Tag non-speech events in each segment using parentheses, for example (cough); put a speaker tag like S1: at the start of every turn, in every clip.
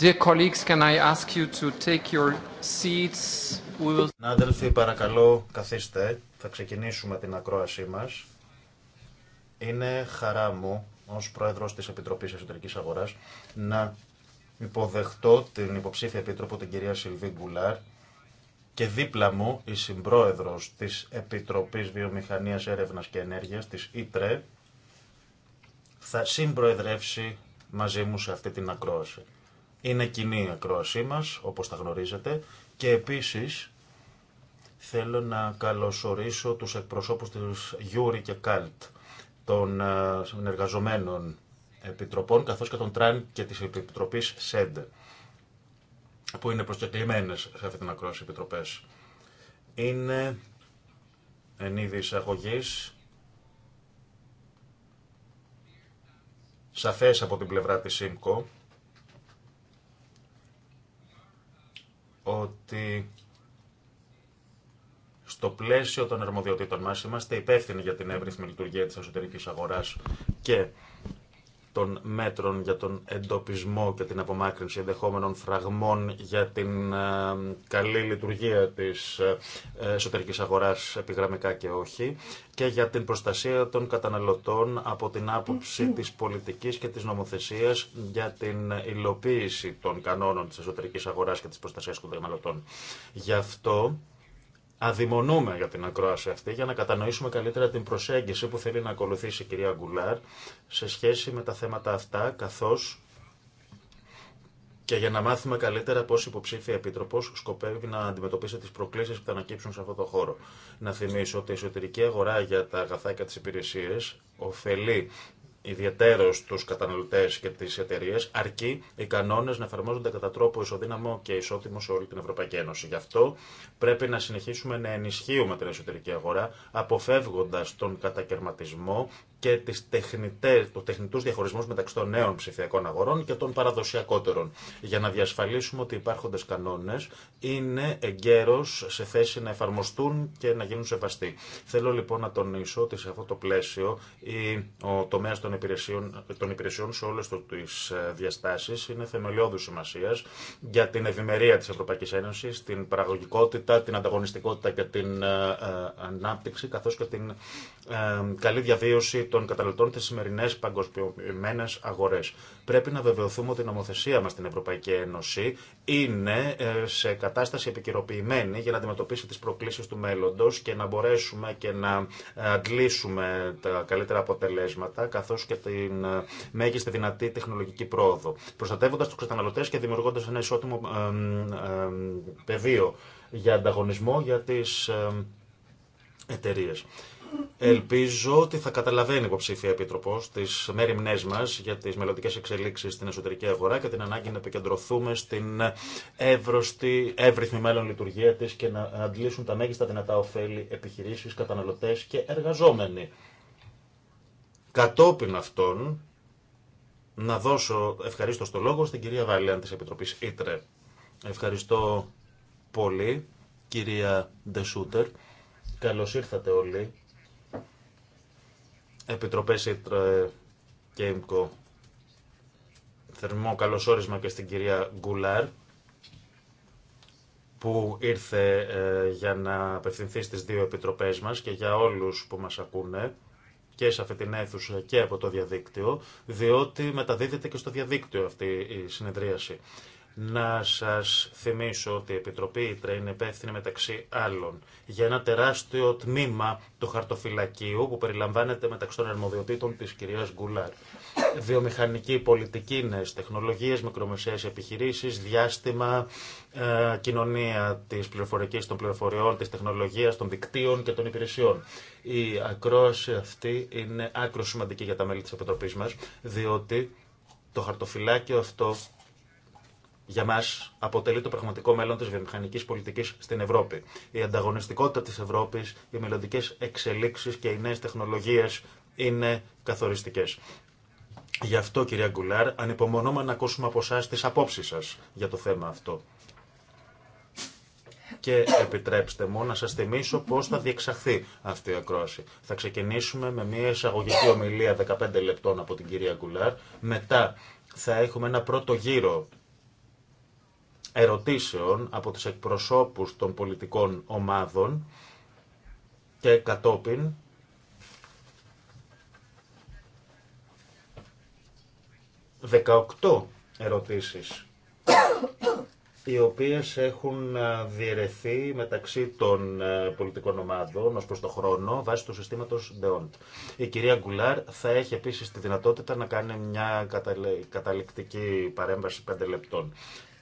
S1: Dear colleagues, can I ask you to take your
S2: seats? We will... παρακαλώ, καθίστε. Θα ξεκινήσουμε την ακρόασή μας. Είναι χαρά μου, ως Πρόεδρος της Επιτροπής Εσωτερικής Αγοράς, να υποδεχτώ την υποψήφια Επίτροπο, την κυρία Σιλβί Γκουλάρ, και δίπλα μου η Συμπρόεδρος της Επιτροπής Βιομηχανίας Έρευνας και Ενέργειας, της ΙΤΡΕ, θα συμπροεδρεύσει μαζί μου σε αυτή την ακρόαση. Είναι κοινή η ακρόασή μας, όπως τα γνωρίζετε, και επίσης θέλω να καλωσορίσω τους εκπροσώπους της Γιούρι και Καλτ, των ε, συνεργαζομένων επιτροπών, καθώς και των Τραν και της Επιτροπής ΣΕΝΤΕ, που είναι προσκεκλημένες σε αυτή την ακρόαση επιτροπές. Είναι εν είδη εισαγωγής, σαφές από την πλευρά της ΣΥΜΚΟ, ότι στο πλαίσιο των αρμοδιοτήτων μας είμαστε υπεύθυνοι για την εύρυθμη λειτουργία της εσωτερικής αγοράς και των μέτρων για τον εντοπισμό και την απομάκρυνση ενδεχόμενων φραγμών για την ε, καλή λειτουργία της ε, εσωτερικής αγοράς επιγραμμικά και όχι και για την προστασία των καταναλωτών από την άποψη της πολιτικής και της νομοθεσίας για την υλοποίηση των κανόνων της εσωτερικής αγοράς και της προστασίας των καταναλωτών. Γι' αυτό αδειμονούμε για την ακρόαση αυτή για να κατανοήσουμε καλύτερα την προσέγγιση που θέλει να ακολουθήσει η κυρία Γκουλάρ σε σχέση με τα θέματα αυτά, καθώς και για να μάθουμε καλύτερα πώς η υποψήφια επιτροπός σκοπεύει να αντιμετωπίσει τις προκλήσεις που θα ανακύψουν σε αυτό το χώρο. Να θυμίσω ότι η εσωτερική αγορά για τα αγαθά και τι ωφελεί Ιδιαίτερο στους καταναλωτές και τις εταιρείες αρκεί οι κανόνες να εφαρμόζονται κατά τρόπο ισοδύναμο και ισότιμο σε όλη την Ευρωπαϊκή Ένωση. Γι' αυτό πρέπει να συνεχίσουμε να ενισχύουμε την εσωτερική αγορά, αποφεύγοντας τον κατακαιρματισμό και τις τεχνητές, τους τεχνητούς διαχωρισμούς μεταξύ των νέων ψηφιακών αγορών και των παραδοσιακότερων, για να διασφαλίσουμε ότι οι υπάρχοντες κανόνες είναι εγκαίρος σε θέση να εφαρμοστούν και να γίνουν σεβαστοί. Θέλω λοιπόν να τονίσω ότι σε αυτό το πλαίσιο η, ο τομέας των υπηρεσιών, των υπηρεσιών σε όλες τις ε, διαστάσεις είναι θεμελιώδους σημασία για την ευημερία της Ευρωπαϊκής Ένωσης, την παραγωγικότητα, την ανταγωνιστικότητα και την ε, ε, ανάπτυξη, καθώς και την καλή διαβίωση των καταναλωτών στι σημερινέ παγκοσμιωμένε αγορέ. Πρέπει να βεβαιωθούμε ότι η νομοθεσία μα στην Ευρωπαϊκή Ένωση είναι ε, σε κατάσταση επικαιροποιημένη για να αντιμετωπίσει τι προκλήσει του μέλλοντο και να μπορέσουμε και να ε, αντλήσουμε τα καλύτερα αποτελέσματα καθώ και την ε, μέγιστη δυνατή τεχνολογική πρόοδο. Προστατεύοντα του καταναλωτέ και δημιουργώντα ένα ισότιμο πεδίο για ανταγωνισμό για τις εταιρείε. Ελπίζω ότι θα καταλαβαίνει η υποψήφια Επίτροπο τι μέρημνέ μα για τι μελλοντικέ εξελίξει στην εσωτερική αγορά και την ανάγκη να επικεντρωθούμε στην εύρωστη, εύρυθμη μέλλον λειτουργία τη και να αντλήσουν τα μέγιστα δυνατά ωφέλη επιχειρήσει, καταναλωτέ και εργαζόμενοι. Κατόπιν αυτών, να δώσω ευχαρίστω το λόγο στην κυρία Βαλέαν τη Επιτροπή Ήτρε. Ευχαριστώ πολύ, κυρία Ντεσούτερ. Καλώ ήρθατε όλοι Επιτροπές Ήτρε και ΕΜΚΟ. Θερμό όρισμα και στην κυρία Γκουλάρ που ήρθε ε, για να απευθυνθεί στις δύο επιτροπές μας και για όλους που μας ακούνε και σε αυτή την αίθουσα και από το διαδίκτυο, διότι μεταδίδεται και στο διαδίκτυο αυτή η συνεδρίαση. Να σας θυμίσω ότι η Επιτροπή Ήτρα είναι υπεύθυνη μεταξύ άλλων για ένα τεράστιο τμήμα του χαρτοφυλακίου που περιλαμβάνεται μεταξύ των αρμοδιοτήτων της κυρίας Γκουλάρ. Βιομηχανική, πολιτική, νέες τεχνολογίες, μικρομεσαίες επιχειρήσεις, διάστημα, ε, κοινωνία της πληροφορικής, των πληροφοριών, της τεχνολογίας, των δικτύων και των υπηρεσιών. Η ακρόαση αυτή είναι άκρο σημαντική για τα μέλη της επιτροπή μα, διότι το χαρτοφυλάκιο αυτό για μα αποτελεί το πραγματικό μέλλον τη βιομηχανική πολιτική στην Ευρώπη. Η ανταγωνιστικότητα τη Ευρώπη, οι μελλοντικέ εξελίξει και οι νέε τεχνολογίε είναι καθοριστικέ. Γι' αυτό, κυρία Γκουλάρ, ανυπομονούμε να ακούσουμε από εσά τι απόψει σα για το θέμα αυτό. Και επιτρέψτε μου να σας θυμίσω πώς θα διεξαχθεί αυτή η ακρόαση. Θα ξεκινήσουμε με μια εισαγωγική ομιλία 15 λεπτών από την κυρία Γκουλάρ. Μετά θα έχουμε ένα πρώτο γύρο ερωτήσεων από τις εκπροσώπους των πολιτικών ομάδων και κατόπιν «18 ερωτήσεις» οι οποίες έχουν ε, διαιρεθεί μεταξύ των ε, πολιτικών ομάδων ως προς το χρόνο βάσει του συστήματος ΔΕΟΝΤ. Η κυρία Γκουλάρ θα έχει επίσης τη δυνατότητα να κάνει μια καταληκτική παρέμβαση 5 λεπτών.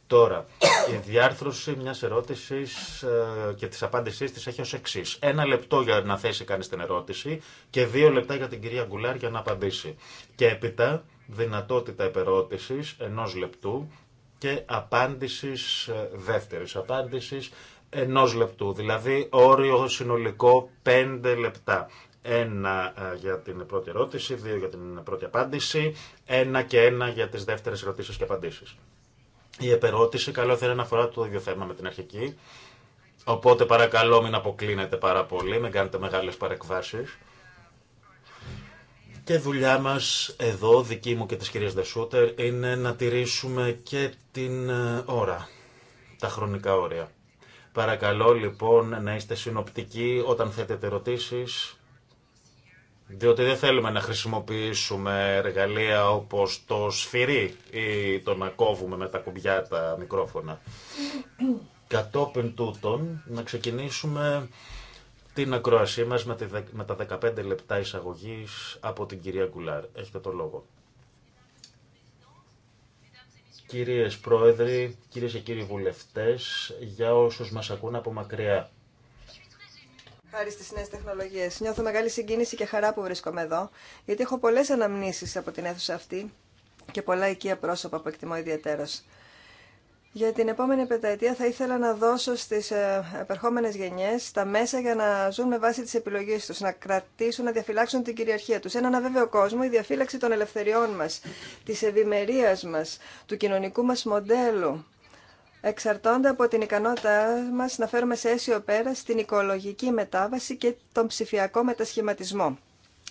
S2: Τώρα, η διάρθρωση μια ερώτηση ε, και τη απάντησή τη έχει ω εξή. Ένα λεπτό για να θέσει κανεί την ερώτηση και δύο λεπτά για την κυρία Γκουλάρ για να απαντήσει. Και έπειτα, δυνατότητα επερώτηση ενό λεπτού και απάντηση ε, δεύτερη απάντηση ενό λεπτού. Δηλαδή, όριο συνολικό πέντε λεπτά. Ένα ε, για την πρώτη ερώτηση, δύο για την πρώτη απάντηση, ένα και ένα για τις δεύτερες ερωτήσεις και απαντήσεις η επερώτηση καλό θα να αφορά το ίδιο θέμα με την αρχική. Οπότε παρακαλώ μην αποκλίνετε πάρα πολύ, μην κάνετε μεγάλες παρεκβάσεις. Και δουλειά μας εδώ, δική μου και της κυρίας Δεσούτερ, είναι να τηρήσουμε και την ε, ώρα, τα χρονικά όρια. Παρακαλώ λοιπόν να είστε συνοπτικοί όταν θέτετε ερωτήσεις διότι δεν θέλουμε να χρησιμοποιήσουμε εργαλεία όπως το σφυρί ή το να κόβουμε με τα κουμπιά τα μικρόφωνα. Κατόπιν τούτον, να ξεκινήσουμε την ακρόασή μας με, τα 15 λεπτά εισαγωγής από την κυρία Γκουλάρ. Έχετε το λόγο. Κυρίες Πρόεδροι, κυρίες και κύριοι βουλευτές, για όσους μας ακούν από μακριά
S3: χάρη στι νέε τεχνολογίες. Νιώθω μεγάλη συγκίνηση και χαρά που βρίσκομαι εδώ, γιατί έχω πολλές αναμνήσεις από την αίθουσα αυτή και πολλά οικία πρόσωπα που εκτιμώ ιδιαίτερως. Για την επόμενη πενταετία θα ήθελα να δώσω στις ε, επερχόμενες γενιές τα μέσα για να ζουν με βάση τις επιλογές τους, να κρατήσουν, να διαφυλάξουν την κυριαρχία τους. Έναν αβέβαιο κόσμο, η διαφύλαξη των ελευθεριών μας, τη ευημερία μας, του κοινωνικού μας μοντέλου, εξαρτώνται από την ικανότητά μας να φέρουμε σε αίσιο πέρα στην οικολογική μετάβαση και τον ψηφιακό μετασχηματισμό.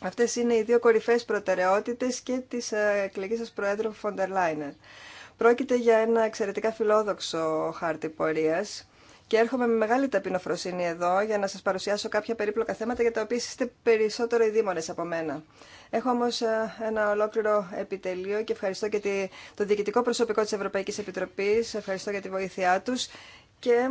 S3: Αυτές είναι οι δύο κορυφαίε προτεραιότητε και της ε, εκλεγή σα Προέδρου Φοντερ Λάινερ. Πρόκειται για ένα εξαιρετικά φιλόδοξο χάρτη πορείας και έρχομαι με μεγάλη ταπεινοφροσύνη εδώ για να σας παρουσιάσω κάποια περίπλοκα θέματα για τα οποία είστε περισσότερο ειδήμονες από μένα. Έχω όμω ε, ένα ολόκληρο επιτελείο και ευχαριστώ και το διοικητικό προσωπικό της Ευρωπαϊκής Επιτροπής, ευχαριστώ για τη βοήθειά τους και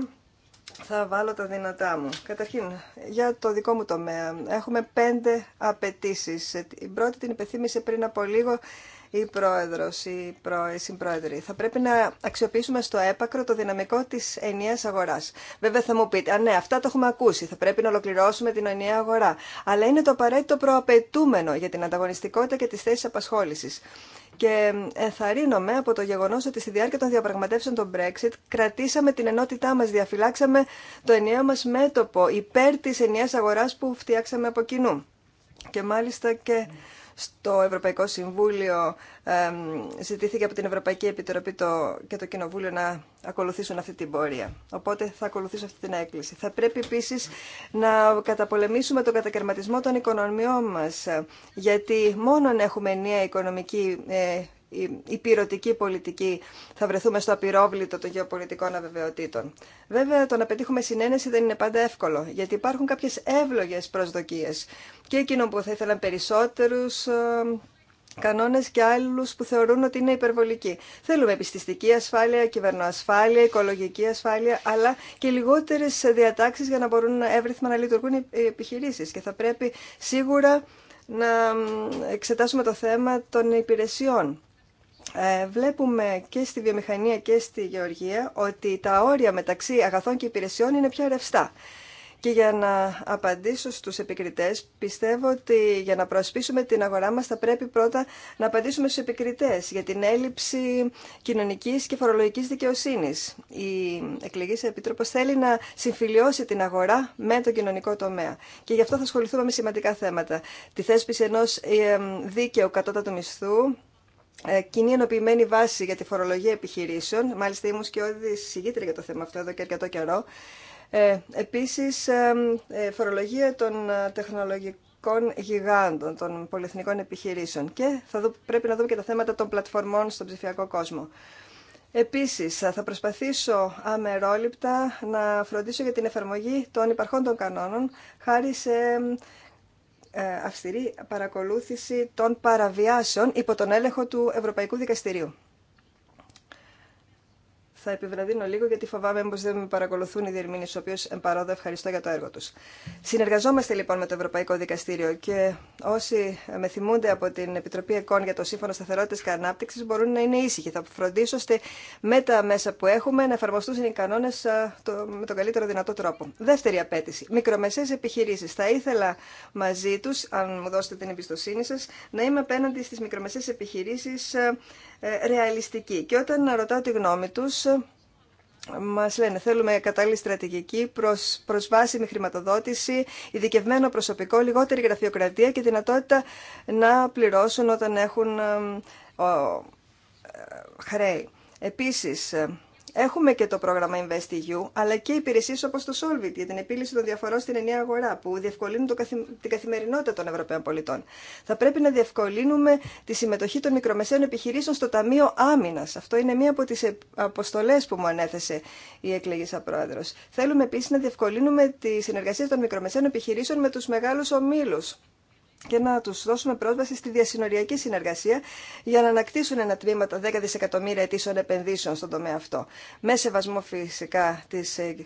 S3: θα βάλω τα δυνατά μου. Καταρχήν, για το δικό μου τομέα, έχουμε πέντε απαιτήσει. Η πρώτη την υπεθύμησε πριν από λίγο ή πρόεδρο ή ή Συμπρόεδρη, Θα πρέπει να αξιοποιήσουμε στο έπακρο το δυναμικό τη ενιαία αγορά. Βέβαια θα μου πείτε, α ναι, αυτά το έχουμε ακούσει, θα πρέπει να ολοκληρώσουμε την ενιαία αγορά. Αλλά είναι το απαραίτητο προαπαιτούμενο για την ανταγωνιστικότητα και τις θέσει απασχόληση. Και ενθαρρύνομαι από το γεγονό ότι στη διάρκεια των διαπραγματεύσεων των Brexit κρατήσαμε την ενότητά μα, διαφυλάξαμε το ενιαίο μα μέτωπο υπέρ τη ενιαία αγορά που φτιάξαμε από κοινού. Και μάλιστα και στο Ευρωπαϊκό Συμβούλιο ζητήθηκε από την Ευρωπαϊκή Επιτροπή το, και το Κοινοβούλιο να ακολουθήσουν αυτή την πορεία. Οπότε θα ακολουθήσω αυτή την έκκληση. Θα πρέπει επίση να καταπολεμήσουμε τον κατακαιρματισμό των οικονομιών μα. Γιατί μόνο αν έχουμε νέα οικονομική ε, η πυρωτική πολιτική θα βρεθούμε στο απειρόβλητο των γεωπολιτικών αβεβαιοτήτων. Βέβαια, το να πετύχουμε συνένεση δεν είναι πάντα εύκολο, γιατί υπάρχουν κάποιε εύλογε προσδοκίε και εκείνων που θα ήθελαν περισσότερου ε, κανόνε και άλλου που θεωρούν ότι είναι υπερβολικοί. Θέλουμε επιστηστική ασφάλεια, κυβερνοασφάλεια, οικολογική ασφάλεια, αλλά και λιγότερε διατάξει για να μπορούν εύρυθμα να λειτουργούν οι επιχειρήσει. Και θα πρέπει σίγουρα να εξετάσουμε το θέμα των υπηρεσιών ε, βλέπουμε και στη βιομηχανία και στη γεωργία ότι τα όρια μεταξύ αγαθών και υπηρεσιών είναι πιο ρευστά. Και για να απαντήσω στους επικριτές, πιστεύω ότι για να προσπίσουμε την αγορά μας θα πρέπει πρώτα να απαντήσουμε στους επικριτές για την έλλειψη κοινωνικής και φορολογικής δικαιοσύνης. Η σε Επίτροπος θέλει να συμφιλιώσει την αγορά με το κοινωνικό τομέα. Και γι' αυτό θα ασχοληθούμε με σημαντικά θέματα. Τη θέσπιση ενός ε, δίκαιου κατώτατου μισθού, ε, κοινή ενοποιημένη βάση για τη φορολογία επιχειρήσεων. Μάλιστα ήμουν και συγγήτρια για το θέμα αυτό εδώ και αρκετό καιρό. Ε, επίσης, ε, φορολογία των ε, τεχνολογικών γιγάντων, των πολυεθνικών επιχειρήσεων. Και θα πρέπει να δούμε και τα θέματα των πλατφορμών στον ψηφιακό κόσμο. Επίσης, θα προσπαθήσω αμερόληπτα να φροντίσω για την εφαρμογή των υπαρχών των κανόνων, χάρη σε ε, αυστηρή παρακολούθηση των παραβιάσεων υπό τον έλεγχο του Ευρωπαϊκού Δικαστηρίου. Θα επιβραδύνω λίγο γιατί φοβάμαι πω δεν με παρακολουθούν οι διερμήνε, του οποίου εμπαρόδο ευχαριστώ για το έργο του. Συνεργαζόμαστε λοιπόν με το Ευρωπαϊκό Δικαστήριο και όσοι με θυμούνται από την Επιτροπή ΕΚΟΝ για το Σύμφωνο Σταθερότητα και Ανάπτυξη μπορούν να είναι ήσυχοι. Θα φροντίσω ώστε με τα μέσα που έχουμε να εφαρμοστούν οι κανόνε με τον καλύτερο δυνατό τρόπο. Δεύτερη απέτηση. Μικρομεσαίε επιχειρήσει. Θα ήθελα μαζί του, αν μου δώσετε την εμπιστοσύνη σα, να είμαι απέναντι στι μικρομεσαίε επιχειρήσει ε, ρεαλιστική. Και όταν ρωτάω τη γνώμη του, μα λένε θέλουμε κατάλληλη στρατηγική, προς, προσβάσιμη χρηματοδότηση, ειδικευμένο προσωπικό, λιγότερη γραφειοκρατία και δυνατότητα να πληρώσουν όταν έχουν ε, ε, χρέη. Επίσης, ε, Έχουμε και το πρόγραμμα InvestEU, αλλά και υπηρεσίε όπω το Solvit για την επίλυση των διαφορών στην ενιαία αγορά, που διευκολύνουν το την καθημερινότητα των Ευρωπαίων πολιτών. Θα πρέπει να διευκολύνουμε τη συμμετοχή των μικρομεσαίων επιχειρήσεων στο Ταμείο Άμυνα. Αυτό είναι μία από τι αποστολέ που μου ανέθεσε η εκλεγήσα πρόεδρο. Θέλουμε επίση να διευκολύνουμε τη συνεργασία των μικρομεσαίων επιχειρήσεων με του μεγάλου ομίλου και να τους δώσουμε πρόσβαση στη διασυνοριακή συνεργασία για να ανακτήσουν ένα τμήμα τα 10 δισεκατομμύρια ετήσεων επενδύσεων στον τομέα αυτό. Με σεβασμό φυσικά της ε,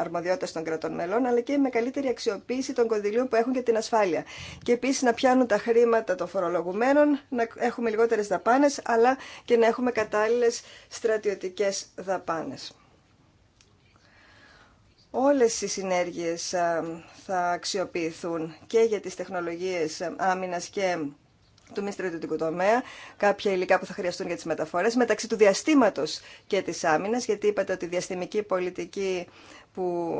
S3: αρμοδιότητας των κρατών μελών, αλλά και με καλύτερη αξιοποίηση των κονδυλίων που έχουν για την ασφάλεια. Και επίσης να πιάνουν τα χρήματα των φορολογουμένων, να έχουμε λιγότερε δαπάνε, αλλά και να έχουμε κατάλληλε στρατιωτικέ δαπάνε όλες οι συνέργειες θα αξιοποιηθούν και για τις τεχνολογίες άμυνας και του μη στρατιωτικού τομέα, κάποια υλικά που θα χρειαστούν για τις μεταφορές, μεταξύ του διαστήματος και της άμυνας, γιατί είπατε ότι η διαστημική πολιτική που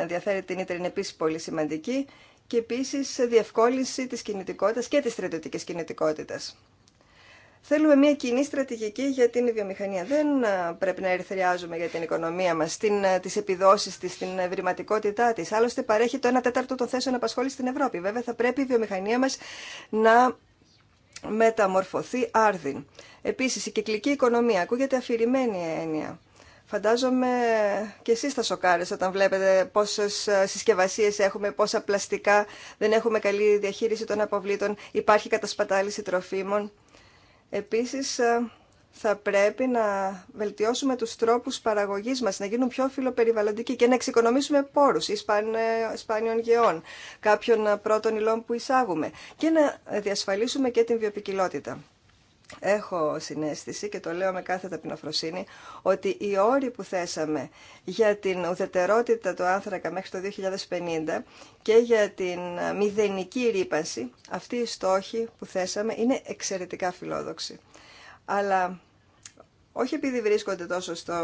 S3: ενδιαφέρει την Ήτρε είναι επίση πολύ σημαντική και επίσης διευκόλυνση της κινητικότητας και της στρατιωτικής κινητικότητας. Θέλουμε μια κοινή στρατηγική για την βιομηχανία. Δεν πρέπει να ερθριάζουμε για την οικονομία μα, τι επιδόσει τη, την ευρηματικότητά τη. Άλλωστε, παρέχει το 1 τέταρτο των θέσεων απασχόληση στην Ευρώπη. Βέβαια, θα πρέπει η βιομηχανία μα να μεταμορφωθεί άρδιν. Επίση, η κυκλική οικονομία ακούγεται αφηρημένη έννοια. Φαντάζομαι και εσείς θα σοκάρεστε όταν βλέπετε πόσες συσκευασίες έχουμε, πόσα πλαστικά, δεν έχουμε καλή διαχείριση των αποβλήτων, υπάρχει κατασπατάληση τροφίμων. Επίσης, ε, θα πρέπει να βελτιώσουμε τους τρόπους παραγωγής μας, να γίνουν πιο φιλοπεριβαλλοντικοί και να εξοικονομήσουμε πόρους σπάνιων γεών, κάποιων ε, πρώτων υλών που εισάγουμε και να διασφαλίσουμε και την βιοπικιλότητα έχω συνέστηση και το λέω με κάθε ταπεινοφροσύνη ότι οι όροι που θέσαμε για την ουδετερότητα του άνθρακα μέχρι το 2050 και για την μηδενική ρήπανση, αυτοί οι στόχοι που θέσαμε είναι εξαιρετικά φιλόδοξοι. Αλλά όχι επειδή βρίσκονται τόσο στο,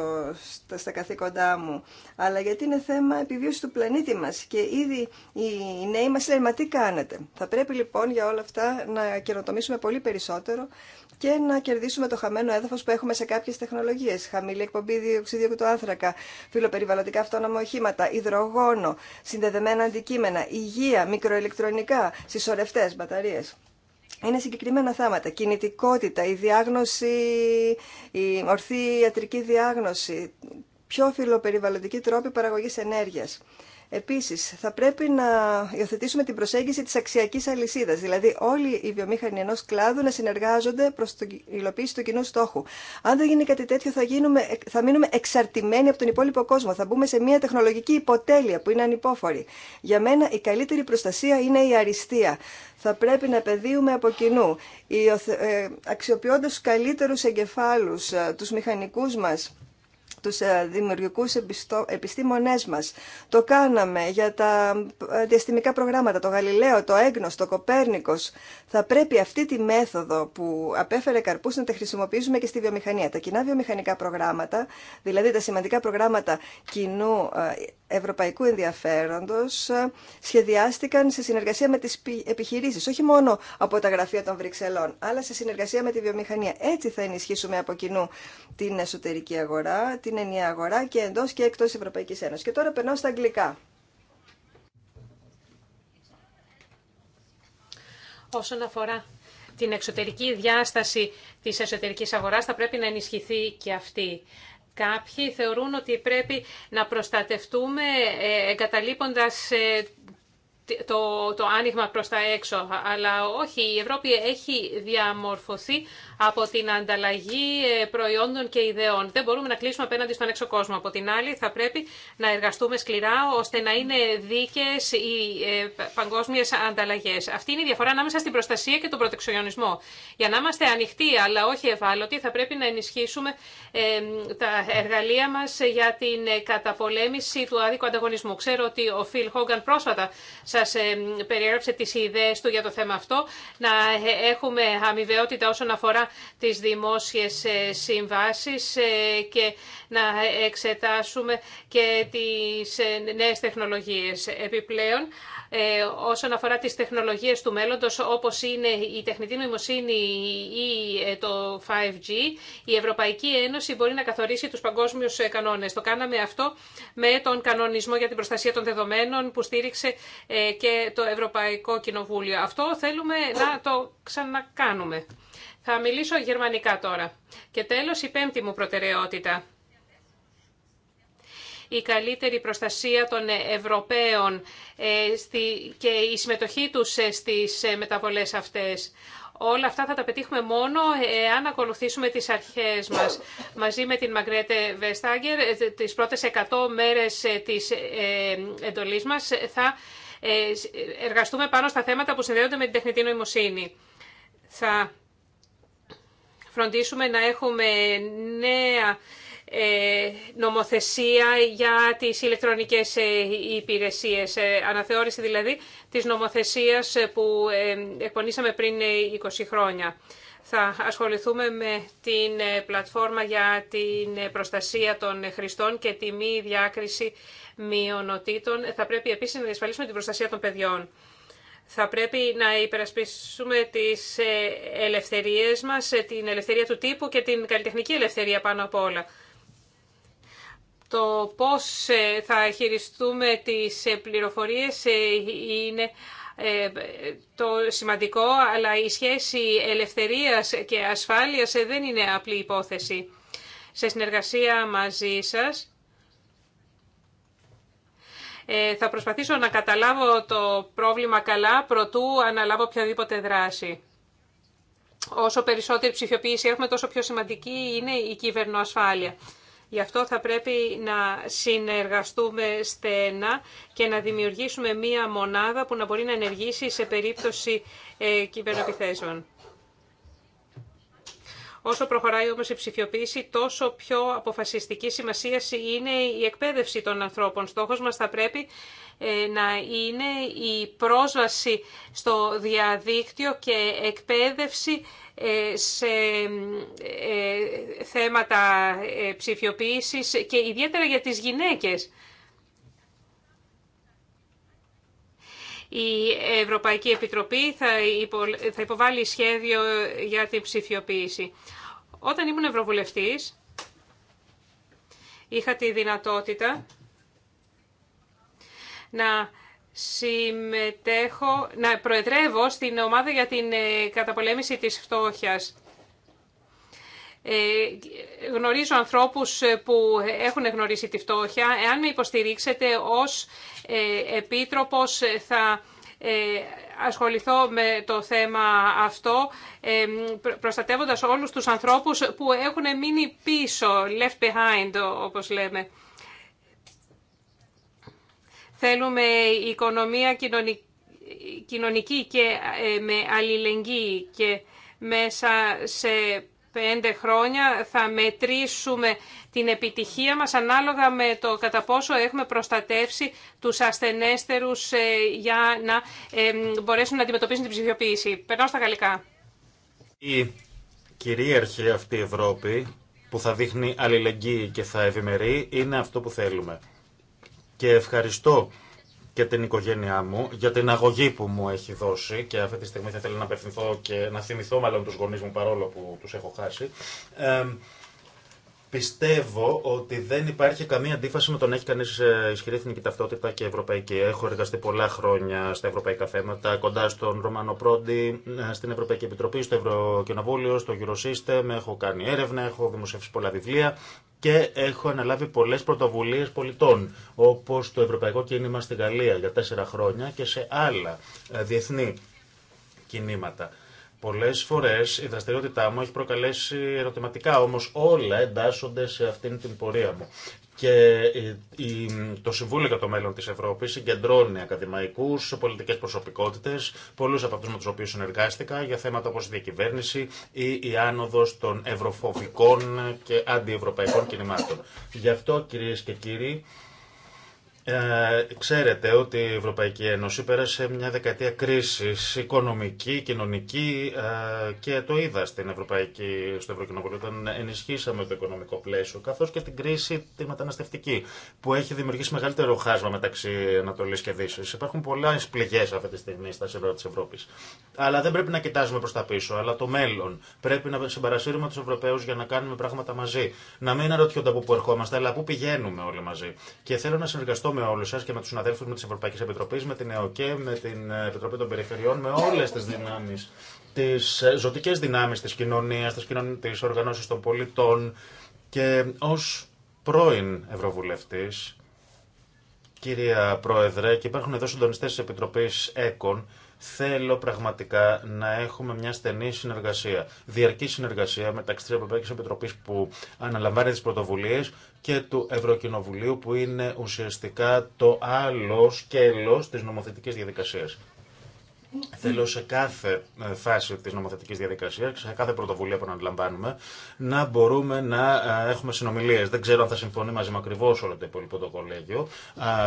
S3: στα, στα καθήκοντά μου, αλλά γιατί είναι θέμα επιβίωσης του πλανήτη μας και ήδη οι, νέοι μας λένε «Μα τι κάνετε». Θα πρέπει λοιπόν για όλα αυτά να καινοτομήσουμε πολύ περισσότερο και να κερδίσουμε το χαμένο έδαφος που έχουμε σε κάποιες τεχνολογίες. Χαμηλή εκπομπή διοξιδίου του άνθρακα, φιλοπεριβαλλοντικά αυτόνομα οχήματα, υδρογόνο, συνδεδεμένα αντικείμενα, υγεία, μικροελεκτρονικά, συσσωρευτές, μπαταρίες είναι συγκεκριμένα θέματα. Κινητικότητα, η διάγνωση, η ορθή ιατρική διάγνωση, πιο φιλοπεριβαλλοντική τρόπη παραγωγής ενέργειας. Επίση, θα πρέπει να υιοθετήσουμε την προσέγγιση τη αξιακή αλυσίδα. δηλαδή όλοι οι βιομήχανοι ενό κλάδου να συνεργάζονται προ την υλοποίηση του κοινού στόχου. Αν δεν γίνει κάτι τέτοιο θα, γίνουμε, θα μείνουμε εξαρτημένοι από τον υπόλοιπο κόσμο, θα μπούμε σε μια τεχνολογική υποτέλεια που είναι ανυπόφορη. Για μένα η καλύτερη προστασία είναι η αριστεία. Θα πρέπει να πεδίουμε από κοινού, ε, αξιοποιώντα του καλύτερου εγκεφάλου, ε, του μηχανικού μα τους ε, δημιουργικούς επιστήμονές μας. Το κάναμε για τα ε, διαστημικά προγράμματα, το Γαλιλαίο, το Έγνος, το Κοπέρνικος. Θα πρέπει αυτή τη μέθοδο που απέφερε καρπούς να τα χρησιμοποιήσουμε και στη βιομηχανία. Τα κοινά βιομηχανικά προγράμματα, δηλαδή τα σημαντικά προγράμματα κοινού ε, ευρωπαϊκού ενδιαφέροντος, σχεδιάστηκαν σε συνεργασία με τις επιχειρήσεις, όχι μόνο από τα γραφεία των Βρυξελών, αλλά σε συνεργασία με τη βιομηχανία. Έτσι θα ενισχύσουμε από κοινού την εσωτερική αγορά, την ενιαία αγορά και εντός και εκτός Ευρωπαϊκή Ένωσης. Και τώρα περνάω στα αγγλικά.
S1: Όσον αφορά την εξωτερική διάσταση της εσωτερικής αγοράς θα πρέπει να ενισχυθεί και αυτή. Κάποιοι θεωρούν ότι πρέπει να προστατευτούμε ε, εγκαταλείποντας ε, το, το άνοιγμα προς τα έξω, αλλά όχι, η Ευρώπη έχει διαμορφωθεί από την ανταλλαγή ε, προϊόντων και ιδεών. Δεν μπορούμε να κλείσουμε απέναντι στον έξω κόσμο. Από την άλλη, θα πρέπει να εργαστούμε σκληρά ώστε να είναι δίκες οι ε, παγκόσμιες ανταλλαγές. Αυτή είναι η διαφορά ανάμεσα στην προστασία και τον προτεξιονισμό. Για να είμαστε ανοιχτοί, αλλά όχι ευάλωτοι, θα πρέπει να ενισχύσουμε τα εργαλεία μας για την καταπολέμηση του άδικου ανταγωνισμού. Ξέρω ότι ο Φιλ Χόγκαν πρόσφατα σας ε, περιέγραψε τις ιδέες του για το θέμα αυτό, να ε, έχουμε αμοιβαιότητα όσον αφορά τις δημόσιες ε, συμβάσεις και να εξετάσουμε και τις νέες τεχνολογίες. Επιπλέον, όσον αφορά τις τεχνολογίες του μέλλοντος, όπως είναι η τεχνητή νοημοσύνη ή το 5G, η Ευρωπαϊκή Ένωση μπορεί να καθορίσει τους παγκόσμιους κανόνες. Το κάναμε αυτό με τον κανονισμό για την προστασία των δεδομένων που στήριξε ε, και το Ευρωπαϊκό Κοινοβούλιο. Αυτό θέλουμε να το ξανακάνουμε. Θα μιλήσω γερμανικά τώρα. Και τέλος η πέμπτη μου προτεραιότητα. Η καλύτερη προστασία των Ευρωπαίων ε, και η συμμετοχή τους ε, στις μεταβολές αυτές. Όλα αυτά θα τα πετύχουμε μόνο αν ακολουθήσουμε τις αρχές μας. Μαζί με την Μαγκρέτε Βεστάγκερ, τις πρώτες 100 μέρες της εντολής μας θα ε, εργαστούμε πάνω στα θέματα που συνδέονται με την τεχνητή νοημοσύνη. Θα φροντίσουμε να έχουμε νέα ε, νομοθεσία για τις ηλεκτρονικές ε, υπηρεσίες. Αναθεώρηση δηλαδή της νομοθεσίας που εκπονήσαμε πριν 20 χρόνια. Θα ασχοληθούμε με την πλατφόρμα για την προστασία των χρηστών και τη μη διάκριση μειονοτήτων, θα πρέπει επίσης να διασφαλίσουμε την προστασία των παιδιών. Θα πρέπει να υπερασπίσουμε τις ε, ελευθερίες μας, ε, την ελευθερία του τύπου και την καλλιτεχνική ελευθερία πάνω απ' όλα. Το πώς ε, θα χειριστούμε τις πληροφορίες είναι το σημαντικό, αλλά η σχέση ελευθερίας και ασφάλειας δεν είναι απλή υπόθεση. Σε συνεργασία μαζί σας ε, θα προσπαθήσω να καταλάβω το πρόβλημα καλά προτού αναλάβω οποιαδήποτε δράση. Όσο περισσότερη ψηφιοποίηση έχουμε, τόσο πιο σημαντική είναι η κυβερνοασφάλεια. Γι' αυτό θα πρέπει να συνεργαστούμε στενά και να δημιουργήσουμε μία μονάδα που να μπορεί να ενεργήσει σε περίπτωση ε, κυβερνοπιθέσεων. Όσο προχωράει όμως η ψηφιοποίηση, τόσο πιο αποφασιστική σημασία είναι η εκπαίδευση των ανθρώπων. Στόχος μας θα πρέπει ε, να είναι η πρόσβαση στο διαδίκτυο και εκπαίδευση ε, σε ε, θέματα ψηφιοποίησης και ιδιαίτερα για τις γυναίκες. Η Ευρωπαϊκή Επιτροπή θα υποβάλει σχέδιο για την ψηφιοποίηση. Όταν ήμουν Ευρωβουλευτής, είχα τη δυνατότητα να συμμετέχω, να προεδρεύω στην ομάδα για την ε, καταπολέμηση της φτώχειας. Ε, γνωρίζω ανθρώπους ε, που έχουν γνωρίσει τη φτώχεια. Εάν με υποστηρίξετε ως ε, επίτροπος θα ασχοληθώ με το θέμα αυτό, προστατεύοντας όλους τους ανθρώπους που έχουν μείνει πίσω, left behind όπως λέμε. Θέλουμε οικονομία κοινωνική και με αλληλεγγύη και μέσα σε πέντε χρόνια θα μετρήσουμε την επιτυχία μας ανάλογα με το κατά πόσο έχουμε προστατεύσει τους ασθενέστερους ε, για να ε, μπορέσουν να αντιμετωπίσουν την ψηφιοποίηση. Περνάω στα γαλλικά.
S2: Η κυρίαρχη αυτή η Ευρώπη που θα δείχνει αλληλεγγύη και θα ευημερεί είναι αυτό που θέλουμε. Και ευχαριστώ και την οικογένειά μου για την αγωγή που μου έχει δώσει και αυτή τη στιγμή θα ήθελα να απευθυνθώ και να θυμηθώ μάλλον τους γονείς μου παρόλο που τους έχω χάσει. Ε, Πιστεύω ότι δεν υπάρχει καμία αντίφαση με τον να έχει κανεί ε, ισχυρή εθνική ταυτότητα και ευρωπαϊκή. Έχω εργαστεί πολλά χρόνια στα ευρωπαϊκά θέματα, κοντά στον Ρωμανό Πρόντι, ε, στην Ευρωπαϊκή Επιτροπή, στο Ευρωκοινοβούλιο, στο Eurosystem. Έχω κάνει έρευνα, έχω δημοσιεύσει πολλά βιβλία και έχω αναλάβει πολλέ πρωτοβουλίε πολιτών, όπω το Ευρωπαϊκό Κίνημα στη Γαλλία για τέσσερα χρόνια και σε άλλα ε, διεθνή κινήματα. Πολλέ φορέ η δραστηριότητά μου έχει προκαλέσει ερωτηματικά, όμω όλα εντάσσονται σε αυτήν την πορεία μου. Και ε, το Συμβούλιο για το Μέλλον τη Ευρώπη συγκεντρώνει ακαδημαϊκού, πολιτικέ προσωπικότητε, πολλού από αυτού με του οποίου συνεργάστηκα για θέματα όπω η διακυβέρνηση ή η άνοδο των ευρωφοβικών και αντιευρωπαϊκών κινημάτων. Γι' αυτό, κυρίε και κύριοι, ε, ξέρετε ότι η Ευρωπαϊκή Ένωση πέρασε μια δεκαετία κρίσης οικονομική, κοινωνική ε, και το είδα στην Ευρωπαϊκή, στο Ευρωκοινοβούλιο όταν ενισχύσαμε το οικονομικό πλαίσιο καθώς και την κρίση τη μεταναστευτική που έχει δημιουργήσει μεγαλύτερο χάσμα μεταξύ Ανατολή και Δύση. Υπάρχουν πολλά πληγέ αυτή τη στιγμή στα σύνορα τη Ευρώπη. Αλλά δεν πρέπει να κοιτάζουμε προ τα πίσω, αλλά το μέλλον. Πρέπει να συμπαρασύρουμε του Ευρωπαίου για να κάνουμε πράγματα μαζί. Να μην αναρωτιόνται από πού ερχόμαστε, αλλά πού πηγαίνουμε όλοι μαζί. Και θέλω να συνεργαστώ με όλου σα και με του συναδέλφου μου τη Ευρωπαϊκή Επιτροπή, με την ΕΟΚΕ, με την ε, Επιτροπή των Περιφερειών, με όλε τι δυνάμει, τι ε, ζωτικέ δυνάμει τη κοινωνία, τη οργανώση των πολιτών και ω πρώην Ευρωβουλευτή. Κυρία Πρόεδρε, και υπάρχουν εδώ συντονιστέ τη Επιτροπή ΕΚΟΝ Θέλω πραγματικά να έχουμε μια στενή συνεργασία, διαρκή συνεργασία μεταξύ τη Ευρωπαϊκή Επιτροπή που αναλαμβάνει τι πρωτοβουλίε και του Ευρωκοινοβουλίου που είναι ουσιαστικά το άλλο σκέλο τη νομοθετική διαδικασία. Θέλω σε κάθε ε, φάση της νομοθετικής διαδικασίας, σε κάθε πρωτοβουλία που αναλαμβάνουμε, να μπορούμε να ε, έχουμε συνομιλίες. Δεν ξέρω αν θα συμφωνεί μαζί μου ακριβώ όλο το υπόλοιπο το κολέγιο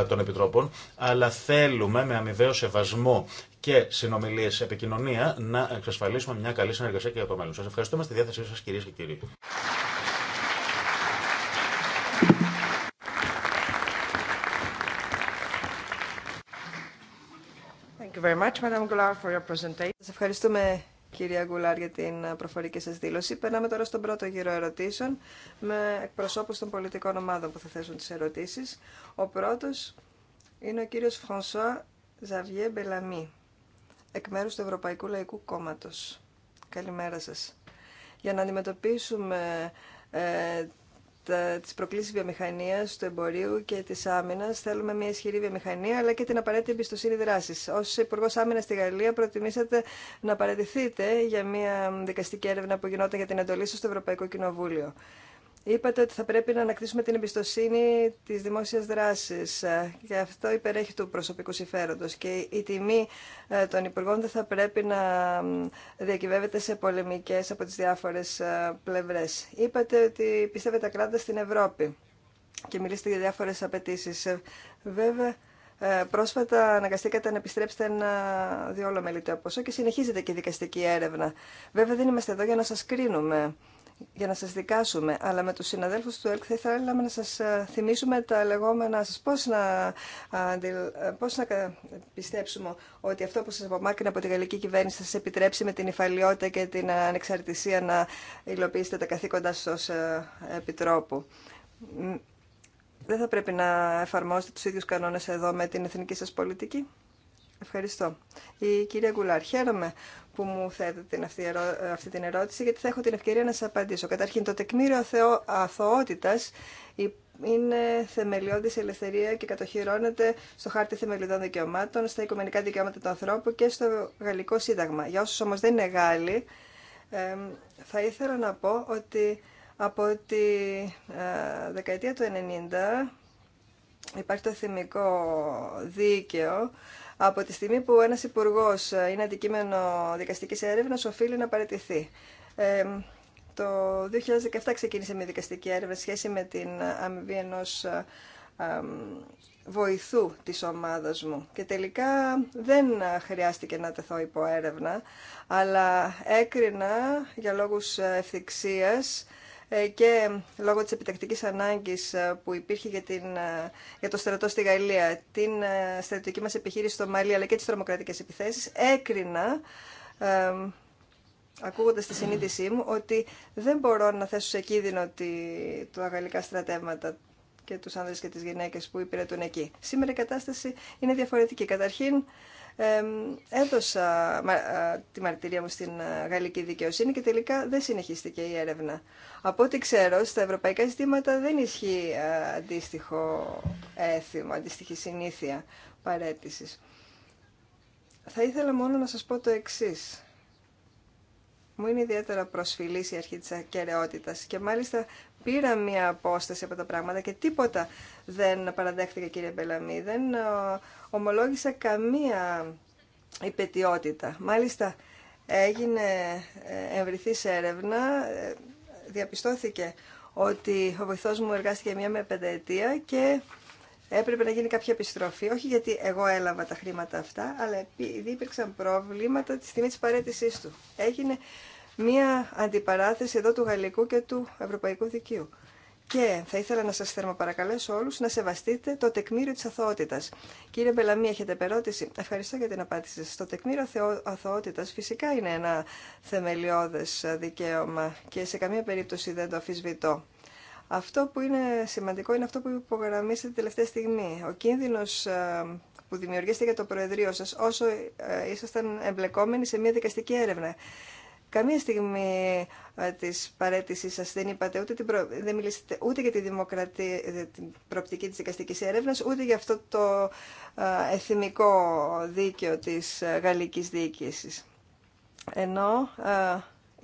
S2: των Επιτρόπων, αλλά θέλουμε με αμοιβαίο σεβασμό και συνομιλίε επικοινωνία να εξασφαλίσουμε μια καλή συνεργασία και για το μέλλον. Σα ευχαριστούμε στη διάθεσή σα, κυρίε και κύριοι.
S3: Σα ευχαριστούμε κυρία Γκουλάρ για την προφορική σα δήλωση. Περνάμε τώρα στον πρώτο γύρο ερωτήσεων με εκπροσώπους των πολιτικών ομάδων που θα θέσουν τι ερωτήσει. Ο πρώτο είναι ο κύριο Φρανσουά Ζαβιέ Μπελαμή εκ μέρους του Ευρωπαϊκού Λαϊκού Κόμματος. Καλημέρα σας. Για να αντιμετωπίσουμε ε, τις προκλήσεις βιομηχανίας, του εμπορίου και της άμυνας, θέλουμε μια ισχυρή βιομηχανία, αλλά και την απαραίτητη εμπιστοσύνη δράσης. Ως Υπουργό Άμυνα στη Γαλλία προτιμήσατε να παρατηθείτε για μια δικαστική έρευνα που γινόταν για την εντολή στο Ευρωπαϊκό Κοινοβούλιο. Είπατε ότι θα πρέπει να ανακτήσουμε την εμπιστοσύνη της δημόσιας δράσης και αυτό υπερέχει του προσωπικού συμφέροντος και η τιμή ε, των υπουργών δεν θα πρέπει να διακυβεύεται σε πολεμικές από τις διάφορες ε, πλευρές. Είπατε ότι πιστεύετε τα κράτα στην Ευρώπη και μιλήσετε για διάφορες απαιτήσει. Ε, βέβαια, πρόσφατα αναγκαστήκατε να επιστρέψετε ένα διόλο μελιτό ποσό και συνεχίζεται και η δικαστική έρευνα. Βέβαια, δεν είμαστε εδώ για να σας κρίνουμε για να σας δικάσουμε, αλλά με τους συναδέλφους του ΕΛΚ θα ήθελα να σας ε, θυμίσουμε τα λεγόμενα σας πώς να, ε, ε, πώς να πιστέψουμε ότι αυτό που σας απομάκρυνε από τη γαλλική κυβέρνηση θα σας επιτρέψει με την υφαλιότητα και την ανεξαρτησία να υλοποιήσετε τα καθήκοντά σας ως επιτρόπου. Δεν θα πρέπει να εφαρμόσετε τους ίδιους κανόνες εδώ με την εθνική σας πολιτική. Ευχαριστώ. Η κυρία Γκουλάρ, χαίρομαι που μου θέτετε αυτή, την ερώτηση, γιατί θα έχω την ευκαιρία να σα απαντήσω. Καταρχήν, το τεκμήριο αθεο... αθωότητας είναι θεμελιώδη ελευθερία και κατοχυρώνεται στο χάρτη θεμελιωδών δικαιωμάτων, στα οικουμενικά δικαιώματα του ανθρώπου και στο γαλλικό σύνταγμα. Για όσου όμω δεν είναι Γάλλοι, θα ήθελα να πω ότι από τη ε, δεκαετία του 90 υπάρχει το θυμικό δίκαιο από τη στιγμή που ένας υπουργό ε, είναι αντικείμενο δικαστικής έρευνας, οφείλει να παραιτηθεί. Ε, το 2017 ξεκίνησε μια δικαστική έρευνα σχέση με την αμοιβή ενό ε, ε, βοηθού της ομάδας μου και τελικά δεν χρειάστηκε να τεθώ υπό έρευνα αλλά έκρινα για λόγους ευθυξίας ε, και λόγω της επιτακτικής ανάγκης ε, που υπήρχε για, ε, για το στρατό στη Γαλλία, την στρατιωτική μας επιχείρηση στο Μαλί αλλά και τις τρομοκρατικές επιθέσεις, έκρινα, ε, ακούγοντας τη συνείδησή μου, ότι δεν μπορώ να θέσω σε κίνδυνο τη, τα γαλλικά στρατεύματα και τους άνδρες και τις γυναίκες που υπηρετούν εκεί. Σήμερα η κατάσταση είναι διαφορετική. Καταρχήν, έδωσα τη μαρτυρία μου στην γαλλική δικαιοσύνη και τελικά δεν συνεχίστηκε η έρευνα. Από ό,τι ξέρω, στα ευρωπαϊκά ζητήματα δεν ισχύει αντίστοιχο έθιμο, αντίστοιχη συνήθεια παρέτησης. Θα ήθελα μόνο να σας πω το εξής. Μου είναι ιδιαίτερα προσφυλή η αρχή τη ακαιρεότητα και μάλιστα πήρα μία απόσταση από τα πράγματα και τίποτα δεν παραδέχτηκα κύριε Μπελαμή. Δεν ε, ομολόγησα καμία υπετιότητα. Μάλιστα έγινε ευρυθής έρευνα, ε, διαπιστώθηκε ότι ο βοηθός μου εργάστηκε μία με πενταετία και έπρεπε να γίνει κάποια επιστροφή, όχι γιατί εγώ έλαβα τα χρήματα αυτά, αλλά επειδή υπήρξαν προβλήματα τη στιγμή τη παρέτησή του. Έγινε μία αντιπαράθεση εδώ του γαλλικού και του ευρωπαϊκού δικαίου. Και θα ήθελα να σας θερμοπαρακαλέσω όλου να σεβαστείτε το τεκμήριο τη αθωότητας. Κύριε Μπελαμή, έχετε περώτηση. Ευχαριστώ για την απάντηση σα. Το τεκμήριο αθωότητας φυσικά είναι ένα θεμελιώδε δικαίωμα και σε καμία περίπτωση δεν το αφισβητώ. Αυτό που είναι σημαντικό είναι αυτό που υπογραμμίσατε τελευταία στιγμή. Ο κίνδυνος ε, που δημιουργήσετε για το Προεδρείο σας όσο ε, ήσασταν εμπλεκόμενοι σε μια δικαστική έρευνα. Καμία στιγμή ε, της παρέτηση σας δεν είπατε, ούτε την δεν μιλήσατε ούτε για τη δημοκρατία, την προοπτική της δικαστικής έρευνας, ούτε για αυτό το εθνικό δίκαιο τη γαλλική διοίκηση. Ενώ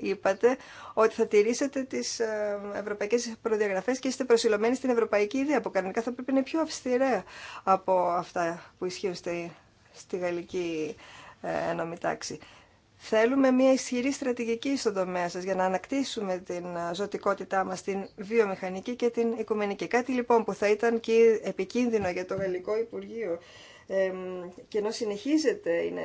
S3: είπατε ότι θα τηρήσετε τις ε, ευρωπαϊκές προδιαγραφές και είστε προσιλωμένοι στην ευρωπαϊκή ιδέα που κανονικά θα πρέπει να είναι πιο αυστηρά από αυτά που ισχύουν στη, στη γαλλική ε, ενόμη τάξη. Θέλουμε μια ισχυρή στρατηγική στον τομέα σας για να ανακτήσουμε την ε, ζωτικότητά μας, την βιομηχανική και την οικουμενική. Κάτι λοιπόν που θα ήταν και επικίνδυνο για το Γαλλικό Υπουργείο και ενώ συνεχίζεται, είναι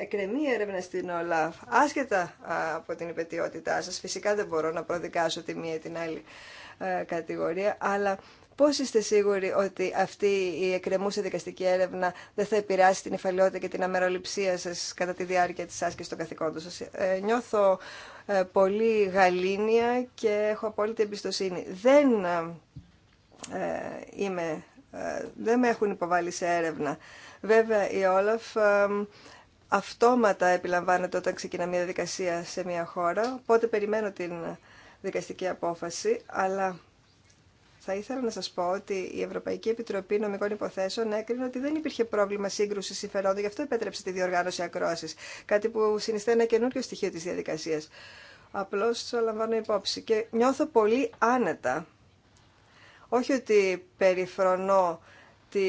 S3: εκρεμή έρευνα στην ΟΛΑΦ, άσχετα από την υπετιότητά σας, φυσικά δεν μπορώ να προδικάσω τη μία ή την άλλη ε, κατηγορία, αλλά πώς είστε σίγουροι ότι αυτή η εκκρεμούσα δικαστική έρευνα δεν θα επηρεάσει την υφαλαιότητα και την αμεροληψία σας κατά τη διάρκεια της άσκησης των καθηκόντων σας. Ε, νιώθω ε, πολύ γαλήνια και έχω απόλυτη εμπιστοσύνη. Δεν είμαι δεν με έχουν υποβάλει σε έρευνα. Βέβαια, η Όλαφ ε, αυτόματα επιλαμβάνεται όταν ξεκινά μια διαδικασία σε μια χώρα, οπότε περιμένω την δικαστική απόφαση, αλλά θα ήθελα να σας πω ότι η Ευρωπαϊκή Επιτροπή Νομικών Υποθέσεων έκρινε ότι δεν υπήρχε πρόβλημα σύγκρουσης συμφερόντων, γι' αυτό επέτρεψε τη διοργάνωση ακρόασης, κάτι που συνιστά ένα καινούριο στοιχείο της διαδικασίας. Απλώς το λαμβάνω υπόψη και νιώθω πολύ άνετα όχι ότι περιφρονώ τη,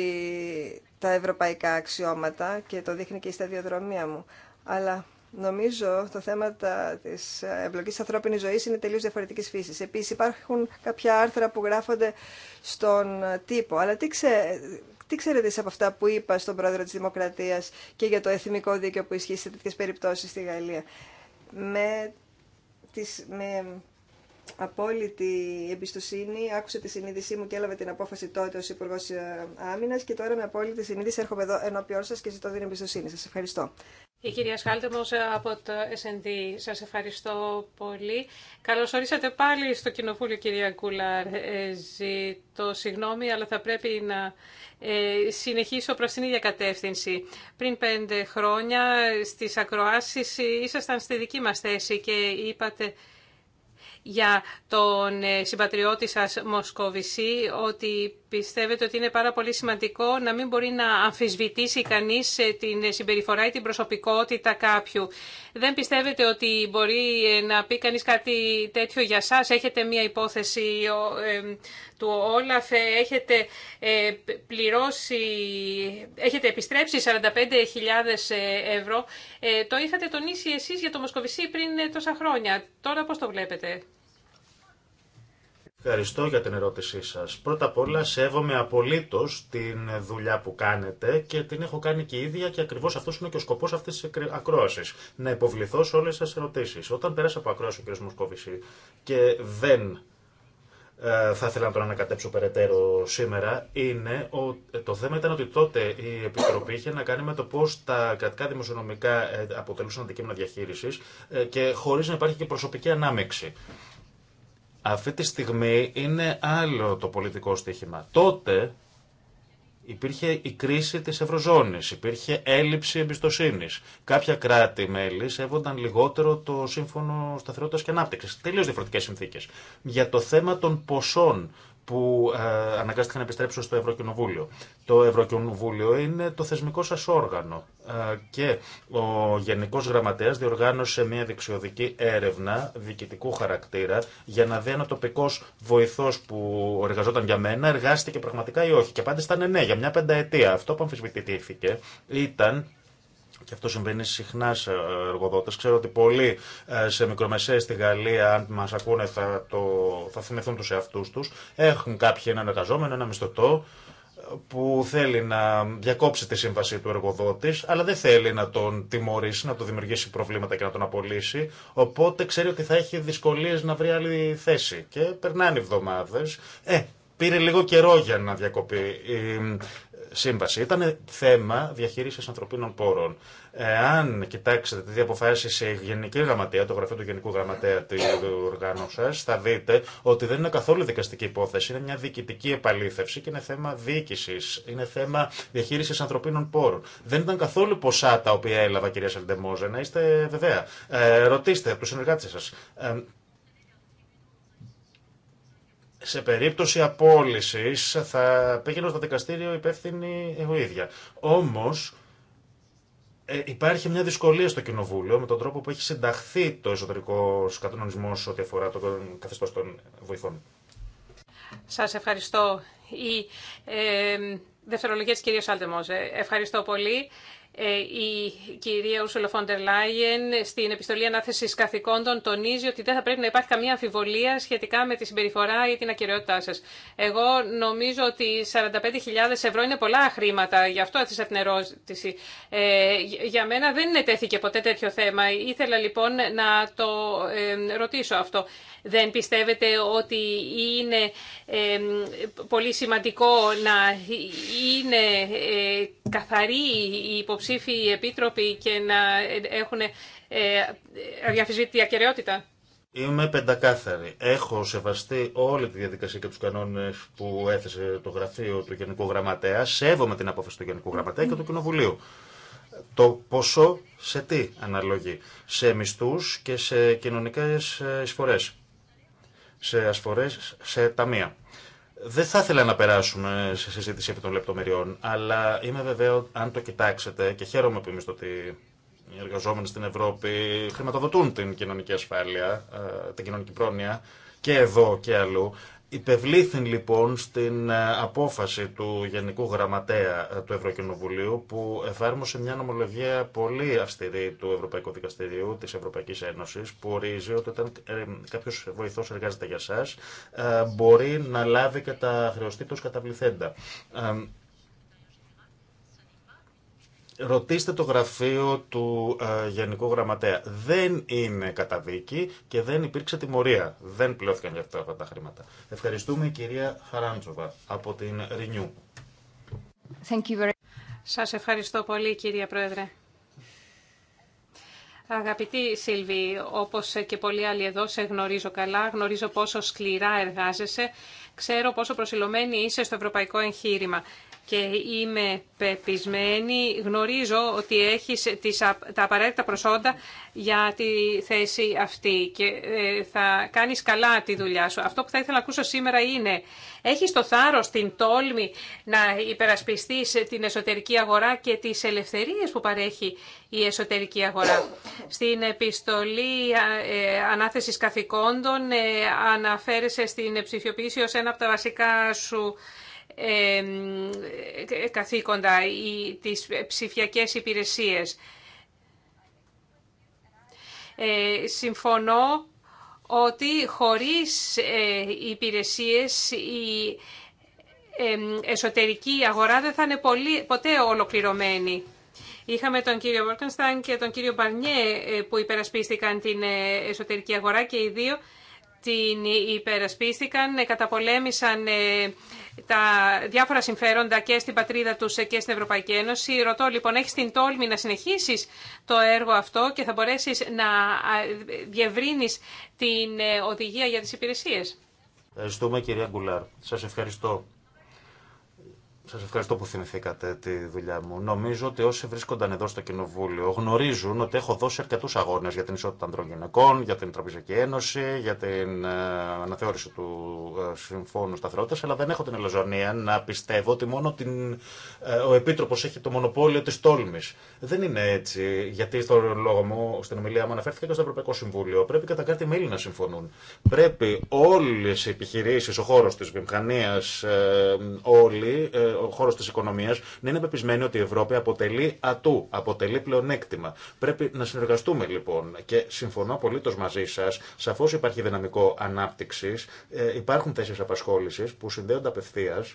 S3: τα ευρωπαϊκά αξιώματα και το δείχνει και η σταδιοδρομία μου, αλλά νομίζω το θέμα τα, της εμπλοκής ανθρώπινης ζωής είναι τελείως διαφορετικής φύσης. Επίσης υπάρχουν κάποια άρθρα που γράφονται στον τύπο, αλλά τι, τι ξέρετε σε από αυτά που είπα στον πρόεδρο της Δημοκρατίας και για το εθνικό δίκαιο που ισχύει σε τέτοιες περιπτώσεις στη Γαλλία. Με, τις, με απόλυτη εμπιστοσύνη. Άκουσε τη συνείδησή μου και έλαβε την απόφαση τότε ω Υπουργό ε, Άμυνα και τώρα με απόλυτη συνείδηση έρχομαι εδώ ενώπιον σα και ζητώ την εμπιστοσύνη σα. Ευχαριστώ.
S1: Η κυρία Σχάλτεμο ε, από το SND. Σα ευχαριστώ πολύ. Καλώ ορίσατε πάλι στο κοινοβούλιο, κυρία Κούλαρ. Ε, ζητώ συγγνώμη, αλλά θα πρέπει να συνεχίσω προ την ίδια κατεύθυνση. Πριν πέντε χρόνια στι ακροάσει ήσασταν στη δική μα θέση και είπατε για τον ε, συμπατριώτη σας Μοσκοβισή ότι πιστεύετε ότι είναι πάρα πολύ σημαντικό να μην μπορεί να αμφισβητήσει κανείς ε, την ε, συμπεριφορά ή την προσωπικότητα κάποιου. Δεν πιστεύετε ότι μπορεί να πει κανείς κάτι τέτοιο για σας. Έχετε μία υπόθεση του Όλαφ, έχετε πληρώσει, έχετε επιστρέψει 45.000 ευρώ. Το είχατε τονίσει εσείς για το Μοσκοβισή πριν τόσα χρόνια. Τώρα πώς το βλέπετε.
S2: Ευχαριστώ για την ερώτησή σας. Πρώτα απ' όλα σέβομαι απολύτως την δουλειά που κάνετε και την έχω κάνει και η ίδια και ακριβώς αυτός είναι και ο σκοπός αυτής της ακρόασης. Να υποβληθώ σε όλες τις ερωτήσεις. Όταν πέρασα από ακρόαση ο κ. Μοσκόβηση και δεν ε, θα ήθελα να τον ανακατέψω περαιτέρω σήμερα, είναι ε, το θέμα ήταν ότι τότε η Επιτροπή είχε να κάνει με το πώ τα κρατικά δημοσιονομικά ε, αποτελούσαν αντικείμενα διαχείριση και χωρί να υπάρχει και προσωπική ανάμεξη. Αυτή τη στιγμή είναι άλλο το πολιτικό στοίχημα. Τότε υπήρχε η κρίση της Ευρωζώνης, υπήρχε έλλειψη εμπιστοσύνης. Κάποια κράτη-μέλη σέβονταν λιγότερο το Σύμφωνο Σταθερότητας και Ανάπτυξης. Τελείως διαφορετικές συνθήκες. Για το θέμα των ποσών που ε, αναγκάστηκαν να επιστρέψουν στο Ευρωκοινοβούλιο. Το Ευρωκοινοβούλιο είναι το θεσμικό σας όργανο ε, και ο Γενικός Γραμματέας διοργάνωσε μια δεξιοδική έρευνα διοικητικού χαρακτήρα για να δει αν ο τοπικός βοηθός που εργαζόταν για μένα εργάστηκε πραγματικά ή όχι. Και πάντα ήταν ναι, για μια πενταετία. Αυτό που αμφισβητήθηκε ήταν και αυτό συμβαίνει συχνά σε ε, εργοδότε. Ξέρω ότι πολλοί ε, σε μικρομεσαίε στη Γαλλία, αν μα ακούνε, θα, το, θα θυμηθούν του εαυτού του. Έχουν κάποιοι έναν εργαζόμενο, ένα μισθωτό, που θέλει να διακόψει τη σύμβαση του εργοδότη, αλλά δεν θέλει να τον τιμωρήσει, να του δημιουργήσει προβλήματα και να τον απολύσει. Οπότε ξέρει ότι θα έχει δυσκολίε να βρει άλλη θέση. Και περνάνε εβδομάδε. Ε, πήρε λίγο καιρό για να διακοπεί η σύμβαση. Ήταν θέμα διαχείριση ανθρωπίνων πόρων. Εάν κοιτάξετε τι αποφάσισε σε Γενική Γραμματεία, το γραφείο του Γενικού Γραμματέα του οργάνου σα, θα δείτε ότι δεν είναι καθόλου δικαστική υπόθεση. Είναι μια διοικητική επαλήθευση και είναι θέμα διοίκηση. Είναι θέμα διαχείριση ανθρωπίνων πόρων. Δεν ήταν καθόλου ποσά τα οποία έλαβα, κυρία Σαλντεμόζε, να είστε βεβαία. Ε, ρωτήστε του συνεργάτε σα. Ε, σε περίπτωση απόλυσης θα πήγαινε στο δικαστήριο υπεύθυνη εγώ ίδια. Όμως ε, υπάρχει μια δυσκολία στο Κοινοβούλιο με τον τρόπο που έχει συνταχθεί το εσωτερικό κανονισμό ό,τι αφορά το καθεστώ των βοηθών.
S1: Σας ευχαριστώ. Η ε, δευτερολογία της κυρίας Σάλτεμόζε. Ευχαριστώ πολύ. Ε, η κυρία Ούρσουλα Φόντερ Λάιεν στην επιστολή ανάθεση καθηκόντων τονίζει ότι δεν θα πρέπει να υπάρχει καμία αμφιβολία σχετικά με τη συμπεριφορά ή την ακυρεότητά σα. Εγώ νομίζω ότι 45.000 ευρώ είναι πολλά χρήματα, γι' αυτό έθεσα την ερώτηση. Ε, για μένα δεν ετέθηκε ποτέ τέτοιο θέμα. Ήθελα λοιπόν να το ε, ρωτήσω αυτό. Δεν πιστεύετε ότι είναι πολύ σημαντικό να είναι ε, καθαροί οι υποψήφοι επίτροποι και να ε, έχουν ε, αδιαφυσβήτητη ακαιρεότητα.
S2: Είμαι πεντακάθαρη. Έχω σεβαστεί όλη τη διαδικασία και του κανόνε που έθεσε το γραφείο του Γενικού Γραμματέα. Σέβομαι την απόφαση του Γενικού Γραμματέα και του Κοινοβουλίου. Το πόσο σε τι αναλογεί. Σε μισθού και σε κοινωνικέ εισφορέ σε ασφορές, σε ταμεία. Δεν θα ήθελα να περάσουμε σε συζήτηση επί των λεπτομεριών, αλλά είμαι βεβαίω, αν το κοιτάξετε, και χαίρομαι που είμαι στο ότι οι εργαζόμενοι στην Ευρώπη χρηματοδοτούν την κοινωνική ασφάλεια, ε, την κοινωνική πρόνοια και εδώ και αλλού. Υπευλήθη λοιπόν στην ε, απόφαση του Γενικού Γραμματέα ε, του Ευρωκοινοβουλίου που εφάρμοσε μια νομολογία πολύ αυστηρή του Ευρωπαϊκού Δικαστηρίου της Ευρωπαϊκής Ένωσης που ορίζει ότι όταν ε, κάποιος βοηθός εργάζεται για σας μπορεί να λάβει κατά τους καταβληθέντα. Ρωτήστε το γραφείο του ε, Γενικού Γραμματέα. Δεν είναι καταδίκη και δεν υπήρξε τιμωρία. Δεν πληρώθηκαν για αυτά, τα χρήματα. Ευχαριστούμε κυρία Χαράντσοβα από την Renew.
S1: Thank you very... Σας ευχαριστώ πολύ κυρία Πρόεδρε. Αγαπητή Σίλβη, όπως και πολλοί άλλοι εδώ σε γνωρίζω καλά, γνωρίζω πόσο σκληρά εργάζεσαι, ξέρω πόσο προσιλωμένη είσαι στο ευρωπαϊκό εγχείρημα και είμαι πεπισμένη, γνωρίζω ότι έχεις τις, τα απαραίτητα προσόντα για τη θέση αυτή και ε, θα κάνεις καλά τη δουλειά σου. Αυτό που θα ήθελα να ακούσω σήμερα είναι, έχεις το θάρρος, την τόλμη να υπερασπιστείς την εσωτερική αγορά και τις ελευθερίες που παρέχει η εσωτερική αγορά. Στην επιστολή ε, ε, ανάθεσης καθηκόντων αναφέρεσαι στην ψηφιοποίηση ως ένα από τα βασικά σου ε, καθήκοντα ή τις ψηφιακές υπηρεσίες. Ε, συμφωνώ ότι χωρίς ε, υπηρεσίες η εσωτερική αγορά δεν θα είναι ποτέ ολοκληρωμένη. Είχαμε τον κύριο Βόλκενστάν και τον κύριο Μπαρνιέ που υπερασπίστηκαν την εσωτερική αγορά και οι δύο την υπερασπίστηκαν, καταπολέμησαν ε, τα διάφορα συμφέροντα και στην πατρίδα τους και στην Ευρωπαϊκή Ένωση. Ρωτώ λοιπόν, έχεις την τόλμη να συνεχίσεις το έργο αυτό και θα μπορέσεις να διευρύνεις την ε, οδηγία για τις υπηρεσίες.
S2: Ευχαριστούμε κυρία Γκουλάρ. Σας ευχαριστώ. Σα ευχαριστώ που θυμηθήκατε τη δουλειά μου. Νομίζω ότι όσοι βρίσκονταν εδώ στο Κοινοβούλιο γνωρίζουν ότι έχω δώσει αρκετού αγώνε για την ισότητα ανδρών γυναικών, για την Τραπεζική Ένωση, για την ε, αναθεώρηση του ε, Συμφώνου Σταθερότητα. αλλά δεν έχω την ελαζονία να πιστεύω ότι μόνο ε, ο επίτροπο έχει το μονοπόλιο τη τόλμη. Δεν είναι έτσι, γιατί στο λόγο μου, στην ομιλία μου αναφέρθηκε και στο Ευρωπαϊκό Συμβούλιο. Πρέπει κατά κάτι μέλη να συμφωνούν. Πρέπει όλε οι επιχειρήσει, ο της βιομηχανία, όλοι ο χώρο τη οικονομία, να είναι πεπισμένοι ότι η Ευρώπη αποτελεί ατού, αποτελεί πλεονέκτημα. Πρέπει να συνεργαστούμε λοιπόν και συμφωνώ απολύτω μαζί σα. Σαφώ υπάρχει δυναμικό ανάπτυξη, ε, υπάρχουν θέσει απασχόληση που συνδέονται απευθεία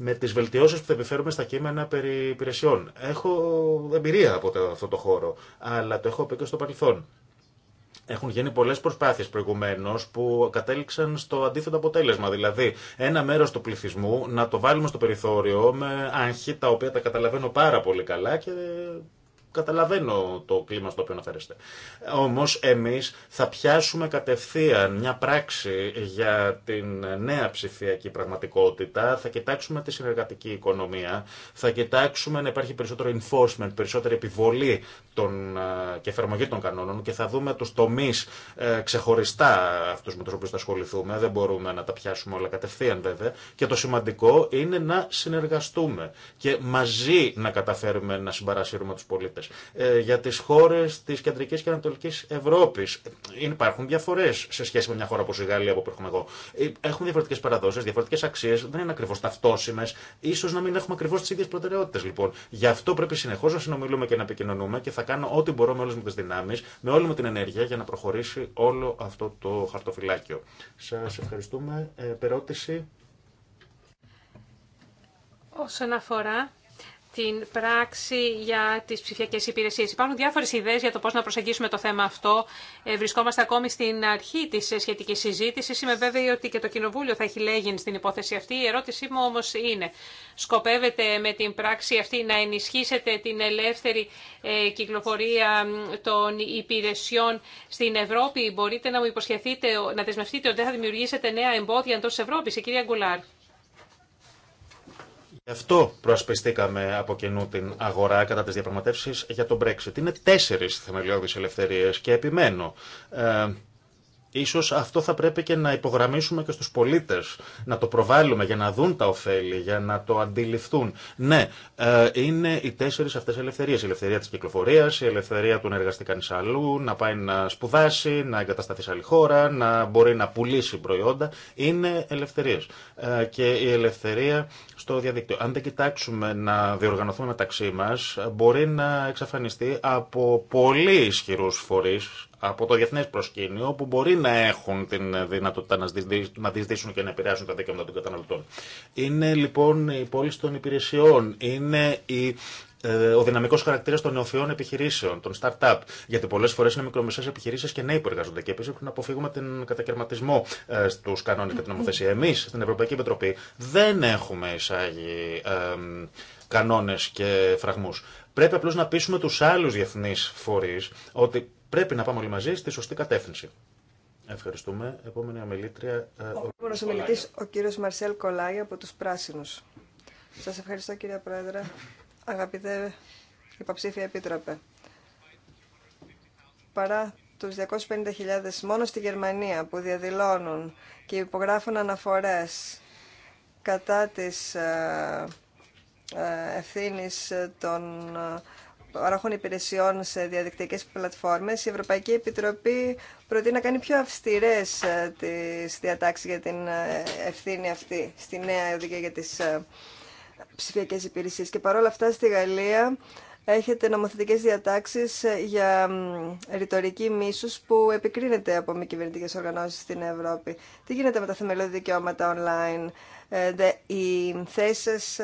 S2: με τις βελτιώσεις που θα επιφέρουμε στα κείμενα περί υπηρεσιών. Έχω εμπειρία από αυτό το χώρο, αλλά το έχω πει και στο παρελθόν. Έχουν γίνει πολλέ προσπάθειε προηγουμένω που κατέληξαν στο αντίθετο αποτέλεσμα. Δηλαδή, ένα μέρο του πληθυσμού να το βάλουμε στο περιθώριο με άγχη τα οποία τα καταλαβαίνω πάρα πολύ καλά και καταλαβαίνω το κλίμα στο οποίο αναφέρεστε. Όμω, εμεί θα πιάσουμε κατευθείαν μια πράξη για την νέα ψηφιακή πραγματικότητα. Θα κοιτάξουμε τη συνεργατική οικονομία. Θα κοιτάξουμε να υπάρχει περισσότερο enforcement, περισσότερη επιβολή των, ε, και εφαρμογή των κανόνων και θα δούμε του τομεί ε, ξεχωριστά αυτού με του οποίου θα ασχοληθούμε. Δεν μπορούμε να τα πιάσουμε όλα κατευθείαν, βέβαια. Και το σημαντικό είναι να συνεργαστούμε και μαζί να καταφέρουμε να συμπαρασύρουμε του πολίτε. Ε, για τι χώρε τη κεντρική και ανατολική Ευρώπη. Υπάρχουν διαφορέ σε σχέση με μια χώρα όπω η Γαλλία που έρχομαι εγώ. Ε, έχουν διαφορετικέ παραδόσει, διαφορετικέ αξίε, δεν είναι ακριβώ ταυτόσιμε. σω να μην έχουμε ακριβώ τι ίδιε προτεραιότητε λοιπόν. Γι' αυτό πρέπει συνεχώ να συνομιλούμε και να επικοινωνούμε και θα κάνω ό,τι μπορώ με όλε μου τι δυνάμει, με όλη μου την ενέργεια για να προχωρήσει όλο αυτό το χαρτοφυλάκιο. Σα ευχαριστούμε. Ε, περώτηση.
S1: Όσον αφορά την πράξη για τι ψηφιακέ υπηρεσίε. Υπάρχουν διάφορε ιδέε για το πώ να προσεγγίσουμε το θέμα αυτό. Ε, βρισκόμαστε ακόμη στην αρχή τη σχετική συζήτηση. Είμαι βέβαιη ότι και το Κοινοβούλιο θα έχει λέγει στην υπόθεση αυτή. Η ερώτησή μου όμω είναι, σκοπεύετε με την πράξη αυτή να ενισχύσετε την ελεύθερη ε, κυκλοφορία των υπηρεσιών στην Ευρώπη. Μπορείτε να μου υποσχεθείτε, να δεσμευτείτε ότι δεν θα δημιουργήσετε νέα εμπόδια εντό Ευρώπη. Η κυρία Γκουλάρ.
S2: Γι' αυτό προασπιστήκαμε από κοινού την αγορά κατά τι διαπραγματεύσει για τον Brexit. Είναι τέσσερι θεμελιώδεις ελευθερίες και επιμένω. Ε, Ίσως αυτό θα πρέπει και να υπογραμμίσουμε και στους πολίτες, να το προβάλλουμε για να δουν τα ωφέλη, για να το αντιληφθούν. Ναι, ε, είναι οι τέσσερις αυτές ελευθερίες. Η ελευθερία της κυκλοφορίας, η ελευθερία του να εργαστεί κανεί αλλού, να πάει να σπουδάσει, να εγκατασταθεί σε άλλη χώρα, να μπορεί να πουλήσει προϊόντα. Είναι ελευθερίες. Ε, και η ελευθερία στο διαδίκτυο. Αν δεν κοιτάξουμε να διοργανωθούμε μεταξύ μας, μπορεί να εξαφανιστεί από πολύ ισχυρού φορεί από το διεθνέ προσκήνιο που μπορεί να έχουν την δυνατότητα να διεισδύσουν και να επηρεάσουν τα δικαιώματα των καταναλωτών. Είναι λοιπόν η πώληση των υπηρεσιών, είναι η ε, ο δυναμικό χαρακτήρα των νεοφυών επιχειρήσεων, των startup. Γιατί πολλέ φορέ είναι μικρομεσαίε επιχειρήσει και νέοι που εργάζονται. Και επίση πρέπει να αποφύγουμε τον κατακαιρματισμό ε, στου κανόνε και την νομοθεσία. Εμεί στην Ευρωπαϊκή Επιτροπή δεν έχουμε εισάγει ε, κανόνε και φραγμού. Πρέπει απλώ να πείσουμε του άλλου διεθνεί φορεί ότι Πρέπει να πάμε όλοι μαζί στη σωστή κατεύθυνση. Ευχαριστούμε. Επόμενη ομιλήτρια. Ε, ο επόμενο ομιλητή,
S3: ο κύριο Μαρσέλ Κολάγια από του Πράσινου. Σα ευχαριστώ, κύριε Πρόεδρε. Αγαπητέ υποψήφια επίτροπε. Παρά τους 250.000 μόνο στη Γερμανία που διαδηλώνουν και υπογράφουν αναφορές κατά της ε, ε, ευθύνης των παραχών υπηρεσιών σε διαδικτυακές πλατφόρμες, η Ευρωπαϊκή Επιτροπή προτείνει να κάνει πιο αυστηρές ε, τις διατάξεις για την ε, ευθύνη αυτή στη νέα οδηγία για τις ε, ψηφιακές υπηρεσίες. Και παρόλα αυτά στη Γαλλία έχετε νομοθετικές διατάξεις ε, για ρητορική μίσους που επικρίνεται από μη κυβερνητικές οργανώσεις στην Ευρώπη. Τι γίνεται με τα θεμελιώδη δικαιώματα online. Η ε, θέση σας,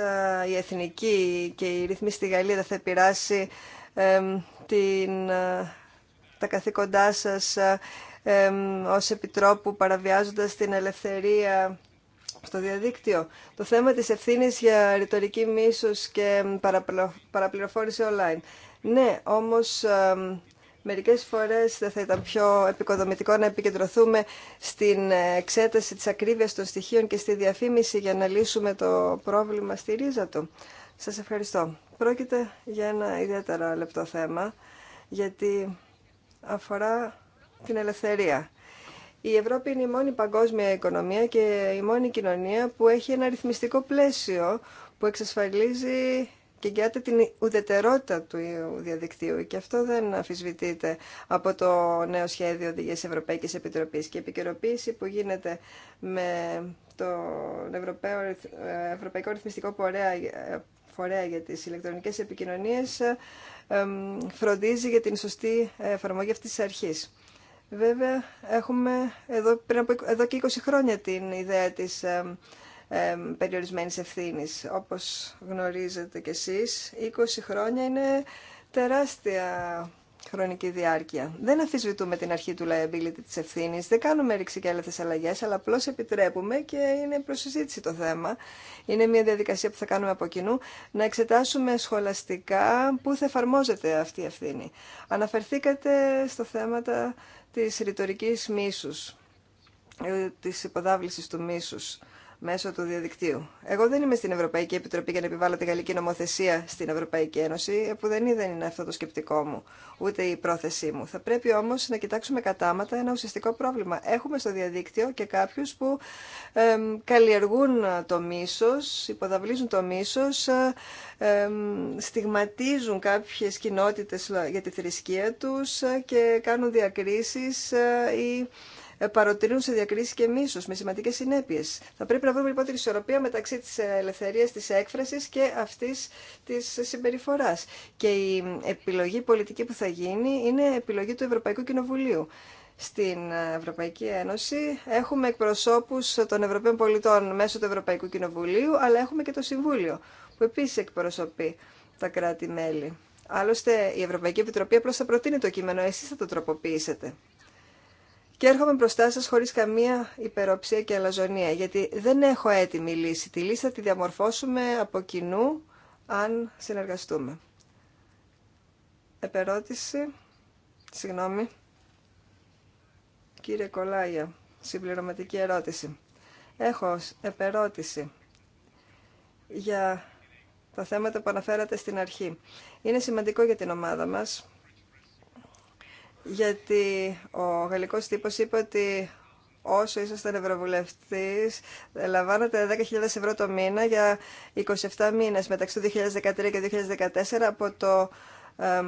S3: η ε, εθνική και η ρυθμή στη Γαλλία θα επηράσει την, τα καθήκοντά σας ως επιτρόπου παραβιάζοντας την ελευθερία στο διαδίκτυο. Το θέμα της ευθύνης για ρητορική μίσους και παραπληροφόρηση online. Ναι, όμως μερικές φορές δεν θα ήταν πιο επικοδομητικό να επικεντρωθούμε στην εξέταση της ακρίβειας των στοιχείων και στη διαφήμιση για να λύσουμε το πρόβλημα στη ρίζα του. Σας ευχαριστώ. Πρόκειται για ένα ιδιαίτερα λεπτό θέμα, γιατί αφορά την ελευθερία η Ευρώπη είναι η μόνη παγκόσμια οικονομία και η μόνη κοινωνία που έχει ένα ρυθμιστικό πλαίσιο που εξασφαλίζει και εγγυάται την ουδετερότητα του διαδικτύου. Και αυτό δεν αφισβητείται από το νέο σχέδιο οδηγίας Ευρωπαϊκής Επιτροπής. Και η επικαιροποίηση που γίνεται με το Ευρωπαϊκό Ρυθμιστικό φορέα για τις ηλεκτρονικές επικοινωνίες φροντίζει για την σωστή εφαρμογή αυτής της αρχής. Βέβαια, έχουμε εδώ, πριν από, εδώ και 20 χρόνια την ιδέα της ε, ε, περιορισμένης ευθύνης. Όπως γνωρίζετε κι εσείς, 20 χρόνια είναι τεράστια χρονική διάρκεια. Δεν αφισβητούμε την αρχή του liability της ευθύνη, δεν κάνουμε ρήξη και έλεθες αλλαγές, αλλά απλώ επιτρέπουμε και είναι προσυζήτηση το θέμα. Είναι μια διαδικασία που θα κάνουμε από κοινού, να εξετάσουμε σχολαστικά πού θα εφαρμόζεται αυτή η ευθύνη. Αναφερθήκατε στο θέματα της ρητορικής μίσους, ε, της υποδάβλησης του μίσους μέσω του διαδικτύου. Εγώ δεν είμαι στην Ευρωπαϊκή Επιτροπή για να επιβάλλω τη γαλλική νομοθεσία στην Ευρωπαϊκή Ένωση, που δεν είναι αυτό το σκεπτικό μου, ούτε η πρόθεσή μου. Θα πρέπει όμω να κοιτάξουμε κατάματα ένα ουσιαστικό πρόβλημα. Έχουμε στο διαδίκτυο και κάποιου που ε, καλλιεργούν το μίσο, υποδαβλίζουν το μίσο, στιγματίζουν κάποιε κοινότητε για τη θρησκεία του και κάνουν διακρίσει ε, ή ε, παροτρύνουν σε διακρίσει και μίσο με σημαντικέ συνέπειε. Θα πρέπει να βρούμε λοιπόν την ισορροπία μεταξύ τη ελευθερία τη έκφραση και αυτή τη συμπεριφορά. Και η επιλογή πολιτική που θα γίνει είναι επιλογή του Ευρωπαϊκού Κοινοβουλίου στην Ευρωπαϊκή Ένωση. Έχουμε εκπροσώπους των Ευρωπαίων πολιτών μέσω του Ευρωπαϊκού Κοινοβουλίου, αλλά έχουμε και το Συμβούλιο, που επίση εκπροσωπεί τα κράτη-μέλη. Άλλωστε, η Ευρωπαϊκή Επιτροπή απλώ θα προτείνει το κείμενο, εσεί θα το τροποποιήσετε. Και έρχομαι μπροστά σα χωρίς καμία υπεροψία και αλαζονία, γιατί δεν έχω έτοιμη λύση. Τη λύση θα τη διαμορφώσουμε από κοινού, αν συνεργαστούμε. Επερώτηση, συγγνώμη, κύριε Κολάγια, συμπληρωματική ερώτηση. Έχω επερώτηση για τα θέματα που αναφέρατε στην αρχή. Είναι σημαντικό για την ομάδα μας γιατί ο γαλλικός τύπος είπε ότι όσο ήσασταν ευρωβουλευτής, ε, λαμβάνατε 10.000 ευρώ το μήνα για 27 μήνες μεταξύ του 2013 και 2014 από το ε,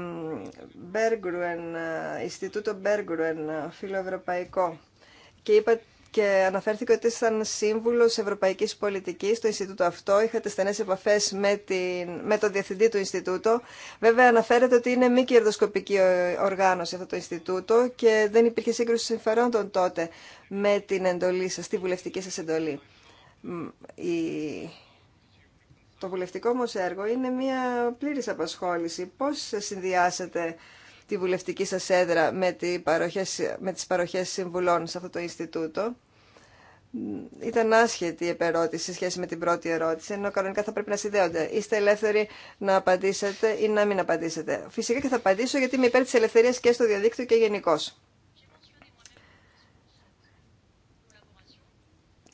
S3: Ινστιτούτο Μπέργκρουεν, φιλοευρωπαϊκό. Και είπα και αναφέρθηκε ότι ήσταν σύμβουλο Ευρωπαϊκή Πολιτική στο Ινστιτούτο αυτό. Είχατε στενέ επαφέ με, την, τον διευθυντή του Ινστιτούτου. Βέβαια αναφέρεται ότι είναι μη κερδοσκοπική οργάνωση αυτό το Ινστιτούτο και δεν υπήρχε σύγκρουση συμφερόντων τότε με την εντολή σα τη βουλευτική σα εντολή. Το βουλευτικό όμω έργο είναι μια πλήρη απασχόληση. Πώ συνδυάσετε τη βουλευτική σας έδρα με, τη παροχές, με τις παροχές συμβουλών σε αυτό το Ινστιτούτο. Ήταν άσχετη η επερώτηση σε σχέση με την πρώτη ερώτηση, ενώ κανονικά θα πρέπει να συνδέονται. Είστε ελεύθεροι να απαντήσετε ή να μην απαντήσετε. Φυσικά και θα απαντήσω γιατί είμαι υπέρ τη ελευθερία και στο διαδίκτυο και γενικώ.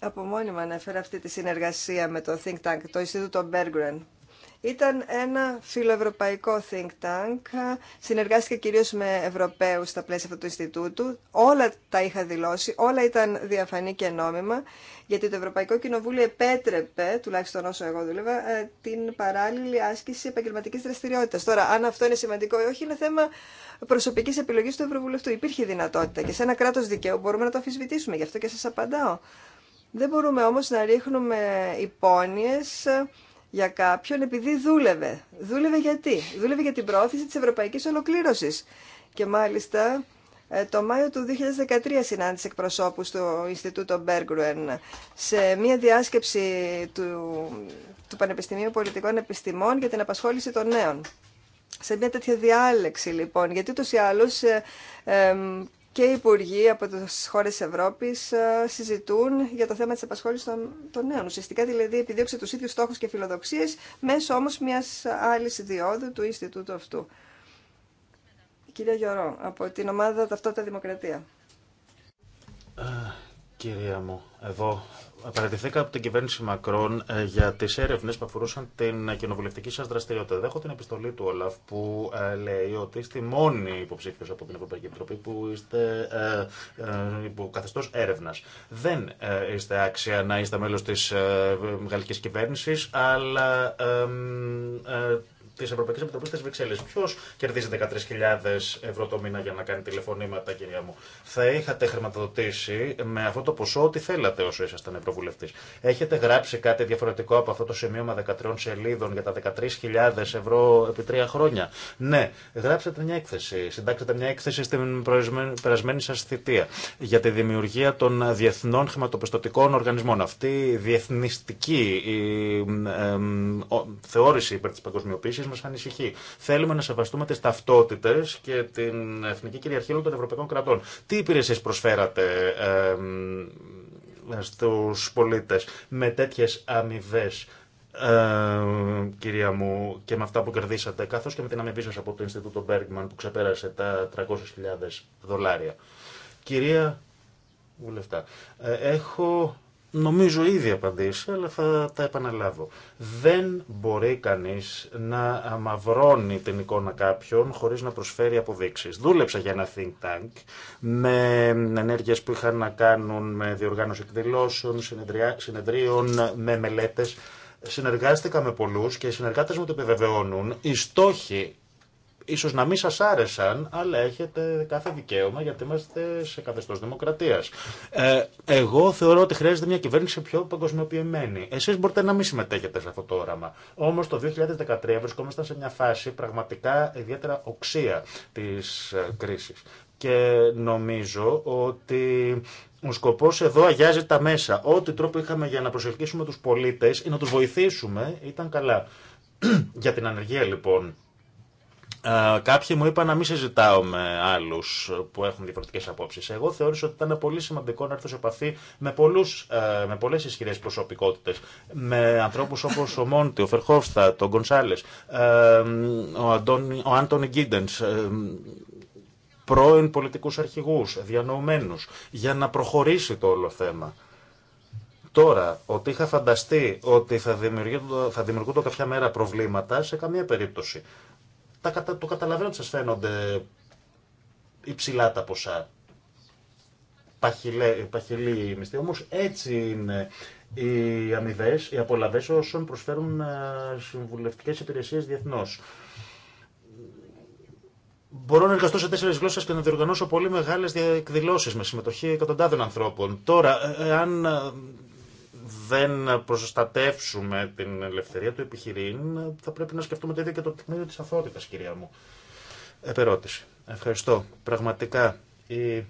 S3: Από μόνιμα ανέφερα αυτή τη συνεργασία με το Think Tank, το Ινστιτούτο Berggren, ήταν ένα φιλοευρωπαϊκό think tank, συνεργάστηκε κυρίως με Ευρωπαίους στα πλαίσια αυτού του Ινστιτούτου. Όλα τα είχα δηλώσει, όλα ήταν διαφανή και νόμιμα, γιατί το Ευρωπαϊκό Κοινοβούλιο επέτρεπε, τουλάχιστον όσο εγώ δούλευα, ε, την παράλληλη άσκηση επαγγελματική δραστηριότητα. Τώρα, αν αυτό είναι σημαντικό ή όχι, είναι θέμα προσωπική επιλογή του Ευρωβουλευτού. Υπήρχε δυνατότητα και σε ένα κράτο δικαίου μπορούμε να το αμφισβητήσουμε, γι' αυτό και σα απαντάω. Δεν μπορούμε όμως να ρίχνουμε υπόνοιες για κάποιον επειδή δούλευε. Δούλευε γιατί. Δούλευε για την προώθηση της ευρωπαϊκής ολοκλήρωσης. Και μάλιστα ε, το Μάιο του 2013 συνάντησε εκπροσώπους του Ινστιτούτο Μπέργκρουεν σε μια διάσκεψη του, του Πανεπιστημίου Πολιτικών Επιστημών για την απασχόληση των νέων. Σε μια τέτοια διάλεξη λοιπόν, γιατί ούτως ή άλλως ε, ε, και οι υπουργοί από τι χώρες Ευρώπη Ευρώπης ε, συζητούν για το θέμα της απασχόληση των, των νέων. Ουσιαστικά δηλαδή επιδίωξε τους ίδιους στόχους και φιλοδοξίες μέσω όμως μιας άλλης ιδιόδου του Ινστιτούτου αυτού. Κύριε Γιωρό, από την ομάδα Ταυτότητα Δημοκρατία.
S2: Ε, κυρία μου, εδώ Παρατηθήκα από την κυβέρνηση Μακρόν ε, για τι έρευνε που αφορούσαν την κοινοβουλευτική σα δραστηριότητα. Δέχω την επιστολή του Όλαφ που ε, λέει ότι είστε μόνοι υποψήφιο από την Ευρωπαϊκή Επιτροπή που είστε ε, ε καθεστώ έρευνα. Δεν είστε άξια να είστε μέλο τη γαλλική κυβέρνηση, αλλά τη Ευρωπαϊκή Επιτροπή τη Βρυξέλλη. Ποιο κερδίζει 13.000 ευρώ το μήνα για να κάνει τηλεφωνήματα, κυρία μου. Θα είχατε χρηματοδοτήσει με αυτό το ποσό ό,τι θέλατε όσο ήσασταν Ευρωβουλευτή. Έχετε γράψει κάτι διαφορετικό από αυτό το σημείωμα 13 σελίδων για τα 13.000 ευρώ επί τρία χρόνια. Ναι, γράψετε μια έκθεση. συντάξετε μια έκθεση στην περασμένη σα θητεία για τη δημιουργία των διεθνών χρηματοπιστωτικών οργανισμών. Αυτή η διεθνιστική θεώρηση υπέρ τη παγκοσμιοποίηση μα ανησυχεί. Θέλουμε να σεβαστούμε τι ταυτότητε και την εθνική κυριαρχία των ευρωπαϊκών κρατών. Τι υπηρεσίε προσφέρατε ε, στους πολίτες με τέτοιε αμοιβέ. κυρία μου, και με αυτά που κερδίσατε, καθώ και με την αμοιβή σα από το Ινστιτούτο Μπέργκμαν που ξεπέρασε τα 300.000 δολάρια. Κυρία Βουλευτά, ε, έχω Νομίζω ήδη απαντήσει, αλλά θα τα επαναλάβω. Δεν μπορεί κανείς να αμαυρώνει την εικόνα κάποιων χωρίς να προσφέρει αποδείξεις. Δούλεψα για ένα think tank με ενέργειες που είχαν να κάνουν με διοργάνωση εκδηλώσεων, συνεδρίων, με μελέτες. Συνεργάστηκα με πολλούς και οι συνεργάτες μου το επιβεβαιώνουν. Οι στόχοι ίσως να μην σας άρεσαν, αλλά έχετε κάθε δικαίωμα γιατί είμαστε σε καθεστώς δημοκρατίας. Ε, εγώ θεωρώ ότι χρειάζεται μια κυβέρνηση πιο παγκοσμιοποιημένη. Εσείς μπορείτε να μην συμμετέχετε σε αυτό το όραμα. Όμως το 2013 βρισκόμασταν σε μια φάση πραγματικά ιδιαίτερα οξία της ε, κρίσης. Και νομίζω ότι ο σκοπό εδώ αγιάζει τα μέσα. Ό,τι τρόπο είχαμε για να προσελκύσουμε του πολίτε ή να του βοηθήσουμε ήταν καλά. (clears throat) για την ανεργία λοιπόν ε, κάποιοι μου είπαν να μην συζητάω με άλλου που έχουν διαφορετικέ απόψει. Εγώ θεώρησα ότι ήταν πολύ σημαντικό να έρθω σε επαφή με, πολλούς, ε, με πολλέ ισχυρέ προσωπικότητε. Με ανθρώπου όπω ο Μόντι, ο Φερχόφστα, τον Γκονσάλε, ε, ο, Άντωνι Γκίντεν, πρώην πολιτικού αρχηγού, διανοωμένου, για να προχωρήσει το όλο θέμα. Τώρα, ότι είχα φανταστεί ότι θα δημιουργούνται κάποια μέρα προβλήματα, σε καμία περίπτωση τα, το καταλαβαίνω ότι σας φαίνονται υψηλά τα ποσά. Παχυλέ, παχυλή μισθή. Όμως έτσι είναι οι αμοιβέ, οι απολαυέ όσων προσφέρουν ε, συμβουλευτικές υπηρεσίες διεθνώς. Μπορώ να εργαστώ σε τέσσερι γλώσσε και να διοργανώσω πολύ μεγάλε εκδηλώσει με συμμετοχή εκατοντάδων ανθρώπων. Τώρα, ε, ε, αν δεν προστατεύσουμε την ελευθερία του επιχειρήν, θα πρέπει να σκεφτούμε το ίδιο και το τεκμήριο της αθότητας, κυρία μου. Επερώτηση. Ευχαριστώ. Πραγματικά, η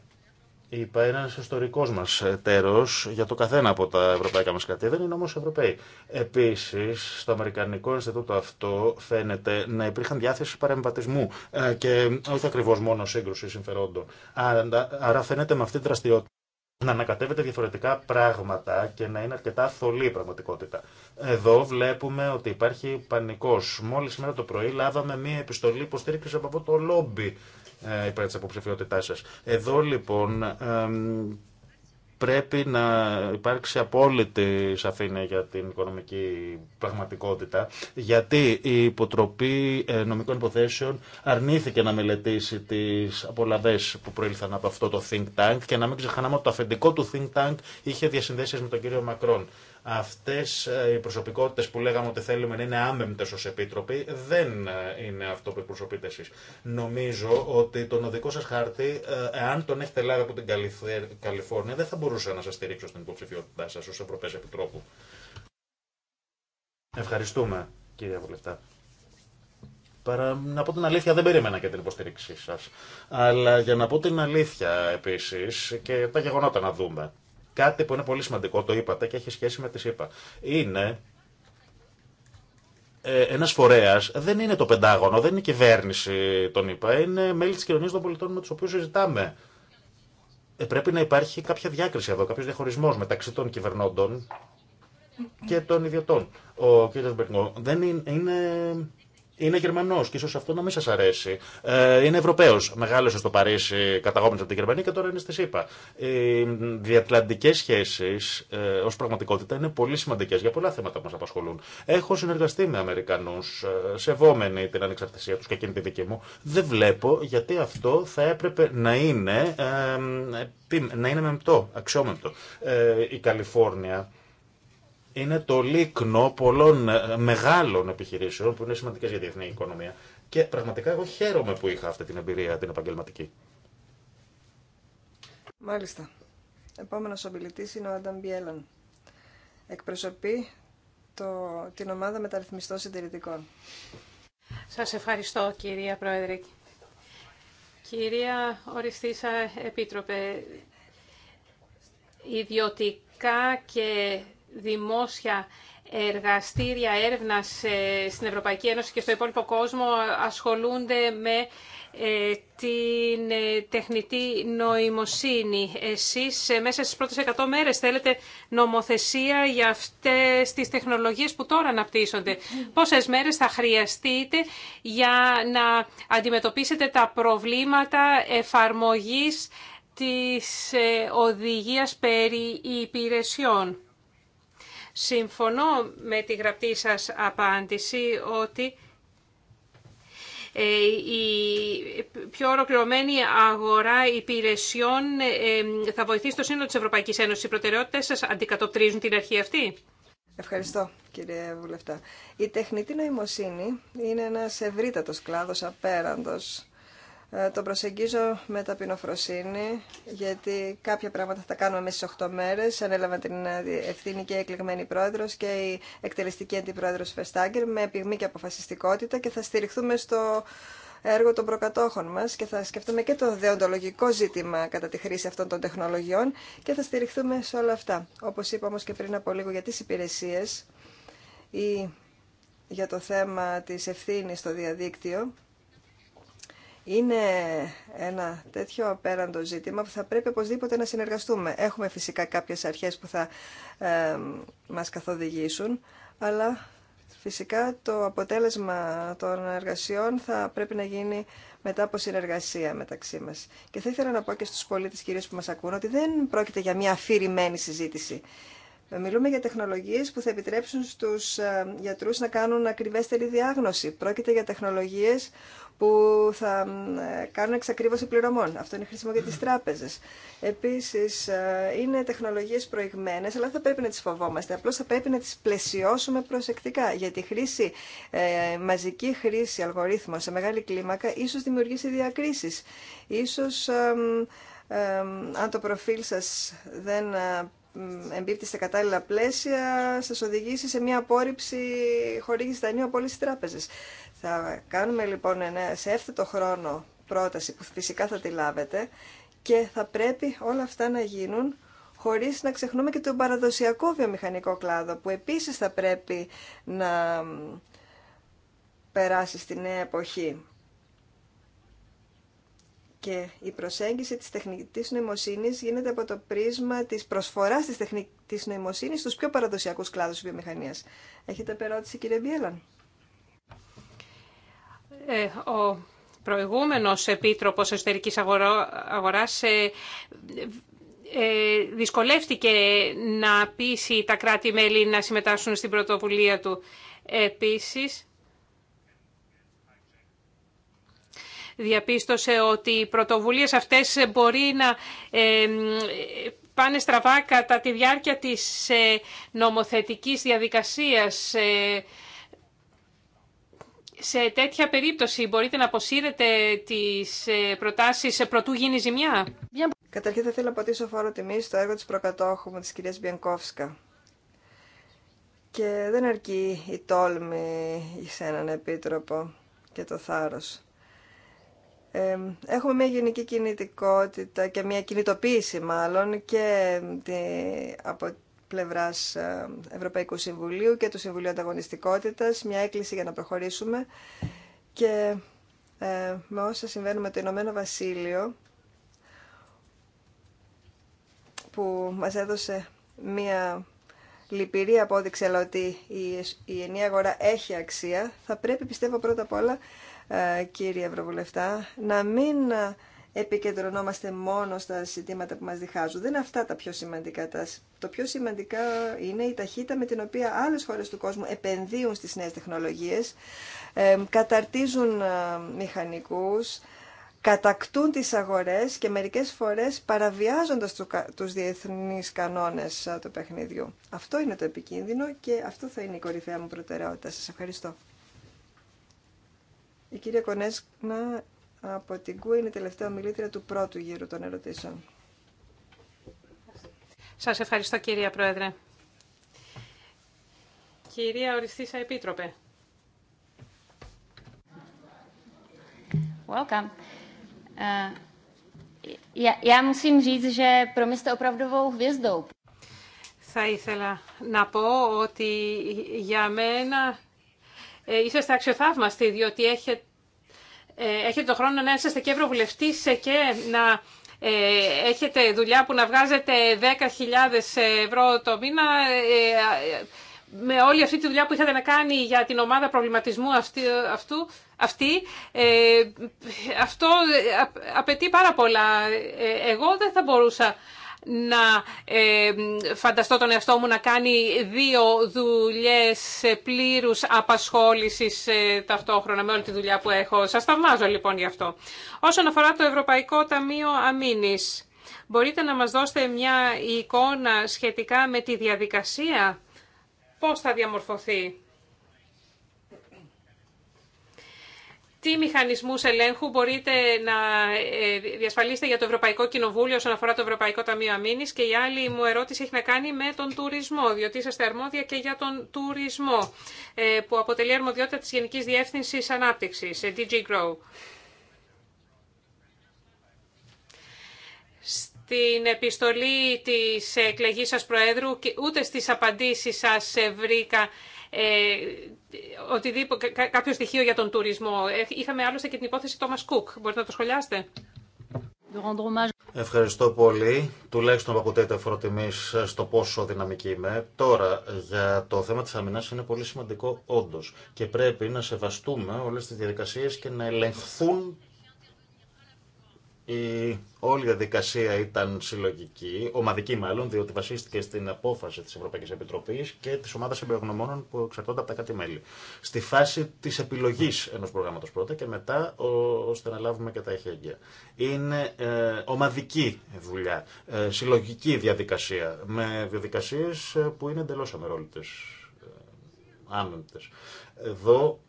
S2: είπα, ένα ιστορικό μα τέρο για το καθένα από τα ευρωπαϊκά μα κρατή. Δεν είναι όμω Ευρωπαίοι. Επίση, στο Αμερικανικό Ινστιτούτο αυτό φαίνεται να υπήρχαν διάθεση παρεμβατισμού ε, και όχι ακριβώ μόνο σύγκρουση συμφερόντων. Άρα, άρα φαίνεται με αυτή τη δραστηριότητα να ανακατεύεται διαφορετικά πράγματα και να είναι αρκετά θολή η πραγματικότητα. Εδώ βλέπουμε ότι υπάρχει πανικός. Μόλις σήμερα το πρωί λάβαμε μία επιστολή υποστήριξη από αυτό το λόμπι ε, υπέρ τη αποψηφιότητά σα. Εδώ λοιπόν πρέπει να υπάρξει απόλυτη σαφήνεια για την οικονομική πραγματικότητα, γιατί η Υποτροπή ε, Νομικών Υποθέσεων αρνήθηκε να μελετήσει τις απολαβές που προήλθαν από αυτό το Think Tank και να μην ξεχνάμε ότι το αφεντικό του Think Tank είχε διασυνδέσεις με τον κύριο Μακρόν. Αυτέ ε, οι προσωπικότητε που λέγαμε ότι θέλουμε να είναι άμεμπτε ω επίτροποι δεν ε, είναι αυτό που εκπροσωπείτε εσεί. Νομίζω ότι τον οδικό σα χάρτη, ε, εάν τον έχετε λάβει από την Καλιφόρνια, δεν θα μπορούσα να σα στηρίξω στην υποψηφιότητά σα ως Ευρωπαίος Επιτρόπου. Ευχαριστούμε, κύριε Βουλευτά. Παρά, να πω την αλήθεια, δεν περίμενα και την υποστήριξή σα. Αλλά για να πω την αλήθεια επίση και τα γεγονότα να δούμε κάτι που είναι πολύ σημαντικό, το είπατε και έχει σχέση με τη ΣΥΠΑ. Είναι ε, ένα φορέα δεν είναι το Πεντάγωνο, δεν είναι η κυβέρνηση, τον είπα. Είναι μέλη τη κοινωνία των πολιτών με του οποίου συζητάμε. Ε, πρέπει να υπάρχει κάποια διάκριση εδώ, κάποιο διαχωρισμό μεταξύ των κυβερνώντων και των ιδιωτών. Ο κ. Μπερνγκό δεν είναι, είναι είναι Γερμανό και ίσω αυτό να μην σα αρέσει. Ε, είναι Ευρωπαίο. Μεγάλωσε στο Παρίσι, καταγόμενο από την Γερμανία και τώρα είναι στη ΣΥΠΑ. Οι διατλαντικέ σχέσει ε, ω πραγματικότητα είναι πολύ σημαντικέ για πολλά θέματα που μα απασχολούν. Έχω συνεργαστεί με Αμερικανού, ε, σεβόμενοι την ανεξαρτησία του και εκείνη τη δική μου. Δεν βλέπω γιατί αυτό θα έπρεπε να είναι, ε, ε να είναι μεμπτό, αξιόμεμπτο. η Καλιφόρνια είναι το λίκνο πολλών ε, μεγάλων επιχειρήσεων που είναι σημαντικέ για τη διεθνή οικονομία. Και πραγματικά εγώ χαίρομαι που είχα αυτή την εμπειρία την επαγγελματική.
S3: Μάλιστα. Επόμενο ομιλητή είναι ο Άνταμ Μπιέλαν. Εκπροσωπεί το, την ομάδα μεταρρυθμιστών συντηρητικών.
S1: Σας ευχαριστώ κυρία Πρόεδρε. Κυρία Οριστήσα Επίτροπε, ιδιωτικά και δημόσια εργαστήρια έρευνας ε, στην Ευρωπαϊκή Ένωση και στο υπόλοιπο κόσμο ασχολούνται με ε, την ε, τεχνητή νοημοσύνη. Εσείς μέσα στις πρώτες 100 μέρες θέλετε νομοθεσία για αυτές τις τεχνολογίες που τώρα αναπτύσσονται. Πόσες μέρες θα χρειαστείτε για να αντιμετωπίσετε τα προβλήματα εφαρμογής της οδηγίας περί υπηρεσιών. Συμφωνώ με τη γραπτή σας απάντηση ότι ε, η πιο ολοκληρωμένη αγορά υπηρεσιών θα βοηθήσει το σύνολο της Ευρωπαϊκής Ένωσης. Οι προτεραιότητες σας αντικατοπτρίζουν την αρχή αυτή.
S3: Ευχαριστώ κύριε Βουλευτά. Η τεχνητή νοημοσύνη είναι ένας ευρύτατος κλάδος απέραντος ε, το προσεγγίζω με ταπεινοφροσύνη, γιατί κάποια πράγματα θα τα κάνουμε μέσα στις 8 μέρε. Ανέλαβα την ε, ευθύνη και η εκλεγμένη πρόεδρο και η εκτελεστική αντιπρόεδρο Φεστάγκερ με πυγμή και αποφασιστικότητα και θα στηριχθούμε στο έργο των προκατόχων μα και θα σκεφτούμε και το δεοντολογικό ζήτημα κατά τη χρήση αυτών των τεχνολογιών και θα στηριχθούμε σε όλα αυτά. Όπω είπα όμω και πριν από λίγο για τι υπηρεσίε ή για το θέμα της ευθύνης στο διαδίκτυο, είναι ένα τέτοιο απέραντο ζήτημα που θα πρέπει οπωσδήποτε να συνεργαστούμε. Έχουμε φυσικά κάποιες αρχές που θα ε, μας καθοδηγήσουν, αλλά φυσικά το αποτέλεσμα των εργασιών θα πρέπει να γίνει μετά από συνεργασία μεταξύ μας. Και θα ήθελα να πω και στους πολίτες κυρίως που μας ακούν ότι δεν πρόκειται για μια αφηρημένη συζήτηση. Μιλούμε για τεχνολογίες που θα επιτρέψουν στους ε, γιατρούς να κάνουν ακριβέστερη διάγνωση. Πρόκειται για τεχνολογίες που θα ε, κάνουν εξακρίβωση πληρωμών. Αυτό είναι χρήσιμο για τις τράπεζες. Επίσης, ε, είναι τεχνολογίες προηγμένες, αλλά θα πρέπει να τις φοβόμαστε. Απλώς θα πρέπει να τις πλαισιώσουμε προσεκτικά, γιατί η χρήση, μαζική χρήση αλγορίθμων σε μεγάλη κλίμακα ίσως δημιουργήσει διακρίσεις. Ίσως, αν το προφίλ σας δεν εμπίπτει σε κατάλληλα πλαίσια, σας οδηγήσει σε μια απόρριψη χορήγηση δανείου από όλες τις τράπεζες. Θα κάνουμε λοιπόν σε έφθετο χρόνο πρόταση που φυσικά θα τη λάβετε και θα πρέπει όλα αυτά να γίνουν χωρίς να ξεχνούμε και τον παραδοσιακό βιομηχανικό κλάδο που επίσης θα πρέπει να περάσει στη νέα εποχή. Και η προσέγγιση της τεχνητής νοημοσύνης γίνεται από το πρίσμα της προσφοράς της τεχνητής νοημοσύνης στους πιο παραδοσιακούς κλάδους της βιομηχανίας. Έχετε περώτηση κύριε Μπιέλαν.
S1: Ε, ο προηγούμενος Επίτροπος Εσωτερικής Αγοράς ε, ε, δυσκολεύτηκε να πείσει τα κράτη-μέλη να συμμετάσχουν στην πρωτοβουλία του. Επίσης, διαπίστωσε ότι οι πρωτοβουλίες αυτές μπορεί να πάνε στραβά κατά τη διάρκεια της ε, νομοθετικής διαδικασίας. Ε, σε τέτοια περίπτωση μπορείτε να αποσύρετε τις ε, προτάσεις προτού γίνει ζημιά.
S3: Καταρχήν θα ήθελα να πατήσω φόρο τιμή στο έργο της προκατόχου μου, της κυρίας Μπιανκόφσκα. Και δεν αρκεί η τόλμη σε έναν επίτροπο και το θάρρος έχουμε μια γενική κινητικότητα και μια κινητοποίηση μάλλον και από πλευράς Ευρωπαϊκού Συμβουλίου και του Συμβουλίου Ανταγωνιστικότητας, μια έκκληση για να προχωρήσουμε και με όσα συμβαίνουν με το Ηνωμένο Βασίλειο που μας έδωσε μια λυπηρή απόδειξη αλλά ότι η ενιαία αγορά έχει αξία θα πρέπει πιστεύω πρώτα απ' όλα ε, κύριε Ευρωβουλευτά, να μην επικεντρωνόμαστε μόνο στα ζητήματα που μας διχάζουν. Δεν είναι αυτά τα πιο σημαντικά. Το πιο σημαντικά είναι η ταχύτητα με την οποία άλλες χώρες του κόσμου επενδύουν στις νέες τεχνολογίες, ε, καταρτίζουν ε, μηχανικούς, κατακτούν τις αγορές και μερικές φορές παραβιάζοντας τους διεθνείς κανόνες του παιχνιδιού. Αυτό είναι το επικίνδυνο και αυτό θα είναι η κορυφαία μου προτεραιότητα. Σας ευχαριστώ. Η κυρία Κονέσκνα από την ΚΟΥ είναι η τελευταία ομιλήτρια
S1: του πρώτου γύρου των ερωτήσεων. Σας ευχαριστώ κυρία Πρόεδρε. Κυρία Οριστήσα Επίτροπε. Welcome. Uh, Θα ήθελα να πω ότι για μένα ε, είσαστε αξιοθαύμαστοι, διότι έχετε, ε, έχετε τον χρόνο να είσαστε και ευρωβουλευτή ε, και να έχετε δουλειά που να βγάζετε 10.000 ευρώ το μήνα. με όλη αυτή τη δουλειά που είχατε να κάνει για την ομάδα προβληματισμού αυτή, αυτού, αυτή, αυτό απαιτεί πάρα πολλά. εγώ δεν θα μπορούσα να ε, φανταστώ τον εαυτό μου να κάνει δύο δουλειές πλήρους απασχόλησης ε, ταυτόχρονα με όλη τη δουλειά που έχω. Σας θαυμάζω λοιπόν γι' αυτό. Όσον αφορά το Ευρωπαϊκό Ταμείο Αμήνης, μπορείτε να μας δώσετε μια εικόνα σχετικά με τη διαδικασία, πώς θα διαμορφωθεί. τι μηχανισμούς ελέγχου μπορείτε να ε, διασφαλίσετε για το Ευρωπαϊκό Κοινοβούλιο όσον αφορά το Ευρωπαϊκό Ταμείο Αμήνη. και η άλλη μου ερώτηση έχει να κάνει με τον τουρισμό, διότι είσαστε αρμόδια και για τον τουρισμό, ε, που αποτελεί αρμοδιότητα της Γενικής διεύθυνση Ανάπτυξης, ε, DG Grow. Στην επιστολή της εκλεγής σας Προέδρου και ούτε στις απαντήσεις σας βρήκα ε, οτιδήποτε, κάποιο στοιχείο για τον τουρισμό. Ε, είχαμε άλλωστε και την υπόθεση Thomas Cook. Μπορείτε να το σχολιάσετε.
S2: Ευχαριστώ πολύ. Τουλάχιστον ακούτε φοροτιμή στο πόσο δυναμική είμαι. Τώρα, για το θέμα τη αμυνά είναι πολύ σημαντικό όντω. Και πρέπει να σεβαστούμε όλε τι διαδικασίε και να ελεγχθούν η όλη διαδικασία ήταν συλλογική, ομαδική μάλλον, διότι βασίστηκε στην απόφαση τη Ευρωπαϊκή Επιτροπή και τη ομάδα εμπειρογνωμόνων που εξαρτώνται από τα κάτι μέλη. Στη φάση τη επιλογή ενό προγράμματο πρώτα και μετά ώστε να λάβουμε και τα εχέγγυα. Είναι ε, ομαδική δουλειά, ε, συλλογική διαδικασία, με διαδικασίε που είναι εντελώ αμερόληπτε. Ε, Εδώ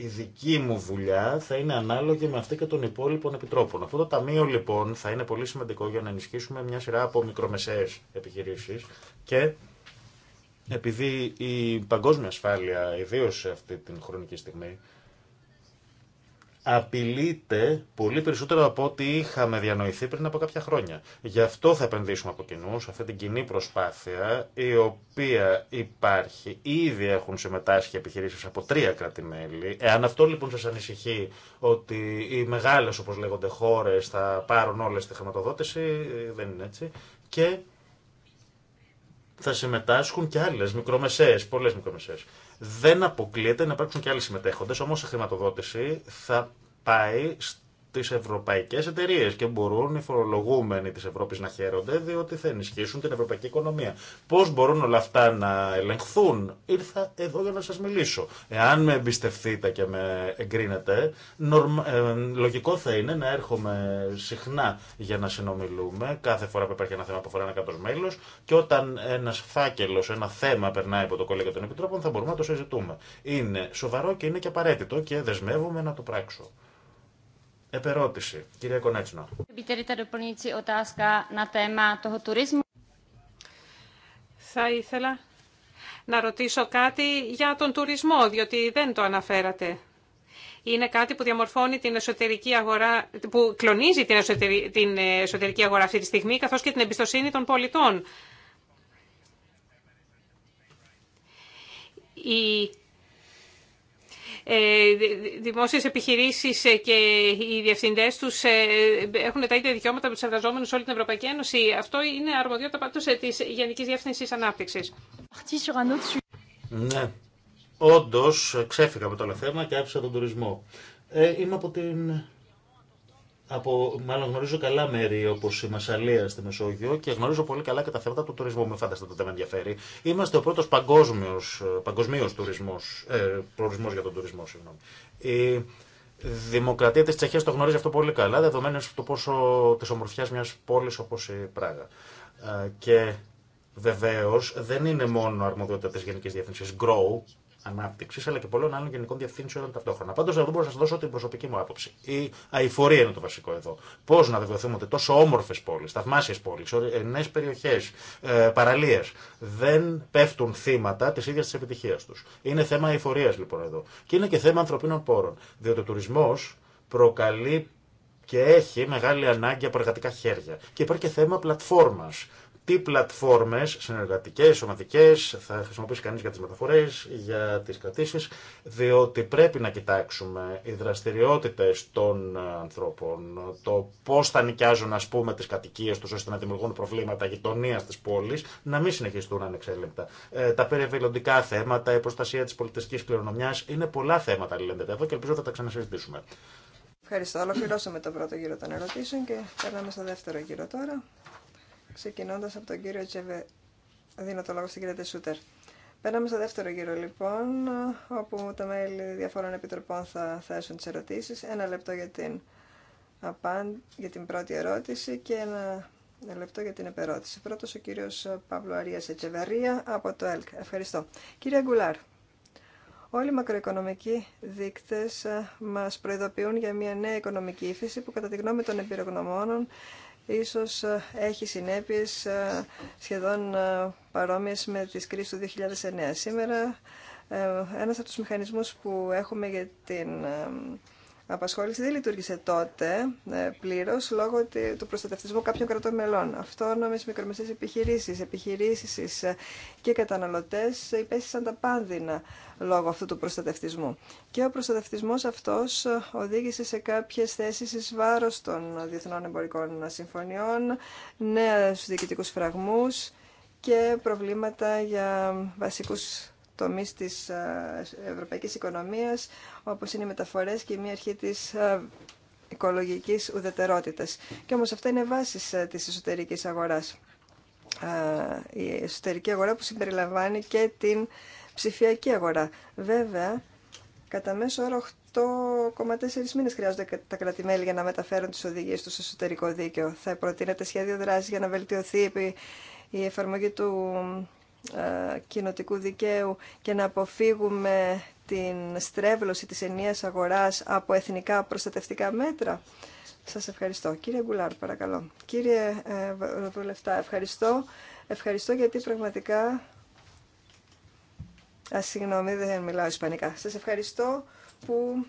S2: η δική μου δουλειά θα είναι ανάλογη με αυτή και των υπόλοιπων επιτρόπων. Αυτό το ταμείο λοιπόν θα είναι πολύ σημαντικό για να ενισχύσουμε μια σειρά από μικρομεσαίες επιχειρήσεις και επειδή η παγκόσμια ασφάλεια, ιδίω σε αυτή την χρονική στιγμή, απειλείται πολύ περισσότερο από ό,τι είχαμε διανοηθεί πριν από κάποια χρόνια. Γι' αυτό θα επενδύσουμε από κοινού σε αυτή την κοινή προσπάθεια η οποία υπάρχει. Ήδη έχουν επιχειρήσει επιχειρήσεις από τρία κράτη-μέλη. Εάν αυτό λοιπόν σας ανησυχεί ότι οι μεγάλε όπως λέγονται χώρες θα πάρουν όλες τη χρηματοδότηση, δεν είναι έτσι. Και θα συμμετάσχουν και άλλε μικρομεσαίες, πολλέ μικρομεσαίες. Δεν αποκλείεται να υπάρξουν και άλλοι συμμετέχοντε, όμω η χρηματοδότηση θα πάει τι ευρωπαϊκέ εταιρείε και μπορούν οι φορολογούμενοι τη Ευρώπη να χαίρονται διότι θα ενισχύσουν την ευρωπαϊκή οικονομία. Πώ μπορούν όλα αυτά να ελεγχθούν. Ήρθα εδώ για να σα μιλήσω. Εάν με εμπιστευτείτε και με εγκρίνετε, ε, λογικό θα είναι να έρχομαι συχνά για να συνομιλούμε κάθε φορά που υπάρχει ένα θέμα που αφορά ένα κάτω μέλο, και όταν ένα φάκελο, ένα θέμα περνάει από το κολέγιο των επιτρόπων θα μπορούμε να το συζητούμε. Είναι σοβαρό και είναι και απαραίτητο και δεσμεύομαι να το πράξω. Επερώτηση. Κυρία Κονέτσινα.
S1: Θα ήθελα να ρωτήσω κάτι για τον τουρισμό, διότι δεν το αναφέρατε. Είναι κάτι που διαμορφώνει την εσωτερική αγορά, που κλονίζει την εσωτερική, την εσωτερική αγορά αυτή τη στιγμή, καθώς και την εμπιστοσύνη των πολιτών. Η ε, δημόσιες επιχειρήσεις ε, και οι διευθυντές τους ε, έχουν τα ίδια δικαιώματα με τους εργαζόμενους σε όλη την Ευρωπαϊκή Ένωση. Αυτό είναι αρμοδιότητα πάντως της Γενικής Διεύθυνσης Ανάπτυξης.
S2: Ναι, όντως ξέφυγα από το άλλο θέμα και άφησα τον τουρισμό. Ε, είμαι από την από, μάλλον γνωρίζω καλά μέρη όπω η Μασαλία στη Μεσόγειο και γνωρίζω πολύ καλά και τα θέματα του τουρισμού. Με φάνταστε ότι δεν με ενδιαφέρει. Είμαστε ο πρώτο παγκόσμιο τουρισμό, ε, ε προορισμό για τον τουρισμό, συγγνώμη. Η δημοκρατία τη Τσεχία το γνωρίζει αυτό πολύ καλά, δεδομένου του πόσο τη ομορφιά μια πόλη όπω η Πράγα. Ε, και βεβαίω δεν είναι μόνο αρμοδιότητα τη Γενική Διεύθυνση Grow, Ανάπτυξη αλλά και πολλών άλλων γενικών διευθύνσεων ταυτόχρονα. Πάντω εδώ μπορώ να σα δώσω την προσωπική μου άποψη. Η αηφορία είναι το βασικό εδώ. Πώ να βεβαιωθούμε ότι τόσο όμορφε πόλει, θαυμάσιε πόλει, νέε περιοχέ, ε, παραλίε δεν πέφτουν θύματα τη ίδια τη επιτυχία του. Είναι θέμα αηφορία λοιπόν εδώ. Και είναι και θέμα ανθρωπίνων πόρων. Διότι ο τουρισμό προκαλεί και έχει μεγάλη ανάγκη από εργατικά χέρια. Και υπάρχει και θέμα πλατφόρμα τι πλατφόρμες συνεργατικέ, σωματικέ, θα χρησιμοποιήσει κανεί για τι μεταφορέ για τι κρατήσει, διότι πρέπει να κοιτάξουμε οι δραστηριότητε των ανθρώπων, το πώ θα νοικιάζουν α πούμε τι κατοικίε του ώστε να δημιουργούν προβλήματα γειτονία τη πόλη να μην συνεχιστούν ανεξέλεγκτα. Ε, τα περιβαλλοντικά θέματα, η προστασία τη πολιτιστική κληρονομιά είναι πολλά θέματα λένετε εδώ και ελπίζω θα τα ξανασυζητήσουμε.
S3: Ευχαριστώ. Ολοκληρώσαμε το πρώτο γύρο των ερωτήσεων και περνάμε στο δεύτερο γύρο τώρα ξεκινώντας από τον κύριο Τσεβε. Δίνω το λόγο στην κυρία Τεσούτερ. Περνάμε στο δεύτερο γύρο λοιπόν, όπου τα μέλη διαφόρων επιτροπών θα θέσουν τις ερωτήσεις. Ένα λεπτό για την, απάν... για την πρώτη ερώτηση και ένα... λεπτό για την επερώτηση. Πρώτο ο κύριο Παύλο Αρία Ετσεβερία από το ΕΛΚ. Ευχαριστώ. Κύριε Γκουλάρ, όλοι οι μακροοικονομικοί δείκτε ε, μα προειδοποιούν για μια νέα οικονομική ύφεση που κατά τη γνώμη των εμπειρογνωμόνων ίσως ε, έχει συνέπειες ε, σχεδόν ε, παρόμοιες με τις κρίσεις του 2009. Σήμερα ένας από τους μηχανισμούς που έχουμε για την απασχόληση δεν λειτουργήσε τότε ε, πλήρω λόγω του προστατευτισμού κάποιων κρατών μελών. Αυτόνομε μικρομεσαίε επιχειρήσει, επιχειρήσει ε, και καταναλωτέ υπέστησαν τα πάνδυνα λόγω αυτού του προστατευτισμού. Και ο προστατευτισμό αυτό ε, οδήγησε σε κάποιε θέσει ει βάρο των διεθνών εμπορικών συμφωνιών, νέου διοικητικού φραγμού και προβλήματα για βασικού. Τομεί τη ε, Ευρωπαϊκή Οικονομία, όπω είναι οι μεταφορέ και η μια αρχή τη ε, οικολογική ουδετερότητα. Και όμω αυτά είναι βάσει ε, τη εσωτερική αγορά. Η εσωτερική αγορά που συμπεριλαμβάνει και την ψηφιακή αγορά. Βέβαια, κατά μέσο όρο 8,4 μήνες χρειάζονται τα κρατημέλη για να μεταφέρουν τις οδηγίες του στο εσωτερικό δίκαιο. Θα προτείνεται σχέδιο δράση για να βελτιωθεί η εφαρμογή του ε, κοινοτικού δικαίου και να αποφύγουμε την στρέβλωση της ενίας αγοράς από εθνικά προστατευτικά μέτρα. Σας ευχαριστώ. Κύριε Γκουλάρ, παρακαλώ. Κύριε ε, Βουλευτά, ευχαριστώ. Ευχαριστώ γιατί πραγματικά... Α, συγγνώμη, δεν μιλάω ισπανικά. Σας ευχαριστώ που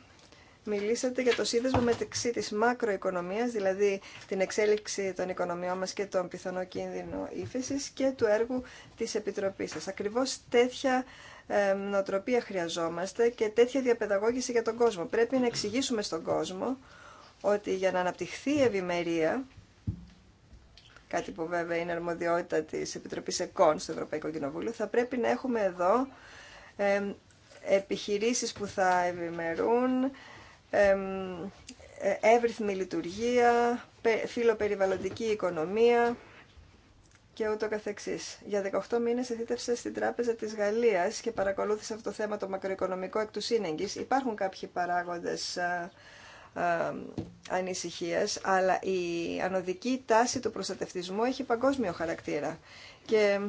S3: μιλήσατε για το σύνδεσμο μεταξύ της μακροοικονομίας, δηλαδή την εξέλιξη των οικονομιών μας και τον πιθανό κίνδυνο ύφεση και του έργου της Επιτροπής σας. Ακριβώς τέτοια ε, νοοτροπία χρειαζόμαστε και τέτοια διαπαιδαγώγηση για τον κόσμο. Πρέπει να εξηγήσουμε στον κόσμο ότι για να αναπτυχθεί η ευημερία, κάτι που βέβαια είναι αρμοδιότητα της Επιτροπής ΕΚΟΝ στο Ευρωπαϊκό Κοινοβούλιο, θα πρέπει να έχουμε εδώ ε, επιχειρήσεις που θα ευημερούν, ε, εύρυθμη λειτουργία, φιλοπεριβαλλοντική οικονομία και ούτω καθεξής. Για 18 μήνες εθήτευσε στην Τράπεζα της Γαλλίας και παρακολούθησε αυτό το θέμα το μακροοικονομικό εκ του σύνεγγης. Υπάρχουν κάποιοι παράγοντες ε, ε, ανησυχίας, αλλά η ανωδική τάση του προστατευτισμού έχει παγκόσμιο χαρακτήρα. Και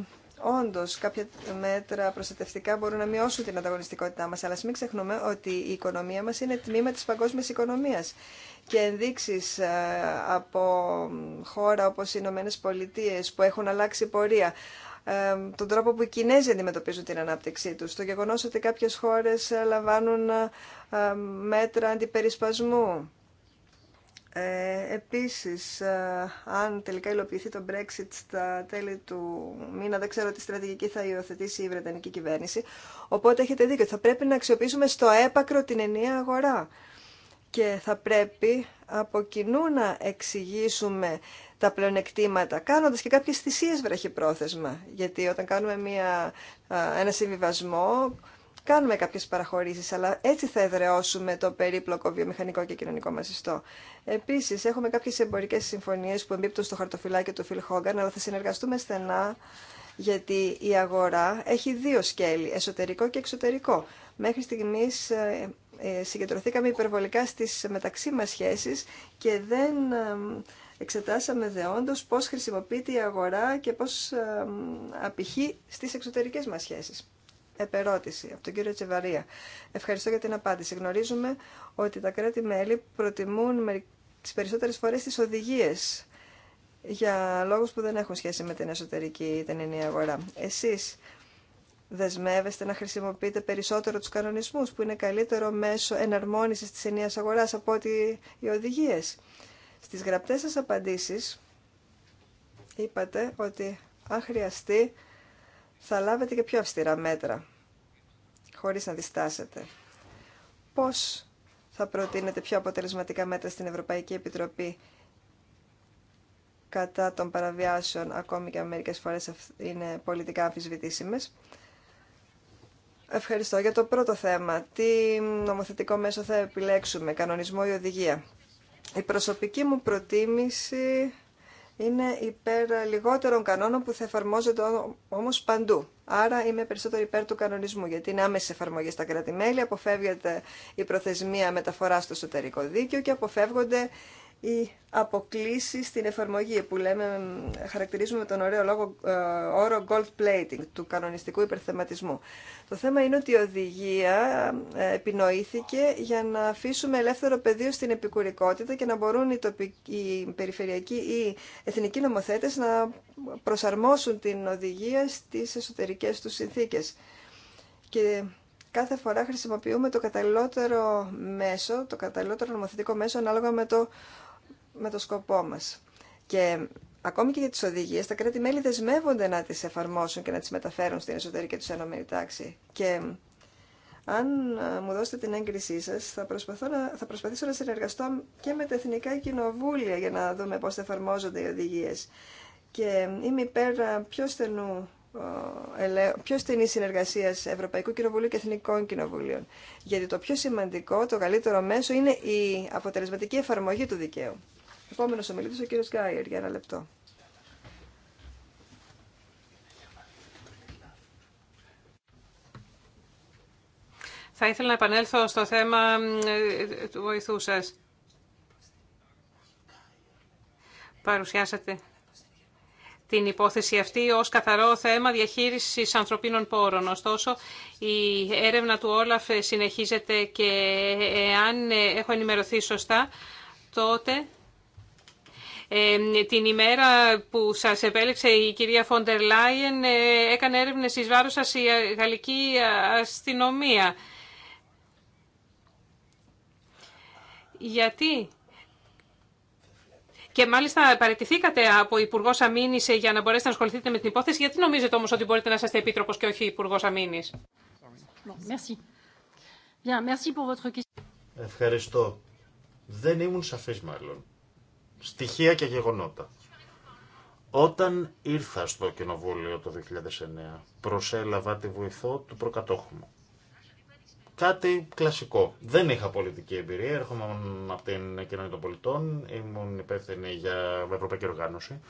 S3: Όντω, κάποια μέτρα προστατευτικά μπορούν να μειώσουν την ανταγωνιστικότητά μα, αλλά μην ξεχνούμε ότι η οικονομία μα είναι τμήμα τη παγκόσμια οικονομία. Και ενδείξει ε, από χώρα όπω οι Ηνωμένε Πολιτείε που έχουν αλλάξει πορεία, ε, τον τρόπο που οι Κινέζοι αντιμετωπίζουν την ανάπτυξή του, το γεγονό ότι κάποιε χώρε λαμβάνουν ε, μέτρα αντιπερισπασμού ε, επίσης, ε, αν τελικά υλοποιηθεί το Brexit στα τέλη του μήνα, δεν ξέρω τι στρατηγική θα υιοθετήσει η Βρετανική κυβέρνηση. Οπότε έχετε δίκιο, θα πρέπει να αξιοποιήσουμε στο έπακρο την ενιαία αγορά. Και θα πρέπει από κοινού να εξηγήσουμε τα πλεονεκτήματα, κάνοντας και κάποιες θυσίες βραχυπρόθεσμα. Γιατί όταν κάνουμε μια, ένα συμβιβασμό, κάνουμε κάποιες παραχωρήσεις, αλλά έτσι θα εδραιώσουμε το περίπλοκο βιομηχανικό και κοινωνικό μας ιστό. Επίσης, έχουμε κάποιες εμπορικές συμφωνίες που εμπίπτουν στο χαρτοφυλάκι του Φιλ Χόγκαν, αλλά θα συνεργαστούμε στενά γιατί η αγορά έχει δύο σκέλη, εσωτερικό και εξωτερικό. Μέχρι στιγμής ε, ε, συγκεντρωθήκαμε υπερβολικά στις μεταξύ μας σχέσεις και δεν εξετάσαμε δεόντως πώς χρησιμοποιείται η αγορά και πώς απηχεί στις εξωτερικές μας σχέσεις επερώτηση από τον κύριο Τσεβαρία. Ευχαριστώ για την απάντηση. Γνωρίζουμε ότι τα κράτη-μέλη προτιμούν τις περισσότερες φορές τις οδηγίες για λόγους που δεν έχουν σχέση με την εσωτερική ή την ενιαία αγορά. Εσείς δεσμεύεστε να χρησιμοποιείτε περισσότερο τους κανονισμούς που είναι καλύτερο μέσο εναρμόνισης της ενίας αγοράς από ότι οι οδηγίες. Στις γραπτές σας απαντήσεις είπατε ότι αν χρειαστεί θα λάβετε και πιο αυστηρά μέτρα, χωρίς να διστάσετε. Πώς θα προτείνετε πιο αποτελεσματικά μέτρα στην Ευρωπαϊκή Επιτροπή κατά των παραβιάσεων, ακόμη και μερικές φορές είναι πολιτικά αμφισβητήσιμες. Ευχαριστώ. Για το πρώτο θέμα, τι νομοθετικό μέσο θα επιλέξουμε, κανονισμό ή οδηγία. Η προσωπική μου προτίμηση είναι υπέρ λιγότερων κανόνων που θα εφαρμόζονται όμως παντού. Άρα είμαι περισσότερο υπέρ του κανονισμού, γιατί είναι άμεση εφαρμογή στα κράτη-μέλη, αποφεύγεται η προθεσμία μεταφορά στο εσωτερικό δίκαιο και αποφεύγονται οι αποκλήσει στην εφαρμογή που λέμε, χαρακτηρίζουμε τον ωραίο λόγο, ε, όρο gold plating του κανονιστικού υπερθεματισμού. Το θέμα είναι ότι η οδηγία ε, επινοήθηκε για να αφήσουμε ελεύθερο πεδίο στην επικουρικότητα και να μπορούν οι, τοπικοί, οι περιφερειακοί ή εθνικοί νομοθέτες να προσαρμόσουν την οδηγία στις εσωτερικές τους συνθήκες. Και κάθε φορά χρησιμοποιούμε το καταλληλότερο μέσο, το καταλληλότερο νομοθετικό μέσο ανάλογα με το με το σκοπό μας. Και ακόμη και για τις οδηγίες, τα κράτη-μέλη δεσμεύονται να τις εφαρμόσουν και να τις μεταφέρουν στην εσωτερική του ενωμένη τάξη. Και αν ε, μου δώσετε την έγκρισή σας, θα, θα προσπαθήσω να συνεργαστώ και με τα εθνικά κοινοβούλια για να δούμε πώς θα εφαρμόζονται οι οδηγίες. Και ε, είμαι υπέρ ε, πιο στενού πιο στενή συνεργασία Ευρωπαϊκού Κοινοβουλίου και Εθνικών Κοινοβουλίων. Γιατί το πιο σημαντικό, το καλύτερο μέσο είναι η αποτελεσματική εφαρμογή του δικαίου. Επόμενος ομιλητής ο
S1: κύριος Γκάιερ για ένα λεπτό. Θα ήθελα να επανέλθω στο θέμα ε, του βοηθού σας. Παρουσιάσατε την υπόθεση αυτή ως καθαρό θέμα διαχείρισης ανθρωπίνων πόρων. Ωστόσο, η έρευνα του Όλαφ συνεχίζεται και αν έχω ενημερωθεί σωστά, τότε την ημέρα που σας επέλεξε η κυρία Φόντερ Λάιεν ε, έκανε έρευνες εις βάρος σας η ε, γαλλική ε, αστυνομία. Γιατί και μάλιστα παραιτηθήκατε από Υπουργό Αμήνη για να μπορέσετε να ασχοληθείτε με την υπόθεση. Γιατί νομίζετε όμω ότι μπορείτε να είστε επίτροπο και όχι Υπουργό Αμήνη.
S2: Ευχαριστώ. Δεν ήμουν σαφή μάλλον στοιχεία και γεγονότα. Όταν ήρθα στο Κοινοβούλιο το 2009, προσέλαβα τη βοηθό του προκατόχου μου. Κάτι κλασικό. Δεν είχα πολιτική εμπειρία, έρχομαι από την κοινωνία των πολιτών, ήμουν υπεύθυνη για ευρωπαϊκή οργάνωση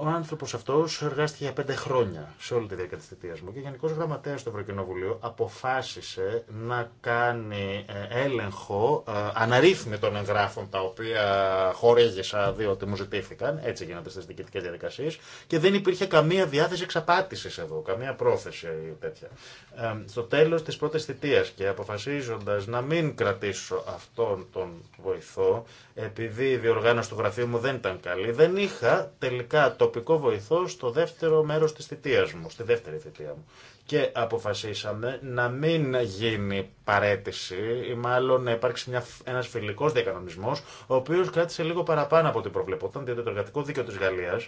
S2: ο άνθρωπο αυτό εργάστηκε για πέντε χρόνια σε όλη τη διάρκεια τη θητεία μου και Γενικό Γραμματέα του Ευρωκοινοβουλίο αποφάσισε να κάνει ε, έλεγχο ε, αναρρύθμι των εγγράφων τα οποία χορήγησα διότι μου ζητήθηκαν. Έτσι γίνονται στι διοικητικέ διαδικασίε και δεν υπήρχε καμία διάθεση εξαπάτηση εδώ, καμία πρόθεση τέτοια. Ε, στο τέλο τη πρώτη θητεία και αποφασίζοντα να μην κρατήσω αυτόν τον βοηθό επειδή η διοργάνωση του γραφείου μου δεν ήταν καλή, δεν είχα τελικά τοπικό βοηθό στο δεύτερο μέρο τη θητεία μου, στη δεύτερη θητεία μου. Και αποφασίσαμε να μην γίνει παρέτηση ή μάλλον να υπάρξει ένα φιλικό διακανονισμό, ο οποίο κράτησε λίγο παραπάνω από την προβλεπόταν, διότι το εργατικό δίκαιο τη Γαλλία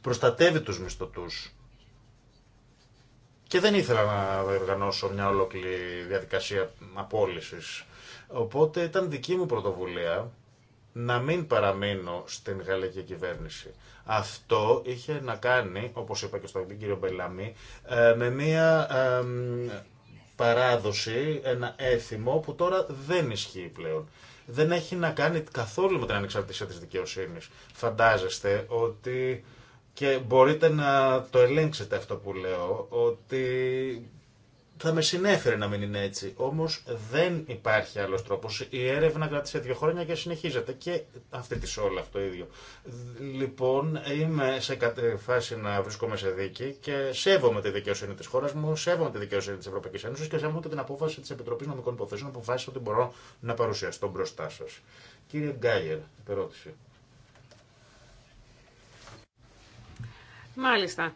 S2: προστατεύει του μισθωτού. Και δεν ήθελα να οργανώσω μια ολόκληρη διαδικασία απόλυσης. Οπότε ήταν δική μου πρωτοβουλία να μην παραμείνω στην γαλλική κυβέρνηση. Αυτό είχε να κάνει, όπως είπα και στον κύριο Μπελαμή, ε, με μία παράδοση, ένα έθιμο που τώρα δεν ισχύει πλέον. Δεν έχει να κάνει καθόλου με την ανεξαρτησία της δικαιοσύνης. Φαντάζεστε ότι και μπορείτε να το ελέγξετε αυτό που λέω, ότι θα με συνέφερε να μην είναι έτσι. Όμω δεν υπάρχει άλλο τρόπο. Η έρευνα κράτησε δύο χρόνια και συνεχίζεται. Και αυτή τη όλα αυτό το ίδιο. Λοιπόν, είμαι σε ε, φάση να βρίσκομαι σε δίκη και σέβομαι τη δικαιοσύνη τη χώρα μου, σέβομαι τη δικαιοσύνη τη Ευρωπαϊκή Ένωση και σέβομαι και την απόφαση τη Επιτροπή Νομικών Υποθέσεων που αποφάσισε ότι μπορώ να παρουσιαστώ μπροστά σα. Κύριε Γκάιερ, ερώτηση.
S1: Μάλιστα.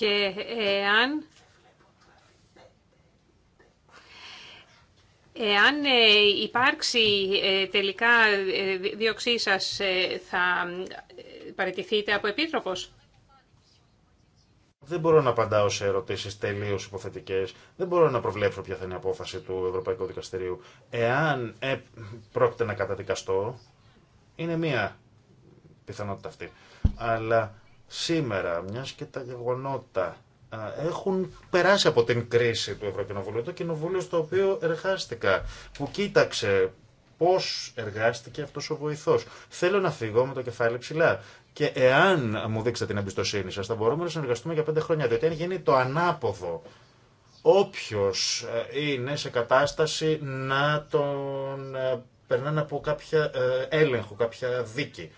S1: και εάν... Εάν ε, υπάρξει ε, τελικά ε, δίωξή σας, θα παραιτηθείτε από επίτροπος.
S2: Δεν μπορώ να απαντάω σε ερωτήσεις τελείως υποθετικές. Δεν μπορώ να προβλέψω ποια θα είναι η απόφαση του Ευρωπαϊκού Δικαστηρίου. Εάν πρόκειται να καταδικαστώ, είναι μία πιθανότητα αυτή. Αλλά σήμερα, μιας και τα γεγονότα έχουν περάσει από την κρίση του Ευρωκοινοβουλίου, το κοινοβούλιο στο οποίο εργάστηκα, που κοίταξε πώς εργάστηκε αυτός ο βοηθός. Θέλω να φύγω με το κεφάλι ψηλά. Και εάν μου δείξετε την εμπιστοσύνη σας, θα μπορούμε να συνεργαστούμε για πέντε χρόνια. Διότι αν γίνει το ανάποδο, όποιο ε, είναι σε κατάσταση να τον ε, περνάνε από κάποια ε, έλεγχο, κάποια δίκη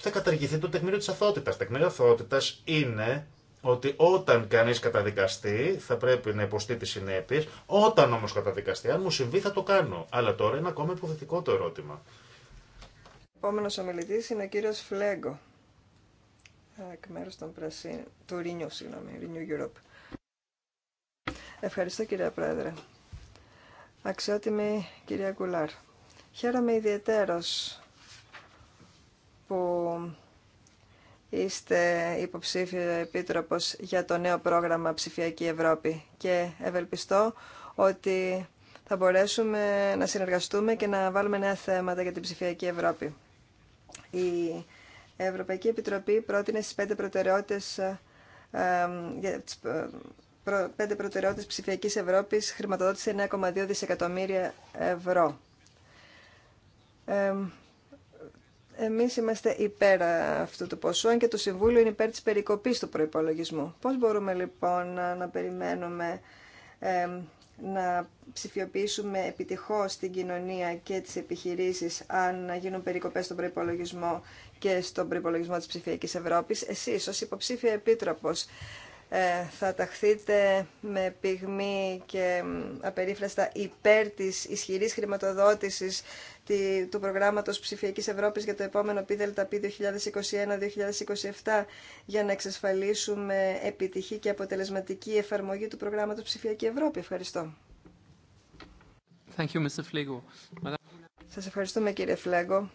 S2: θα καταργηθεί το τεκμήριο της αθότητας. Το τεκμήριο αθότητας είναι ότι όταν κανεί καταδικαστεί θα πρέπει να υποστεί τι συνέπειε. Όταν όμω καταδικαστεί, αν μου συμβεί, θα το κάνω. Αλλά τώρα είναι ακόμα υποθετικό το ερώτημα.
S3: Επόμενο ομιλητή είναι ο κύριο Φλέγκο. Εκ μέρου των του Renew, Ευχαριστώ κύριε Πρόεδρε. Αξιότιμη κυρία Κουλάρ. Χαίρομαι ιδιαίτερος που είστε υποψήφιο επίτροπος για το νέο πρόγραμμα Ψηφιακή Ευρώπη και ευελπιστώ ότι θα μπορέσουμε να συνεργαστούμε και να βάλουμε νέα θέματα για την Ψηφιακή Ευρώπη. Η Ευρωπαϊκή Επιτροπή πρότεινε στις πέντε προτεραιότητες ε, πέντε προτεραιότητες ψηφιακής Ευρώπης χρηματοδότησε 9,2 δισεκατομμύρια ευρώ. Εμείς είμαστε υπέρ αυτού του ποσού, αν και το Συμβούλιο είναι υπέρ της περικοπής του προϋπολογισμού. Πώς μπορούμε λοιπόν να περιμένουμε να ψηφιοποιήσουμε επιτυχώς την κοινωνία και τις επιχειρήσεις αν γίνουν περικοπές στον προϋπολογισμό και στον προϋπολογισμό της ψηφιακής Ευρώπης. Εσείς ως υποψήφια επίτροπος ε, θα ταχθείτε με πυγμή και απερίφραστα υπέρ της ισχυρής χρηματοδότησης του προγράμματος ψηφιακής Ευρώπης για το επόμενο ΠΔΕΛΤΑΠ 2021-2027 για να εξασφαλίσουμε επιτυχή και αποτελεσματική εφαρμογή του προγράμματος ψηφιακή Ευρώπη. Ευχαριστώ. Σα Σας ευχαριστούμε κύριε Φλέγκο.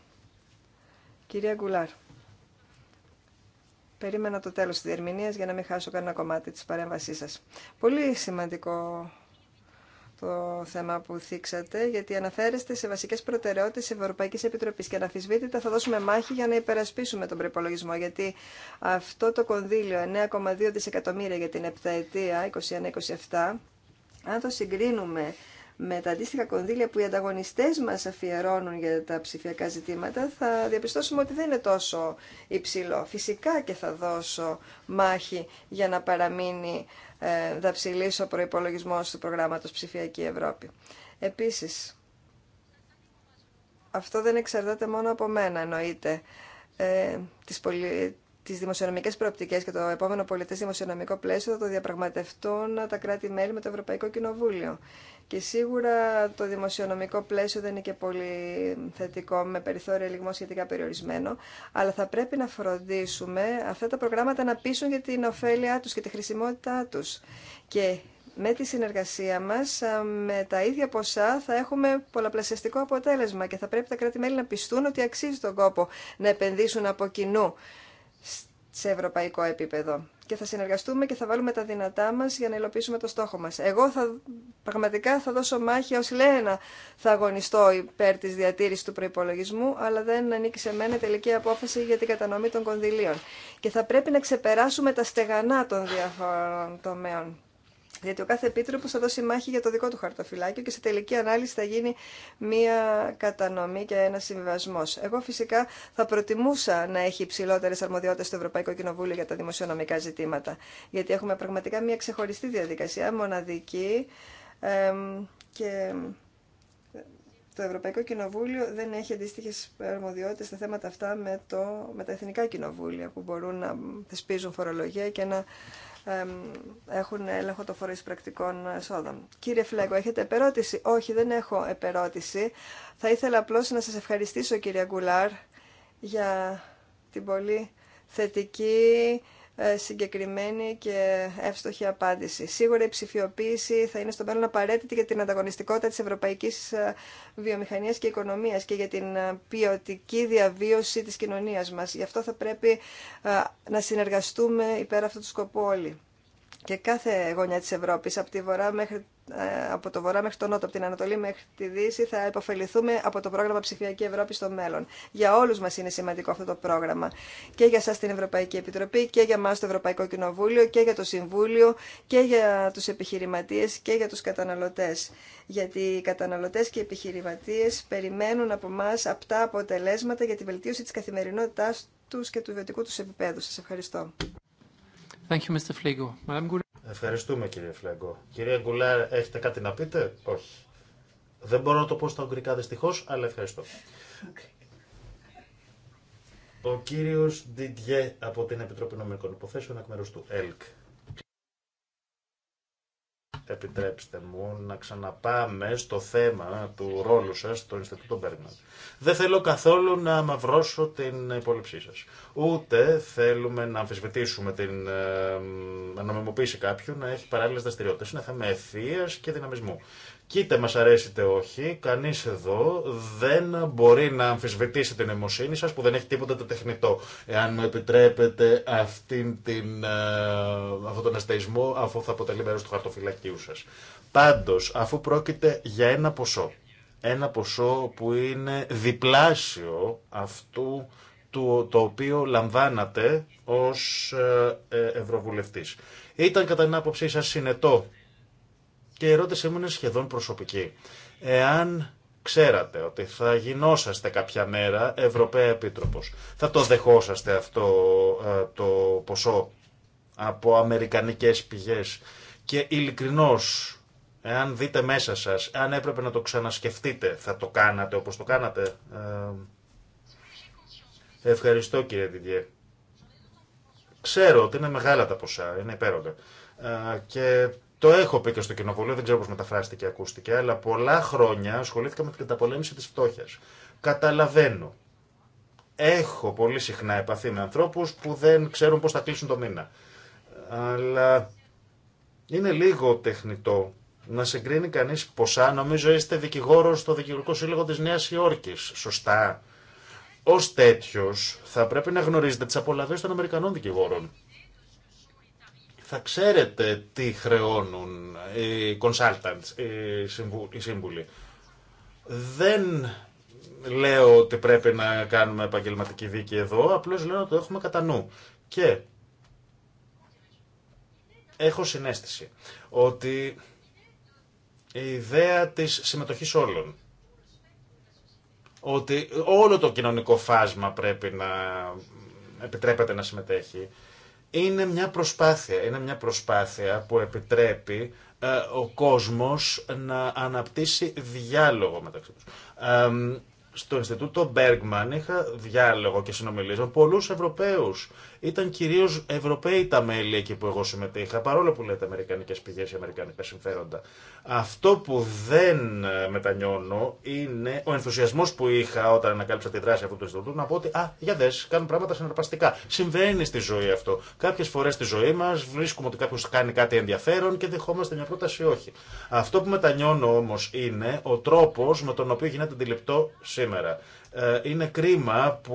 S3: Κυρία Γκουλάρ. Περίμενα το τέλος της διερμηνίας για να μην χάσω κανένα κομμάτι της παρέμβασής σας. Πολύ σημαντικό το θέμα που θίξατε, γιατί αναφέρεστε σε βασικές προτεραιότητες της Ευρωπαϊκής Επιτροπής και αναφυσβήτητα θα δώσουμε μάχη για να υπερασπίσουμε τον προπολογισμό, γιατί αυτό το κονδύλιο 9,2 δισεκατομμύρια για την επταετία 21-27, αν το συγκρίνουμε με τα αντίστοιχα κονδύλια που οι ανταγωνιστές μας αφιερώνουν για τα ψηφιακά ζητήματα, θα διαπιστώσουμε ότι δεν είναι τόσο υψηλό. Φυσικά και θα δώσω μάχη για να παραμείνει ε, δαψιλής ο προϋπολογισμός του προγράμματος Ψηφιακή Ευρώπη. Επίσης, αυτό δεν εξαρτάται μόνο από μένα εννοείται, ε, της τις δημοσιονομικές προοπτικές και το επόμενο πολιτές δημοσιονομικό πλαίσιο θα το διαπραγματευτούν τα κράτη-μέλη με το Ευρωπαϊκό Κοινοβούλιο. Και σίγουρα το δημοσιονομικό πλαίσιο δεν είναι και πολύ θετικό με περιθώριο λιγμό σχετικά περιορισμένο, αλλά θα πρέπει να φροντίσουμε αυτά τα προγράμματα να πείσουν για την ωφέλειά τους και τη χρησιμότητά τους. Και με τη συνεργασία μας, με τα ίδια ποσά, θα έχουμε πολλαπλασιαστικό αποτέλεσμα και θα πρέπει τα κράτη-μέλη να πιστούν ότι αξίζει τον κόπο να επενδύσουν από κοινού σε ευρωπαϊκό επίπεδο. Και θα συνεργαστούμε και θα βάλουμε τα δυνατά μα για να υλοποιήσουμε το στόχο μα. Εγώ θα, πραγματικά θα δώσω μάχη ω να θα αγωνιστώ υπέρ τη διατήρηση του προπολογισμού, αλλά δεν ανήκει σε μένα τελική απόφαση για την κατανομή των κονδυλίων. Και θα πρέπει να ξεπεράσουμε τα στεγανά των διαφορών τομέων. Γιατί ο κάθε επίτροπο θα δώσει μάχη για το δικό του χαρτοφυλάκιο και σε τελική ανάλυση θα γίνει μία κατανομή και ένα συμβιβασμό. Εγώ φυσικά θα προτιμούσα να έχει υψηλότερε αρμοδιότητε στο Ευρωπαϊκό Κοινοβούλιο για τα δημοσιονομικά ζητήματα. Γιατί έχουμε πραγματικά μία ξεχωριστή διαδικασία, μοναδική. και το Ευρωπαϊκό Κοινοβούλιο δεν έχει αντίστοιχε αρμοδιότητε στα θέματα αυτά με, το, με τα εθνικά κοινοβούλια που μπορούν να θεσπίζουν φορολογία και να έχουν έλεγχο το φορείς πρακτικών εσόδων. Κύριε Φλέγκο, έχετε επερώτηση. Όχι, δεν έχω επερώτηση. Θα ήθελα απλώς να σας ευχαριστήσω, κύριε Γκουλάρ, για την πολύ θετική ε, συγκεκριμένη και εύστοχη απάντηση. Σίγουρα η ψηφιοποίηση θα είναι στο μέλλον απαραίτητη για την ανταγωνιστικότητα της ευρωπαϊκής ε, βιομηχανίας και οικονομίας και για την ε, ποιοτική διαβίωση της κοινωνίας μας. Γι' αυτό θα πρέπει να συνεργαστούμε υπέρ αυτού του σκοπού όλοι. Και κάθε γωνιά της Ευρώπης, από τη βορρά μέχρι ε, από το βορρά μέχρι το νότο, από την Ανατολή μέχρι τη Δύση, θα υποφεληθούμε από το πρόγραμμα Ψηφιακή Ευρώπη στο μέλλον. Για όλου μα είναι σημαντικό αυτό το πρόγραμμα. Και για εσά την Ευρωπαϊκή Επιτροπή, και για εμά το Ευρωπαϊκό Κοινοβούλιο, και για το Συμβούλιο, και για του επιχειρηματίε και για του καταναλωτέ. Γιατί οι καταναλωτέ και οι επιχειρηματίε περιμένουν από εμά απτά αποτελέσματα για τη βελτίωση τη καθημερινότητά του και του βιωτικού του επίπεδου. Σα ευχαριστώ.
S2: Thank you, Mr. Ευχαριστούμε κύριε Φλέγκο. Κυρία Γκουλάρ, έχετε κάτι να πείτε? Όχι. Δεν μπορώ να το πω στα Ογγρικά δυστυχώ, αλλά ευχαριστώ. Ο κύριος Ντιντιέ από την Επιτροπή Νομικών Υποθέσεων εκ μέρου του ΕΛΚ επιτρέψτε μου να ξαναπάμε στο θέμα του ρόλου σας στο Ινστιτούτο Μπέργκμαν. Δεν θέλω καθόλου να μαυρώσω την υπόλοιψή σας. Ούτε θέλουμε να αμφισβητήσουμε την ε, νομιμοποίηση κάποιου να έχει παράλληλες δραστηριότητες. Είναι θέμα ευθείας και δυναμισμού. Κοίτα, μας αρέσει είτε όχι, κανείς εδώ δεν μπορεί να αμφισβητήσει την αιμοσύνη σας που δεν έχει τίποτα το τεχνητό. Εάν μου επιτρέπετε αυτήν την, ε, αυτόν τον αστεισμό, αφού θα αποτελεί μέρος του χαρτοφυλακίου σας. Πάντως, αφού πρόκειται για ένα ποσό, ένα ποσό που είναι διπλάσιο αυτού του, το οποίο λαμβάνατε ως ε, ε, ευρωβουλευτής. Ήταν κατά την άποψή σας συνετό και η ερώτησή μου είναι σχεδόν προσωπική. Εάν ξέρατε ότι θα γινόσαστε κάποια μέρα Ευρωπαία Επίτροπος, θα το δεχόσαστε αυτό ε, το ποσό από αμερικανικές πηγές και ειλικρινώς εάν δείτε μέσα σας, αν έπρεπε να το ξανασκεφτείτε, θα το κάνατε όπως το κάνατε. Ε, ευχαριστώ κύριε Διδιέ. Ξέρω ότι είναι μεγάλα τα ποσά, είναι υπέροχα. Ε, και το έχω πει και στο κοινοβούλιο, δεν ξέρω πώ μεταφράστηκε και ακούστηκε, αλλά πολλά χρόνια ασχολήθηκα με την καταπολέμηση τη φτώχεια. Καταλαβαίνω. Έχω πολύ συχνά επαφή με ανθρώπου που δεν ξέρουν πώ θα κλείσουν το μήνα. Αλλά είναι λίγο τεχνητό να συγκρίνει κανεί ποσά. Νομίζω είστε δικηγόρο στο Δικηγορικό Σύλλογο τη Νέα Υόρκη. Σωστά. Ω τέτοιο, θα πρέπει να γνωρίζετε τι απολαυέ των Αμερικανών δικηγόρων θα ξέρετε τι χρεώνουν οι consultants, οι σύμβουλοι. Δεν λέω ότι πρέπει να κάνουμε επαγγελματική δίκη εδώ, απλώς λέω να το έχουμε κατά νου. Και έχω συνέστηση ότι η ιδέα της συμμετοχής όλων, ότι όλο το κοινωνικό φάσμα πρέπει να επιτρέπεται να συμμετέχει, είναι μια προσπάθεια. Είναι μια προσπάθεια που επιτρέπει ε, ο κόσμος να αναπτύσσει διάλογο μεταξύ τους στο Ινστιτούτο Μπέργκμαν είχα διάλογο και συνομιλήσω με πολλούς Ευρωπαίους. Ήταν κυρίω Ευρωπαίοι τα μέλη εκεί που εγώ συμμετείχα, παρόλο που λέτε αμερικανικές πηγέ ή αμερικανικά συμφέροντα. Αυτό που δεν ε, μετανιώνω είναι ο ενθουσιασμό που είχα όταν ανακάλυψα τη δράση αυτού του Ινστιτούτου να πω ότι «Α, για δε, κάνουν πράγματα συναρπαστικά». Συμβαίνει στη ζωή αυτό. Κάποιε φορέ στη ζωή μα, βρίσκουμε ότι κάποιο κάνει κάτι ενδιαφέρον και δεχόμαστε μια πρόταση όχι. Αυτό που μετανιώνω όμω είναι ο τρόπο με τον οποίο γίνεται αντιληπτό σε σήμερα. Ε, είναι κρίμα που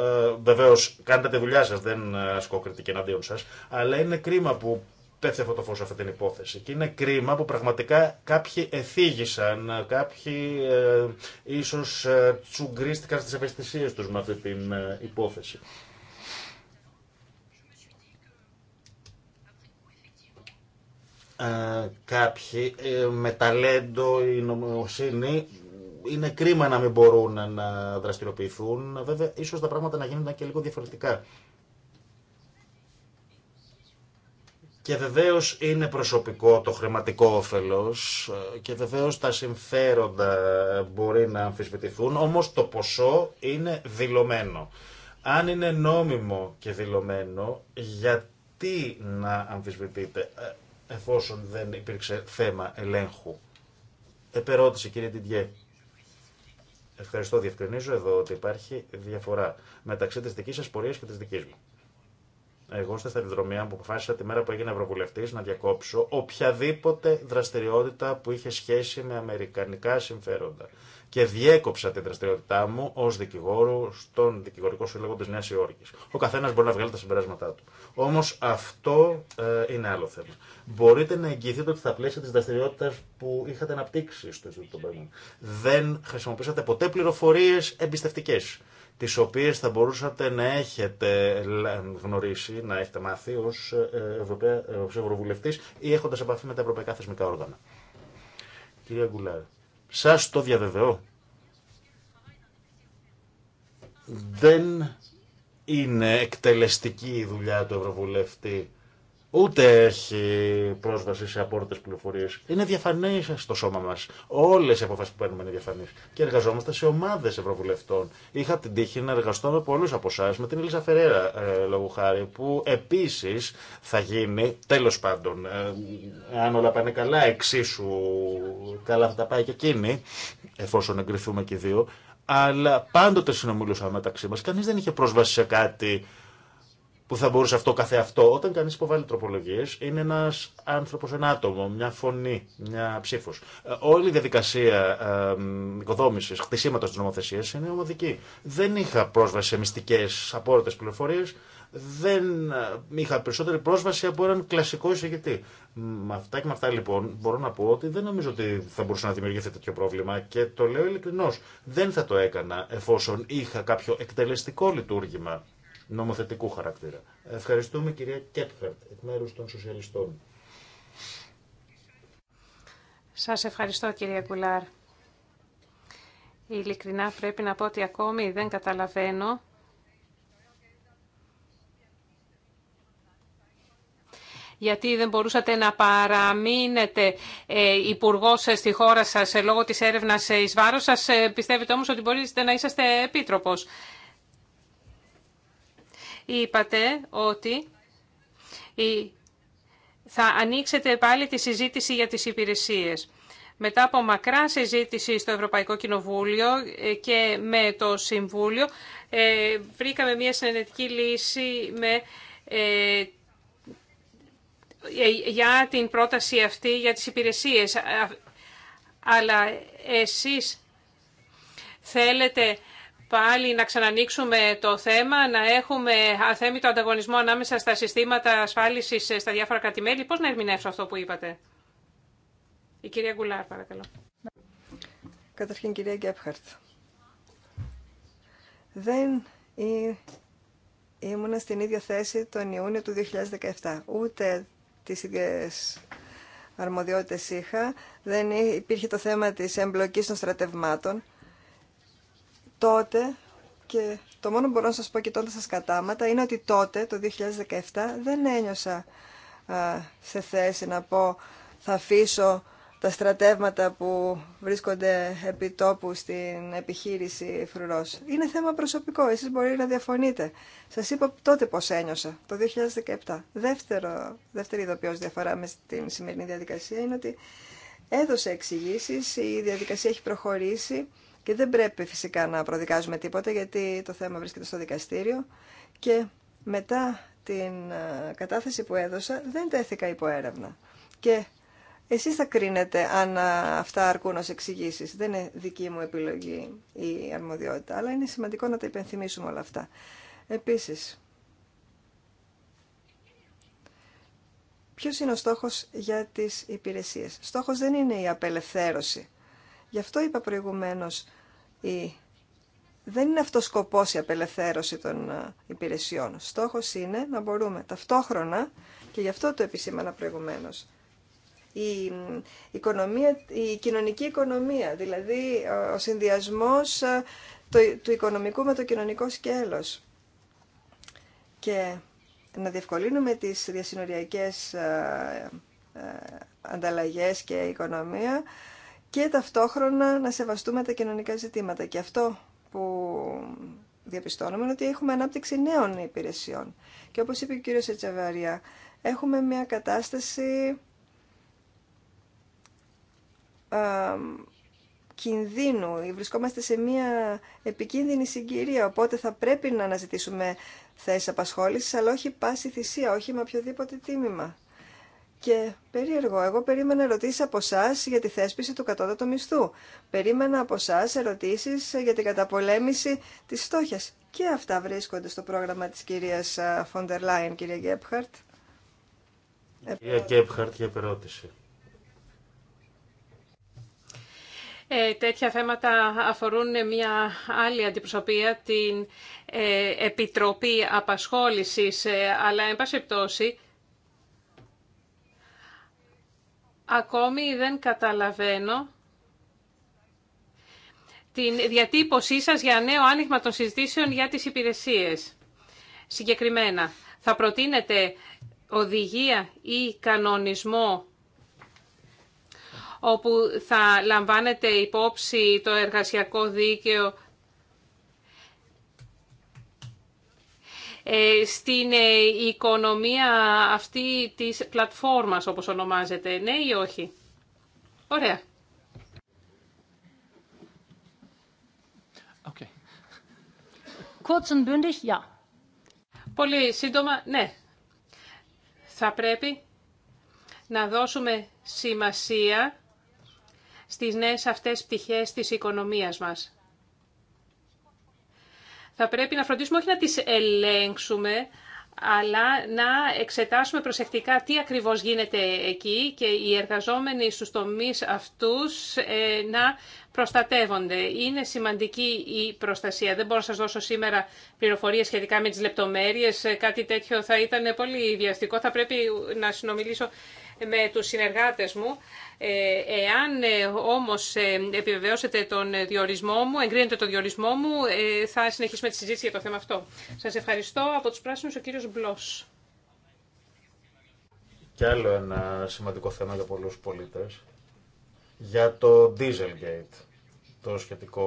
S2: ε, βεβαίω κάνετε τη δουλειά σα, δεν ε, ασκώ κριτική εναντίον σα, αλλά είναι κρίμα που πέφτει αυτό το φως αυτή την υπόθεση. Και είναι κρίμα που πραγματικά κάποιοι εθίγησαν, κάποιοι ε, ίσως ε, τσουγκρίστηκαν στις ευαισθησίες τους με αυτή την υπόθεση. κάποιοι με ταλέντο ή νομοσύνη είναι κρίμα να μην μπορούν να δραστηριοποιηθούν. Βέβαια, ίσως τα πράγματα να γίνονται και λίγο διαφορετικά. Και βεβαίω είναι προσωπικό το χρηματικό όφελο και βεβαίω τα συμφέροντα μπορεί να αμφισβητηθούν, όμω το ποσό είναι δηλωμένο. Αν είναι νόμιμο και δηλωμένο, γιατί να αμφισβητείτε ε, εφόσον δεν υπήρξε θέμα ελέγχου. Επερώτηση κύριε Τιντιέ. Ευχαριστώ. Διευκρινίζω εδώ ότι υπάρχει διαφορά μεταξύ τη δική σα πορεία και τη δική μου. Εγώ στη σταδιοδρομία που αποφάσισα τη μέρα που έγινε Ευρωβουλευτή να διακόψω οποιαδήποτε δραστηριότητα που είχε σχέση με αμερικανικά συμφέροντα και διέκοψα την δραστηριότητά μου ω δικηγόρο στον Δικηγορικό Σύλλογο τη Νέα Υόρκη. Ο καθένα μπορεί να βγάλει τα συμπεράσματά του. Όμω αυτό ε, είναι άλλο θέμα. Μπορείτε να εγγυηθείτε ότι στα πλαίσια τη δραστηριότητα που είχατε αναπτύξει στο Ινστιτούτο των Μπέρμαν δεν χρησιμοποίησατε ποτέ πληροφορίε εμπιστευτικέ τι οποίε θα μπορούσατε να έχετε γνωρίσει, να έχετε μάθει ω ε, ε, ευρωβουλευτή ή έχοντας επαφή με τα ευρωπαϊκά θεσμικά όργανα. Κυρία Γκουλάρη. Σας το διαβεβαιώ. Δεν είναι εκτελεστική η δουλειά του Ευρωβουλευτή ούτε έχει πρόσβαση σε απόρριτε πληροφορίε. Είναι διαφανέ στο σώμα μα. Όλε οι αποφάσει που παίρνουμε είναι διαφανεί. Και εργαζόμαστε σε ομάδε ευρωβουλευτών. Είχα την τύχη να εργαστώ με πολλού από εσά, με την Ελίζα Φεραίρα, ε, χάρη, που επίση θα γίνει, τέλο πάντων, ε, αν όλα πάνε καλά, εξίσου καλά θα τα πάει και εκείνη, εφόσον εγκριθούμε και οι δύο. Αλλά πάντοτε συνομιλούσαμε μεταξύ μα. Κανεί δεν είχε πρόσβαση σε κάτι που θα μπορούσε αυτό καθε αυτό. Όταν κανεί υποβάλλει τροπολογίε, είναι ένα άνθρωπο, ένα άτομο, μια φωνή, μια ψήφο. Ε, όλη η διαδικασία ε, οικοδόμηση, χτισήματο τη νομοθεσία είναι ομαδική. Δεν είχα πρόσβαση σε μυστικέ απόρριτε πληροφορίε. Δεν ε, είχα περισσότερη πρόσβαση από έναν κλασικό εισηγητή. Με αυτά και με αυτά λοιπόν μπορώ να πω ότι δεν νομίζω ότι θα μπορούσε να δημιουργηθεί τέτοιο πρόβλημα και το λέω ειλικρινώ. Δεν θα το έκανα εφόσον είχα κάποιο εκτελεστικό λειτουργήμα νομοθετικού χαρακτήρα. Ευχαριστούμε κυρία Κέπχαρτ εκ μέρους των Σοσιαλιστών.
S1: Σας ευχαριστώ κυρία Κουλάρ. Ειλικρινά πρέπει να πω ότι ακόμη δεν καταλαβαίνω γιατί δεν μπορούσατε να παραμείνετε ε, υπουργό στη χώρα σας ε, λόγω της έρευνας ε, εις βάρος σας. Ε, πιστεύετε όμως ότι μπορείτε να είσαστε επίτροπος είπατε ότι θα ανοίξετε πάλι τη συζήτηση για τις υπηρεσίες. Μετά από μακρά συζήτηση στο Ευρωπαϊκό Κοινοβούλιο ε, και με το Συμβούλιο, ε, βρήκαμε μια συνενετική λύση ε, για την πρόταση αυτή για τις υπηρεσίες. Αλλά εσείς θέλετε πάλι να ξανανοίξουμε το θέμα, να έχουμε αθέμητο ανταγωνισμό ανάμεσα στα συστήματα ασφάλισης στα διάφορα κρατημέλη. Πώς να ερμηνεύσω αυτό που είπατε. Η κυρία Γκουλάρ, παρακαλώ.
S3: Καταρχήν, κυρία Γκέπχαρτ. Δεν ήμουνα στην ίδια θέση τον Ιούνιο του 2017. Ούτε τις ίδιες αρμοδιότητες είχα. Δεν υπήρχε το θέμα της εμπλοκής των στρατευμάτων τότε και το μόνο που μπορώ να σας πω και τότε σας κατάματα είναι ότι τότε, το 2017, δεν ένιωσα α, σε θέση να πω θα αφήσω τα στρατεύματα που βρίσκονται επί τόπου στην επιχείρηση Φρουρός. Είναι θέμα προσωπικό, εσείς μπορεί να διαφωνείτε. Σας είπα τότε πώς ένιωσα, το 2017. Δεύτερο, δεύτερη ειδοποιώς διαφορά με την σημερινή διαδικασία είναι ότι έδωσε εξηγήσει, η διαδικασία έχει προχωρήσει και δεν πρέπει φυσικά να προδικάζουμε τίποτα γιατί το θέμα βρίσκεται στο δικαστήριο και μετά την ε, κατάθεση που έδωσα δεν τέθηκα υπό έρευνα. Και εσείς θα κρίνετε αν ε, αυτά αρκούν ως εξηγήσεις. Δεν είναι δική μου επιλογή η αρμοδιότητα, αλλά είναι σημαντικό να τα υπενθυμίσουμε όλα αυτά. Επίσης, ποιος είναι ο στόχος για τις υπηρεσίες. Στόχος δεν είναι η απελευθέρωση Γι' αυτό είπα προηγουμένως, η... δεν είναι αυτός σκοπός η απελευθέρωση των ε, υπηρεσιών. Στόχος είναι να μπορούμε ταυτόχρονα, και γι' αυτό το επισήμανα προηγουμένως, η, οικονομία, η κοινωνική οικονομία, δηλαδή ο συνδυασμός ε, του οικονομικού με το κοινωνικό σκέλος. Και να διευκολύνουμε τις διασυνοριακές ε, ανταλλαγές και οικονομία, και ταυτόχρονα να σεβαστούμε τα κοινωνικά ζητήματα. Και αυτό που διαπιστώνουμε είναι ότι έχουμε ανάπτυξη νέων υπηρεσιών. Και όπως είπε ο κύριος Ετσαβαρία, έχουμε μια κατάσταση α, κινδύνου. Βρισκόμαστε σε μια επικίνδυνη συγκυρία, οπότε θα πρέπει να αναζητήσουμε θέσεις απασχόλησης, αλλά όχι πάση θυσία, όχι με οποιοδήποτε τίμημα. Και περίεργο, εγώ περίμενα ερωτήσει από εσά για τη θέσπιση του κατώτατου μισθού. Περίμενα από εσά ερωτήσει για την καταπολέμηση τη φτώχεια. Και αυτά βρίσκονται στο πρόγραμμα τη κυρία Φοντερ Λάιν, κυρία Γκέπχαρτ.
S2: Κυρία Γκέπχαρτ, για περώτηση.
S1: Ε, τέτοια θέματα αφορούν μια άλλη αντιπροσωπεία, την ε, Επιτροπή Απασχόλησης, ε, αλλά, εν πάση πτώση, Ακόμη δεν καταλαβαίνω την διατύπωσή σας για νέο άνοιγμα των συζητήσεων για τις υπηρεσίες. Συγκεκριμένα, θα προτείνετε οδηγία ή κανονισμό όπου θα λαμβάνετε υπόψη το εργασιακό δίκαιο Ε, στην ε, οικονομία αυτή της πλατφόρμας όπως ονομάζεται. Ναι ή όχι. Ωραία. Okay. Kurz Πολύ σύντομα, ναι. Θα πρέπει να δώσουμε σημασία στις νέες αυτές πτυχές της οικονομίας μας θα πρέπει να φροντίσουμε όχι να τις ελέγξουμε, αλλά να εξετάσουμε προσεκτικά τι ακριβώς γίνεται εκεί και οι εργαζόμενοι στους τομείς αυτούς ε, να προστατεύονται. Είναι σημαντική η προστασία. Δεν μπορώ να σας δώσω σήμερα πληροφορίες σχετικά με τις λεπτομέρειες. Ε, κάτι τέτοιο θα ήταν πολύ βιαστικό. Θα πρέπει να συνομιλήσω με τους συνεργάτες μου. Ε, εάν ε, όμως ε, επιβεβαιώσετε τον διορισμό μου, εγκρίνετε τον διορισμό μου, θα συνεχίσουμε τη συζήτηση για το θέμα αυτό. Σας ευχαριστώ. Από τους πράσινους ο κύριος Μπλος.
S2: Και άλλο ένα σημαντικό θέμα για πολλούς πολίτες. Για το Dieselgate, το σχετικό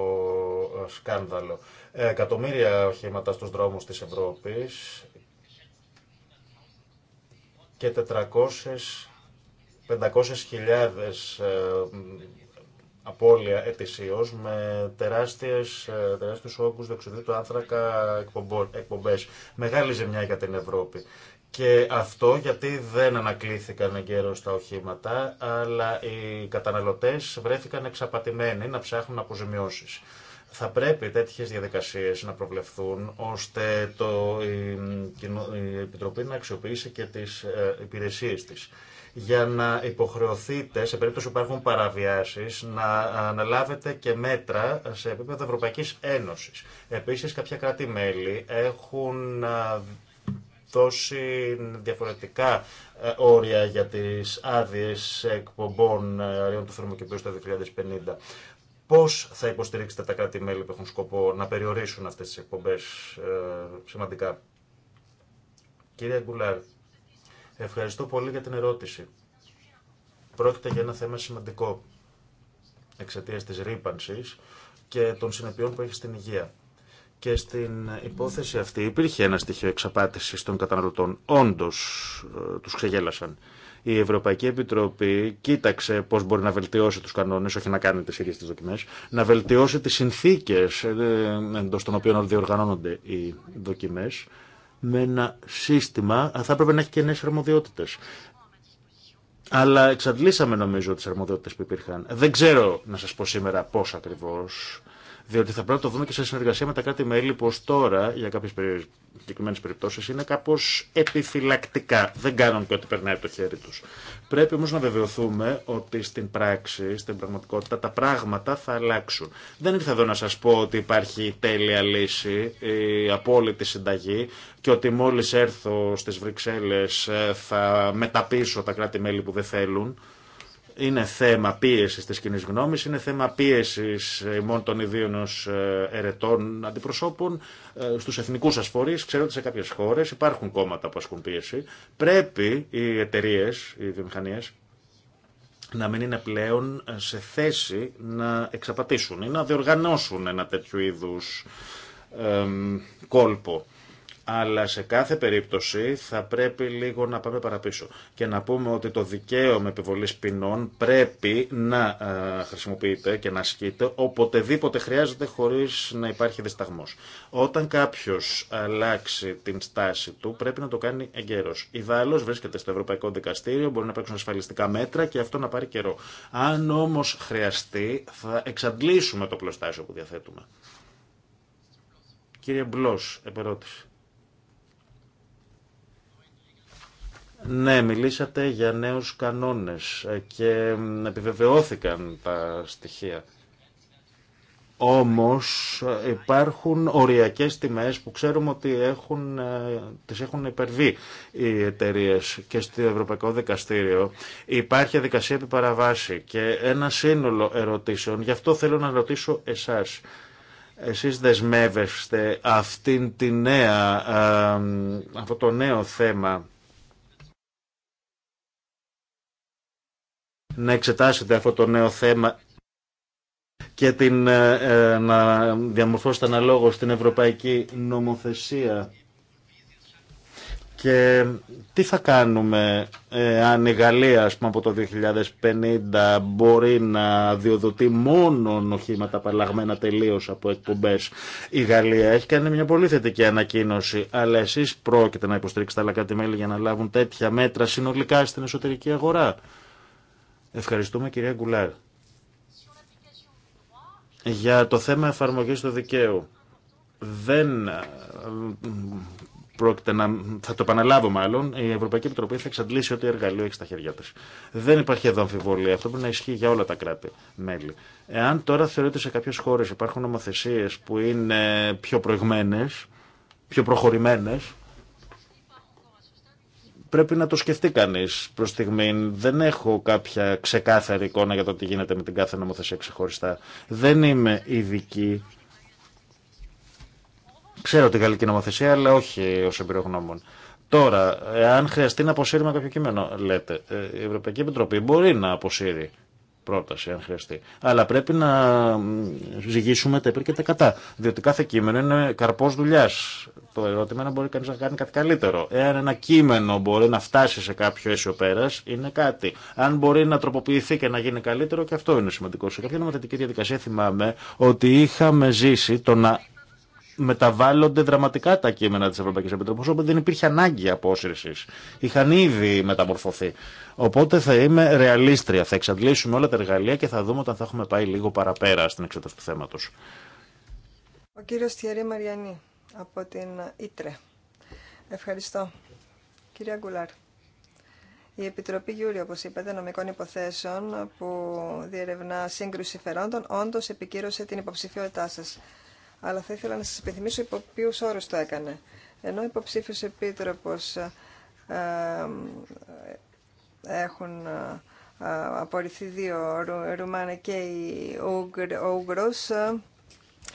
S2: σκάνδαλο. Εκατομμύρια οχήματα στους δρόμους της Ευρώπης και 500.000 ε, απώλεια ετησίω με τεράστιες, ε, τεράστιους όγκους του άνθρακα εκπομπές. Μεγάλη ζημιά για την Ευρώπη. Και αυτό γιατί δεν ανακλήθηκαν εγκαίρω τα οχήματα, αλλά οι καταναλωτέ βρέθηκαν εξαπατημένοι να ψάχνουν αποζημιώσει. Θα πρέπει τέτοιε διαδικασίε να προβλεφθούν, ώστε το, η, Επιτροπή να αξιοποιήσει και τι ε, υπηρεσίες για να υποχρεωθείτε, σε περίπτωση που υπάρχουν παραβιάσεις, να αναλάβετε και μέτρα σε επίπεδο Ευρωπαϊκής Ένωσης. Επίσης, κάποια κράτη-μέλη έχουν δώσει διαφορετικά όρια για τις άδειες εκπομπών αριών του θερμοκηπίου στο 2050. Πώς θα υποστηρίξετε τα κράτη-μέλη που έχουν σκοπό να περιορίσουν αυτές τις εκπομπές σημαντικά. Κύριε Γκουλάρ, Ευχαριστώ πολύ για την ερώτηση. Πρόκειται για ένα θέμα σημαντικό εξαιτία της ρήπανση και των συνεπειών που έχει στην υγεία. Και στην υπόθεση αυτή υπήρχε ένα στοιχείο εξαπάτηση των καταναλωτών. όντω ε, τους ξεγέλασαν. Η Ευρωπαϊκή Επιτροπή κοίταξε πώς μπορεί να βελτιώσει τους κανόνες, όχι να κάνει τι ίδιε τι δοκιμέ, να βελτιώσει τι συνθήκε ε, εντός των οποίων διοργανώνονται οι δοκιμέ με ένα σύστημα θα έπρεπε να έχει και νέες αρμοδιότητες. Αλλά εξαντλήσαμε νομίζω τις αρμοδιότητες που υπήρχαν. Δεν ξέρω να σας πω σήμερα πώς ακριβώς. Διότι θα πρέπει να το δούμε και σε συνεργασία με τα κράτη-μέλη που τώρα για κάποιε συγκεκριμένε περιπτώσει είναι κάπω επιφυλακτικά. Δεν κάνουν και ό,τι περνάει από το χέρι του. Πρέπει όμω να βεβαιωθούμε ότι στην πράξη, στην πραγματικότητα, τα πράγματα θα αλλάξουν. Δεν ήρθα εδώ να σα πω ότι υπάρχει η τέλεια λύση, η απόλυτη συνταγή και ότι μόλι έρθω στι Βρυξέλλε ε, θα μεταπίσω τα κράτη-μέλη που δεν θέλουν είναι θέμα πίεσης της κοινή γνώμης, είναι θέμα πίεσης ε, μόνο των ιδίων ως ερετών αντιπροσώπων ε, στους εθνικούς ασφορεί. Ξέρω ότι σε κάποιες χώρες υπάρχουν κόμματα που ασκούν πίεση. Πρέπει οι εταιρείε, οι βιομηχανίε, να μην είναι πλέον σε θέση να εξαπατήσουν ή να διοργανώσουν ένα τέτοιου είδους κόλπο. Αλλά σε κάθε περίπτωση θα πρέπει λίγο να πάμε παραπίσω και να πούμε ότι το δικαίωμα επιβολής ποινών πρέπει να ε, χρησιμοποιείται και να ασκείται οποτεδήποτε χρειάζεται χωρίς να υπάρχει δισταγμός. Όταν κάποιος αλλάξει την στάση του πρέπει να το κάνει εγκαίρος. Ιδάλλως βρίσκεται στο Ευρωπαϊκό Δικαστήριο, μπορεί να παίξουν ασφαλιστικά μέτρα και αυτό να πάρει καιρό. Αν όμως χρειαστεί θα εξαντλήσουμε το πλωστάσιο που διαθέτουμε. Κύριε Μπλός, επερώτηση. Ναι, μιλήσατε για νέους κανόνες και επιβεβαιώθηκαν τα στοιχεία. Όμως υπάρχουν οριακές τιμές που ξέρουμε ότι έχουν, ε, τις έχουν υπερβεί οι εταιρείε και στο Ευρωπαϊκό Δικαστήριο. Υπάρχει δικασία επιπαραβάση και ένα σύνολο ερωτήσεων. Γι' αυτό θέλω να ρωτήσω εσάς. Εσείς δεσμεύεστε αυτήν τη νέα, ε, ε, αυτό το νέο θέμα να εξετάσετε αυτό το νέο θέμα και την, ε, ε, να διαμορφώσετε αναλόγως την ευρωπαϊκή νομοθεσία. Και τι θα κάνουμε ε, αν η Γαλλία ας πούμε, από το 2050 μπορεί να διοδοτεί μόνο νοχήματα απαλλαγμένα τελείως από εκπομπές. Η Γαλλία έχει κάνει μια πολύ θετική ανακοίνωση, αλλά εσείς πρόκειται να υποστηρίξετε άλλα κάτι μέλη για να λάβουν τέτοια μέτρα συνολικά στην εσωτερική αγορά. Ευχαριστούμε κυρία Γκουλάρ. Για το θέμα εφαρμογής του δικαίου. Δεν ε, πρόκειται να. Θα το επαναλάβω μάλλον. Η Ευρωπαϊκή Επιτροπή θα εξαντλήσει ό,τι εργαλείο έχει στα χέρια της. Δεν υπάρχει εδώ αμφιβολία. Αυτό πρέπει να ισχύει για όλα τα κράτη-μέλη. Εάν τώρα θεωρείται σε κάποιες χώρες υπάρχουν νομοθεσίε που είναι πιο προηγμένε, πιο προχωρημένες, Πρέπει να το σκεφτεί κανεί προ στιγμή. Δεν έχω κάποια ξεκάθαρη εικόνα για το τι γίνεται με την κάθε νομοθεσία ξεχωριστά. Δεν είμαι ειδική. Ξέρω τη γαλλική νομοθεσία, αλλά όχι ω εμπειρογνώμων. Τώρα, αν χρειαστεί να αποσύρουμε κάποιο κείμενο, λέτε, ε, η Ευρωπαϊκή Επιτροπή μπορεί να αποσύρει πρόταση, αν χρειαστεί. Αλλά πρέπει να ζυγίσουμε τα υπέρ και τα κατά. Διότι κάθε κείμενο είναι καρπό δουλειά. Το ερώτημα είναι αν μπορεί κανεί να κάνει κάτι καλύτερο. Εάν ένα κείμενο μπορεί να φτάσει σε κάποιο αίσιο πέρα, είναι κάτι. Αν μπορεί να τροποποιηθεί και να γίνει καλύτερο, και αυτό είναι σημαντικό. Σε κάποια νομοθετική διαδικασία θυμάμαι ότι είχαμε ζήσει το να μεταβάλλονται δραματικά τα κείμενα τη Ευρωπαϊκή Επιτροπή, οπότε δεν υπήρχε ανάγκη απόσυρση. Είχαν ήδη μεταμορφωθεί. Οπότε θα είμαι ρεαλίστρια, θα εξαντλήσουμε όλα τα εργαλεία και θα δούμε όταν θα έχουμε πάει λίγο παραπέρα στην εξέταση του θέματο.
S3: Ο κύριο Θιερή Μαριανή από την Ήτρε. Ευχαριστώ. Κύριε Αγκουλάρ, Η Επιτροπή Γιούρι, όπω είπατε, νομικών υποθέσεων που διερευνά σύγκρουση φερόντων, όντω επικύρωσε την υποψηφιότητά σα αλλά θα ήθελα να σας υπενθυμίσω υπό ποιους όρους το έκανε. Ενώ υποψήφιος επίτροπος ε, ε, ε, έχουν απορριφθεί δύο Ρουμάνε και ο Ούγκρος,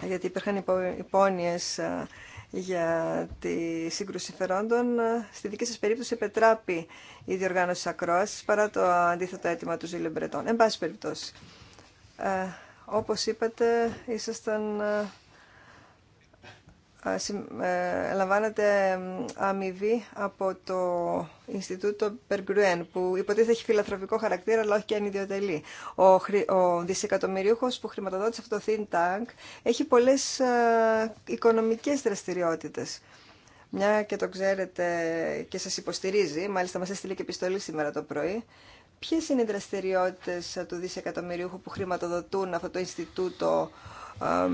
S3: γιατί υπήρχαν υπόνοιες για τη σύγκρουση φερόντων. Στη δική σας περίπτωση επετράπει η διοργάνωση ακρόασης παρά το αντίθετο αίτημα του Ζήλου Μπρετών. Εν πάση περιπτώσει, όπως είπατε, ήσασταν ε, λαμβάνεται αμοιβή από το Ινστιτούτο Περγκρουέν που υποτίθεται έχει φιλαθροφικό χαρακτήρα αλλά όχι και ανιδιοτελή. Ο, χρη, ο δισεκατομμυρίουχος που χρηματοδότησε αυτό το Think Tank έχει πολλές α, ε, οικονομικές δραστηριότητες. Μια και το ξέρετε και σας υποστηρίζει, μάλιστα μας έστειλε και επιστολή σήμερα το πρωί, ποιες είναι οι δραστηριότητες ε, του δισεκατομμυρίουχου που χρηματοδοτούν αυτό το Ινστιτούτο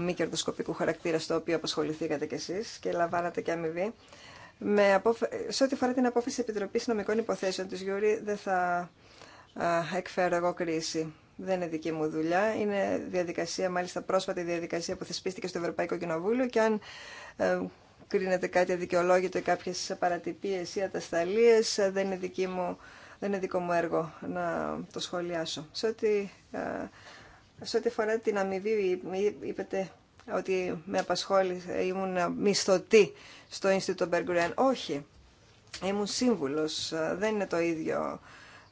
S3: μη κερδοσκοπικού χαρακτήρα στο οποίο απασχοληθήκατε κι εσείς και λαμβάνατε και αμοιβή. Με Σε ό,τι αφορά την απόφαση Επιτροπής Νομικών Υποθέσεων της Γιούρη δεν θα εκφέρω εγώ κρίση. Δεν είναι δική μου δουλειά. Είναι διαδικασία, μάλιστα πρόσφατη διαδικασία που θεσπίστηκε στο Ευρωπαϊκό Κοινοβούλιο και αν ε, κρίνεται κάτι αδικαιολόγητο ή κάποιε παρατυπίε ή ατασταλίε, ε, δεν είναι δεν είναι δικό μου έργο να το σχολιάσω. Σε ό,τι ε, σε ό,τι αφορά την αμοιβή, είπατε ότι με απασχόλησε, ήμουν μισθωτή στο Ινστιτούτο Μπεργκουρέν. Όχι, ήμουν σύμβουλος, δεν είναι το ίδιο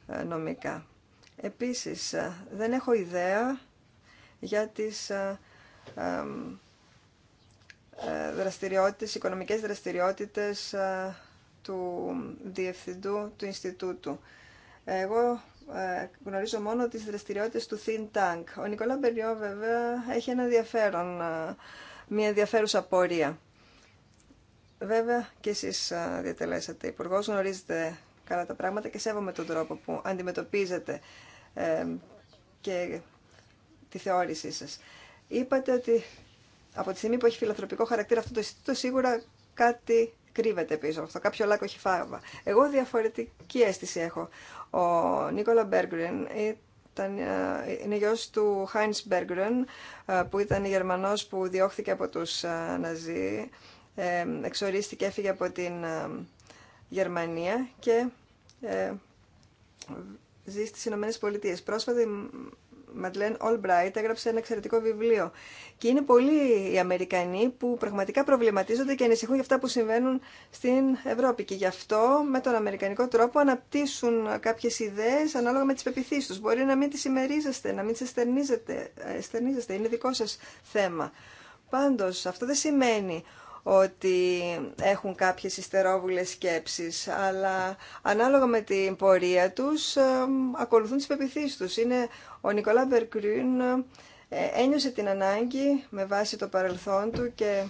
S3: ε, νομικά. Επίσης, ε, δεν έχω ιδέα για τις ε, δραστηριότητες, οικονομικές δραστηριότητες του Διευθυντού του Ινστιτούτου. Εγώ ε, γνωρίζω μόνο τις δραστηριότητες του Think Tank. Ο Νικολά Μπεριό βέβαια έχει ένα ενδιαφέρον, ε, μια ενδιαφέρουσα πορεία. Βέβαια και εσείς ε, διατελέσατε υπουργό, γνωρίζετε καλά τα πράγματα και σέβομαι τον τρόπο που αντιμετωπίζετε και τη θεώρησή σας. Είπατε ότι από τη στιγμή που έχει φιλανθρωπικό χαρακτήρα αυτό το Ινστιτούτο σίγουρα κάτι κρύβεται πίσω από αυτό. Κάποιο λάκκο έχει φάβα. Εγώ διαφορετική αίσθηση έχω. Ο Νίκολα Μπέργκριν ήταν, ε, είναι γιος του Χάινς Μπέργκριν ε, που ήταν Γερμανός που διώχθηκε από τους ε, Ναζί. Εξορίστηκε, έφυγε από την Γερμανία και ζει στις Ηνωμένες Πολιτείες. Πρόσφατα Μαντλέν Ολμπράιτ έγραψε ένα εξαιρετικό βιβλίο. Και είναι πολλοί οι Αμερικανοί που πραγματικά προβληματίζονται και ανησυχούν για αυτά που συμβαίνουν στην Ευρώπη. Και γι' αυτό με τον Αμερικανικό τρόπο αναπτύσσουν κάποιε ιδέε ανάλογα με τι πεπιθήσει του. Μπορεί να μην τι ημερίζεστε, να μην τι εστερνίζεστε. Είναι δικό σα θέμα. Πάντω, αυτό δεν σημαίνει ότι έχουν κάποιες ιστερόβουλες σκέψεις, αλλά ανάλογα με την πορεία τους ακολουθούν τις πεπιθήσεις τους. Είναι ο Νικολά Μπερκριν ε, ένιωσε την ανάγκη με βάση το παρελθόν του και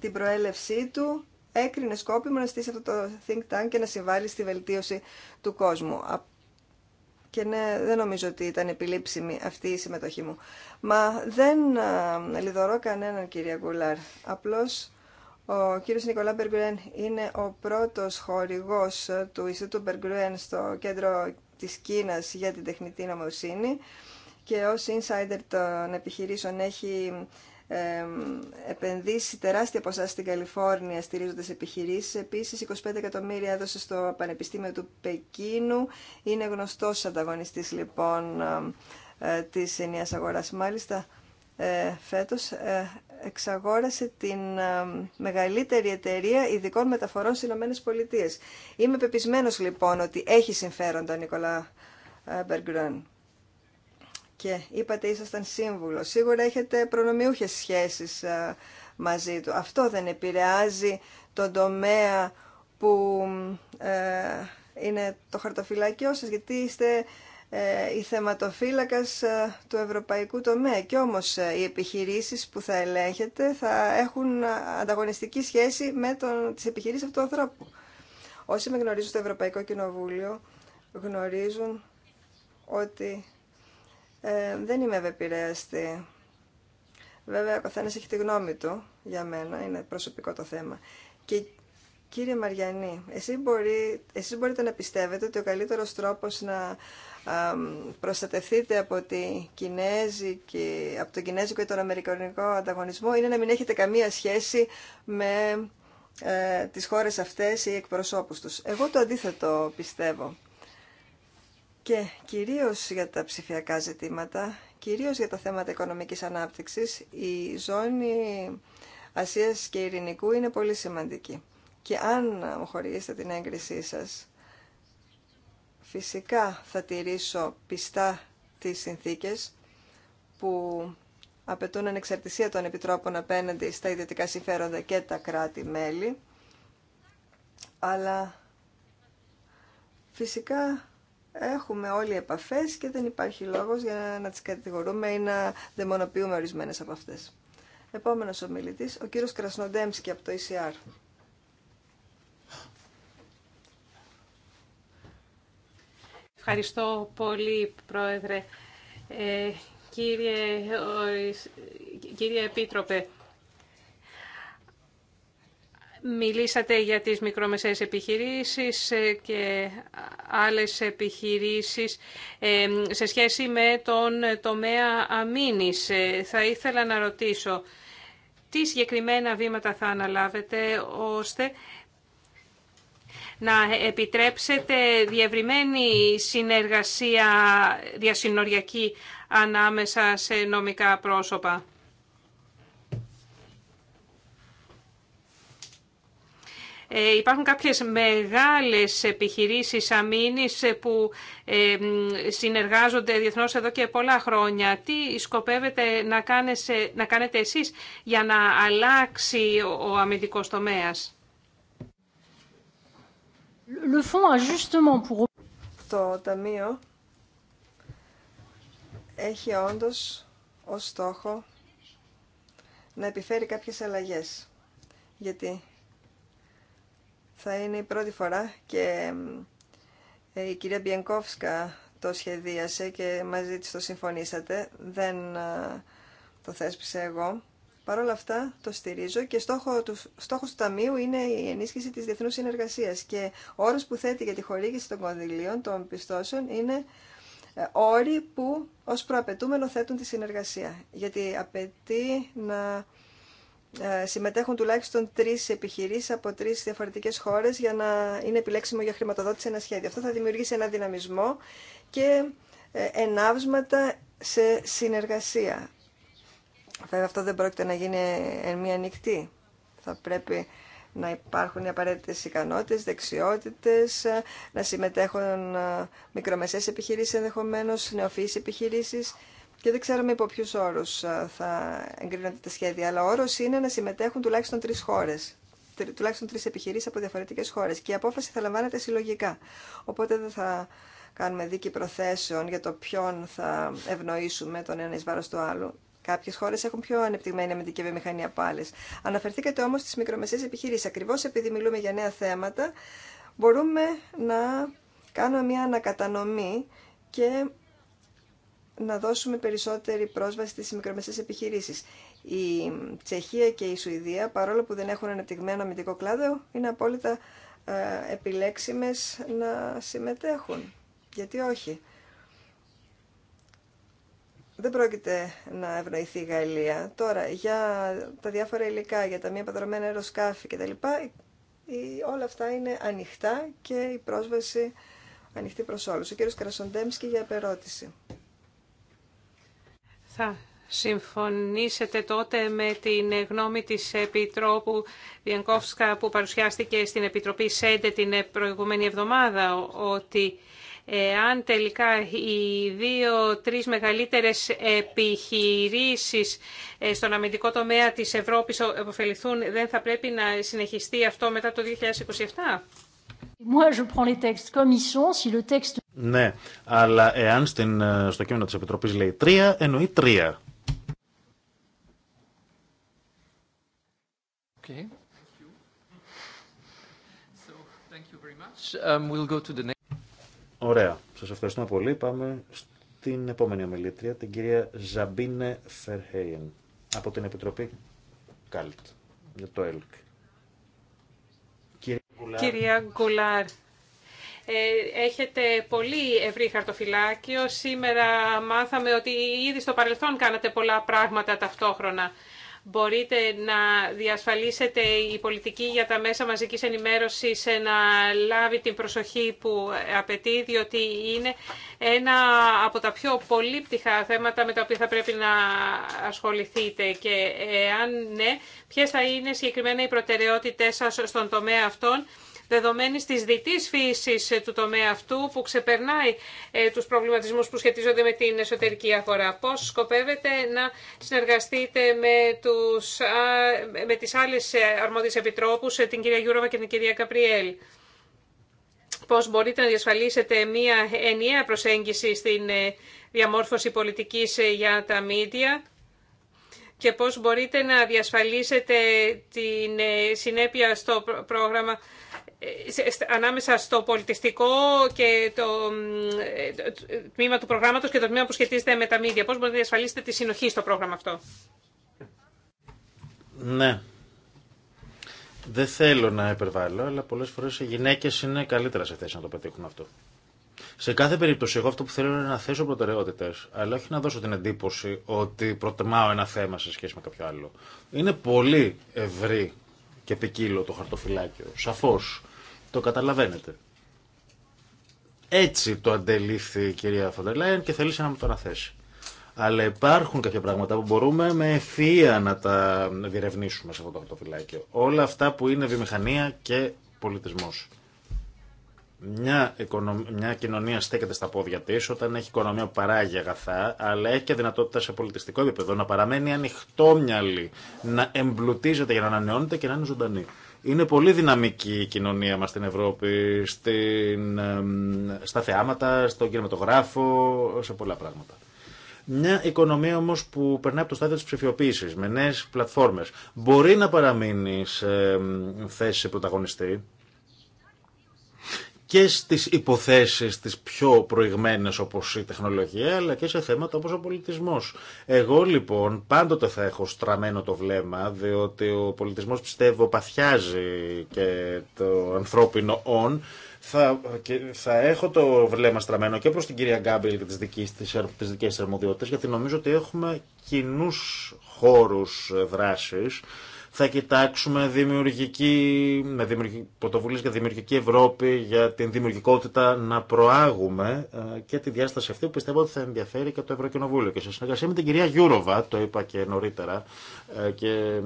S3: την προέλευσή του έκρινε σκόπιμο να στήσει αυτό το think tank και να συμβάλλει στη βελτίωση του κόσμου. Και ναι, δεν νομίζω ότι ήταν επιλήψιμη αυτή η συμμετοχή μου. Μα δεν ε, λιδωρώ κανέναν, κυρία Γκουλάρ. Απλώς ο κύριος Νικολά Μπεργκρουέν είναι ο πρώτος χορηγός του Ινστιτούτου Μπεργκρουέν στο κέντρο της Κίνας για την τεχνητή νομοσύνη και ως insider των επιχειρήσεων έχει επενδύσει τεράστια ποσά στην Καλιφόρνια στηρίζοντας επιχειρήσεις. Επίσης, 25 εκατομμύρια έδωσε στο Πανεπιστήμιο του Πεκίνου. Είναι γνωστός ανταγωνιστής λοιπόν ε, της ενιαίας αγοράς. Μάλιστα, ε, φέτος ε, εξαγόρασε την ε, μεγαλύτερη εταιρεία ειδικών μεταφορών στις Ηνωμένες Πολιτείες. Είμαι πεπισμένος λοιπόν ότι έχει συμφέροντα ο Νικολά Μπεργκρόν. Και είπατε ήσασταν σύμβουλο. Σίγουρα έχετε προνομιούχες σχέσεις μαζί του. Αυτό δεν επηρεάζει τον τομέα που είναι το χαρτοφυλάκιό σας, γιατί είστε ε, η θεματοφύλακας ε, του ευρωπαϊκού τομέα. Και όμως ε, οι επιχειρήσεις που θα ελέγχεται θα έχουν ανταγωνιστική σχέση με τον, τις επιχειρήσεις αυτού του ανθρώπου. Όσοι με γνωρίζουν στο Ευρωπαϊκό Κοινοβούλιο γνωρίζουν ότι δεν είμαι ευεπηρέαστη. Βέβαια, ο καθένα έχει τη γνώμη του για μένα, είναι προσωπικό το θέμα. Και κύριε Μαριανή, εσείς, μπορεί, εσείς μπορείτε να πιστεύετε ότι ο καλύτερος τρόπος να προστατευτείτε από, τη Κινέζικη, από τον Κινέζικο ή τον Αμερικανικό ανταγωνισμό είναι να μην έχετε καμία σχέση με ε, τις χώρες αυτές ή εκπροσώπους τους. Εγώ το αντίθετο πιστεύω. Και κυρίως για τα ψηφιακά ζητήματα, κυρίως για τα θέματα οικονομικής ανάπτυξης, η ζώνη Ασίας και Ειρηνικού είναι πολύ σημαντική. Και αν μου την έγκρισή σας, Φυσικά θα τηρήσω πιστά τις συνθήκες που απαιτούν ανεξαρτησία των επιτρόπων απέναντι στα ιδιωτικά συμφέροντα και τα κράτη-μέλη, αλλά φυσικά έχουμε όλοι επαφές και δεν υπάρχει λόγος για να τις κατηγορούμε ή να δαιμονοποιούμε ορισμένες από αυτές. Επόμενος ομιλητής, ο κύριος Κρασνοντέμσκι από το ECR.
S1: Ευχαριστώ πολύ, Πρόεδρε. Ε, κύριε, κύριε Επίτροπε, μιλήσατε για τις μικρομεσαίες επιχειρήσεις ε, και άλλες επιχειρήσεις ε, σε σχέση με τον τομέα αμήνης. Ε, θα ήθελα να ρωτήσω, τι συγκεκριμένα βήματα θα αναλάβετε ώστε να επιτρέψετε διευρυμένη συνεργασία διασυνοριακή ανάμεσα σε νομικά πρόσωπα. Ε, υπάρχουν κάποιες μεγάλες επιχειρήσεις αμήνης που ε, συνεργάζονται διεθνώς εδώ και πολλά χρόνια. Τι σκοπεύετε να κάνετε εσείς για να αλλάξει ο αμυντικός τομέας
S3: le a Το Ταμείο έχει όντως ως στόχο να επιφέρει κάποιες αλλαγές. Γιατί θα είναι η πρώτη φορά και ε, η κυρία Μπιενκόφσκα το σχεδίασε και μαζί της το συμφωνήσατε. Δεν ε, το θέσπισε εγώ. Παρ' όλα αυτά το στηρίζω και στόχο του, στόχος του Ταμείου είναι η ενίσχυση της διεθνούς συνεργασίας και όρος που θέτει για τη χορήγηση των κονδυλίων, των πιστώσεων, είναι ε, όροι που ως προαπαιτούμενο θέτουν τη συνεργασία. Γιατί απαιτεί να ε, συμμετέχουν τουλάχιστον τρει επιχειρήσει από τρει διαφορετικέ χώρε για να είναι επιλέξιμο για χρηματοδότηση ένα σχέδιο. Αυτό θα δημιουργήσει ένα δυναμισμό και ε, ενάβσματα σε συνεργασία. Βέβαια αυτό δεν πρόκειται να γίνει εν μία νυχτή. Θα πρέπει να υπάρχουν οι απαραίτητες ικανότητες, δεξιότητες, να συμμετέχουν ε, μικρομεσαίες επιχειρήσεις ενδεχομένως, νεοφύης επιχειρήσεις και δεν ξέρουμε υπό ποιους όρους ε, θα εγκρίνονται τα σχέδια, αλλά ο όρος είναι να συμμετέχουν τουλάχιστον τρεις χώρες τουλάχιστον τρει επιχειρήσεις από διαφορετικέ χώρε και η απόφαση θα λαμβάνεται συλλογικά. Οπότε δεν θα κάνουμε δίκη προθέσεων για το ποιον θα ευνοήσουμε τον ένα ει βάρο του άλλου. Κάποιε χώρε έχουν πιο ανεπτυγμένη αμυντική βιομηχανία από άλλε. Αναφερθήκατε όμω στι μικρομεσαίε επιχειρήσει. Ακριβώ επειδή μιλούμε για νέα θέματα, μπορούμε να κάνουμε μια ανακατανομή και να δώσουμε περισσότερη πρόσβαση στις μικρομεσαίες επιχειρήσεις. Η Τσεχία και η Σουηδία, παρόλο που δεν έχουν ανεπτυγμένο αμυντικό κλάδο, είναι απόλυτα ε, επιλέξιμες να συμμετέχουν. Γιατί όχι δεν πρόκειται να ευνοηθεί η Γαλλία. Τώρα, για τα διάφορα υλικά, για τα μη επαδρομένα αεροσκάφη κτλ. Όλα αυτά είναι ανοιχτά και η πρόσβαση ανοιχτή προς όλους. Ο κύριος Κρασοντέμσκι για επερώτηση.
S1: Θα συμφωνήσετε τότε με την γνώμη της Επιτρόπου Διανκόφσκα που παρουσιάστηκε στην Επιτροπή ΣΕΝΤΕ την προηγούμενη εβδομάδα ότι Εάν τελικά οι δύο-τρεις μεγαλύτερες επιχειρήσεις ε, στον αμυντικό τομέα της Ευρώπης επωφεληθούν, δεν θα πρέπει να συνεχιστεί αυτό μετά το 2027.
S2: Ναι, αλλά εάν στην, ε, στο κείμενο της Επιτροπής λέει τρία, εννοεί τρία. Okay. Thank you. So, thank you very much. Um, we'll go to the next. Ωραία. Σας ευχαριστούμε πολύ. Πάμε στην επόμενη ομιλήτρια, την κυρία Ζαμπίνε Φερχέιν από την Επιτροπή Κάλτ για το ΕΛΚ. Κυρία
S1: Γκουλάρ, ε, έχετε πολύ ευρύ χαρτοφυλάκιο. Σήμερα μάθαμε ότι ήδη στο παρελθόν κάνατε πολλά πράγματα ταυτόχρονα μπορείτε να διασφαλίσετε η πολιτική για τα μέσα μαζικής ενημέρωσης να λάβει την προσοχή που απαιτεί, διότι είναι ένα από τα πιο πολύπτυχα θέματα με τα οποία θα πρέπει να ασχοληθείτε και αν ναι, ποιες θα είναι συγκεκριμένα οι προτεραιότητές σας στον τομέα αυτών δεδομένης της διτή φύσης ε, του τομέα αυτού που ξεπερνάει ε, τους προβληματισμούς που σχετίζονται με την εσωτερική αγορά. Πώς σκοπεύετε να συνεργαστείτε με, τους, με τις άλλες ε, αρμόδιες επιτρόπους, την κυρία Γιούροβα και την κυρία Καπριέλ πώς μπορείτε να διασφαλίσετε μία ενιαία προσέγγιση στην διαμόρφωση πολιτικής για τα μίδια και πώς μπορείτε να διασφαλίσετε την συνέπεια στο πρόγραμμα ανάμεσα στο πολιτιστικό και ε, το τμήμα του προγράμματος και το τμήμα που σχετίζεται με τα μίδια. Πώς μπορείτε να διασφαλίσετε τη συνοχή στο πρόγραμμα αυτό.
S2: Ναι. Δεν θέλω να υπερβάλλω, αλλά πολλές φορές οι γυναίκες είναι καλύτερα σε θέση να το πετύχουν αυτό. Σε κάθε περίπτωση, εγώ αυτό που θέλω είναι να θέσω προτεραιότητε, αλλά όχι να δώσω την εντύπωση ότι προτιμάω ένα θέμα σε σχέση με κάποιο άλλο. Είναι πολύ ευρύ και επικύλωτο το χαρτοφυλάκιο. Σαφώς. Το καταλαβαίνετε. Έτσι το αντελήφθη η κυρία Φοντερ και θέλησε να μου το αναθέσει. Αλλά υπάρχουν κάποια πράγματα που μπορούμε με ευθεία να τα διερευνήσουμε σε αυτό το χαρτοφυλάκιο. Όλα αυτά που είναι βιομηχανία και πολιτισμός. Μια, μια κοινωνία στέκεται στα πόδια τη όταν έχει οικονομία που παράγει αγαθά, αλλά έχει και δυνατότητα σε πολιτιστικό επίπεδο να παραμένει ανοιχτό ανοιχτόμυαλη, να εμπλουτίζεται για να ανανεώνεται και να είναι ζωντανή. Είναι πολύ δυναμική η κοινωνία μας στην Ευρώπη, στην, στα θεάματα, στον κινηματογράφο, σε πολλά πράγματα. Μια οικονομία όμως που περνάει από το στάδιο της ψηφιοποίησης, με νέες πλατφόρμες, μπορεί να παραμείνει σε θέση πρωταγωνιστή, και στις υποθέσεις τις πιο προηγμένες όπως η τεχνολογία αλλά και σε θέματα όπως ο πολιτισμός. Εγώ λοιπόν πάντοτε θα έχω στραμμένο το βλέμμα διότι ο πολιτισμός πιστεύω παθιάζει και το ανθρώπινο «ον» θα, και θα έχω το βλέμμα στραμμένο και προς την κυρία Γκάμπιλ και τις, δικής, της αρμοδιότητες γιατί νομίζω ότι έχουμε κοινού χώρους δράσης θα κοιτάξουμε δημιουργική, με δημιουργική, πρωτοβουλίες για δημιουργική Ευρώπη, για την δημιουργικότητα να προάγουμε ε, και τη διάσταση αυτή που πιστεύω ότι θα ενδιαφέρει και το Ευρωκοινοβούλιο. Και σε συνεργασία με την κυρία Γιούροβα, το είπα και νωρίτερα ε, και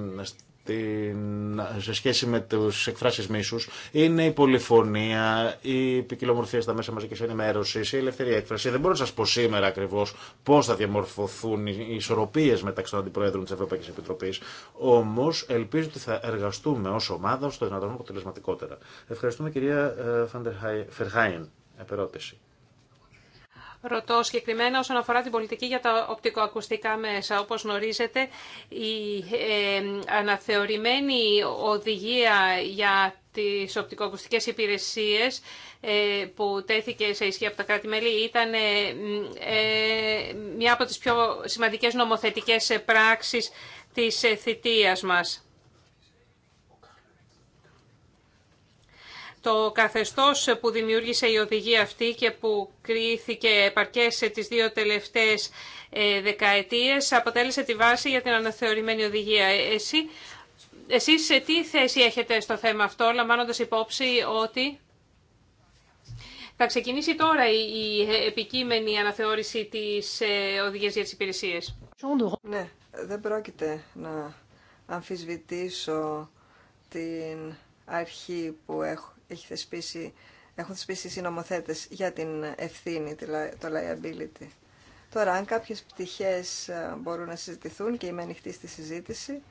S2: σε σχέση με τους εκφράσεις μίσους είναι η πολυφωνία, η ποικιλομορφία στα μέσα μαζικής ενημέρωση, η ελευθερία έκφραση. Δεν μπορώ να σας πω σήμερα ακριβώς πώς θα διαμορφωθούν οι ισορροπίες μεταξύ των αντιπροέδρων της Ευρωπαϊκής Επιτροπής. Όμως ελπίζω ότι θα εργαστούμε ως ομάδα στο δυνατόν αποτελεσματικότερα. Ευχαριστούμε κυρία ε, Φερχάιν. Επερώτηση.
S1: Ρωτώ συγκεκριμένα όσον αφορά την πολιτική για τα οπτικοακουστικά μέσα. Όπως γνωρίζετε, η ε, αναθεωρημένη οδηγία για τις οπτικοακουστικές υπηρεσίες ε, που τέθηκε σε ισχύ από τα κράτη-μέλη ήταν ε, μια από τις πιο σημαντικές νομοθετικές πράξεις της θητείας μας. Το καθεστώς που δημιούργησε η οδηγία αυτή και που κρίθηκε επαρκές σε τις δύο τελευταίες ε, δεκαετίες αποτέλεσε τη βάση για την αναθεωρημένη οδηγία. Εσύ, εσείς σε τι θέση έχετε στο θέμα αυτό, λαμβάνοντας υπόψη ότι θα ξεκινήσει τώρα η επικείμενη αναθεώρηση της ε, οδηγίας για τις υπηρεσίες.
S3: Ναι, δεν πρόκειται να αμφισβητήσω την αρχή που, έχω, έχουν θεσπίσει οι συνομοθέτες για την ευθύνη, το liability. Τώρα, αν κάποιε πτυχές ε, μπορούν να συζητηθούν και είμαι ανοιχτή στη συζήτηση,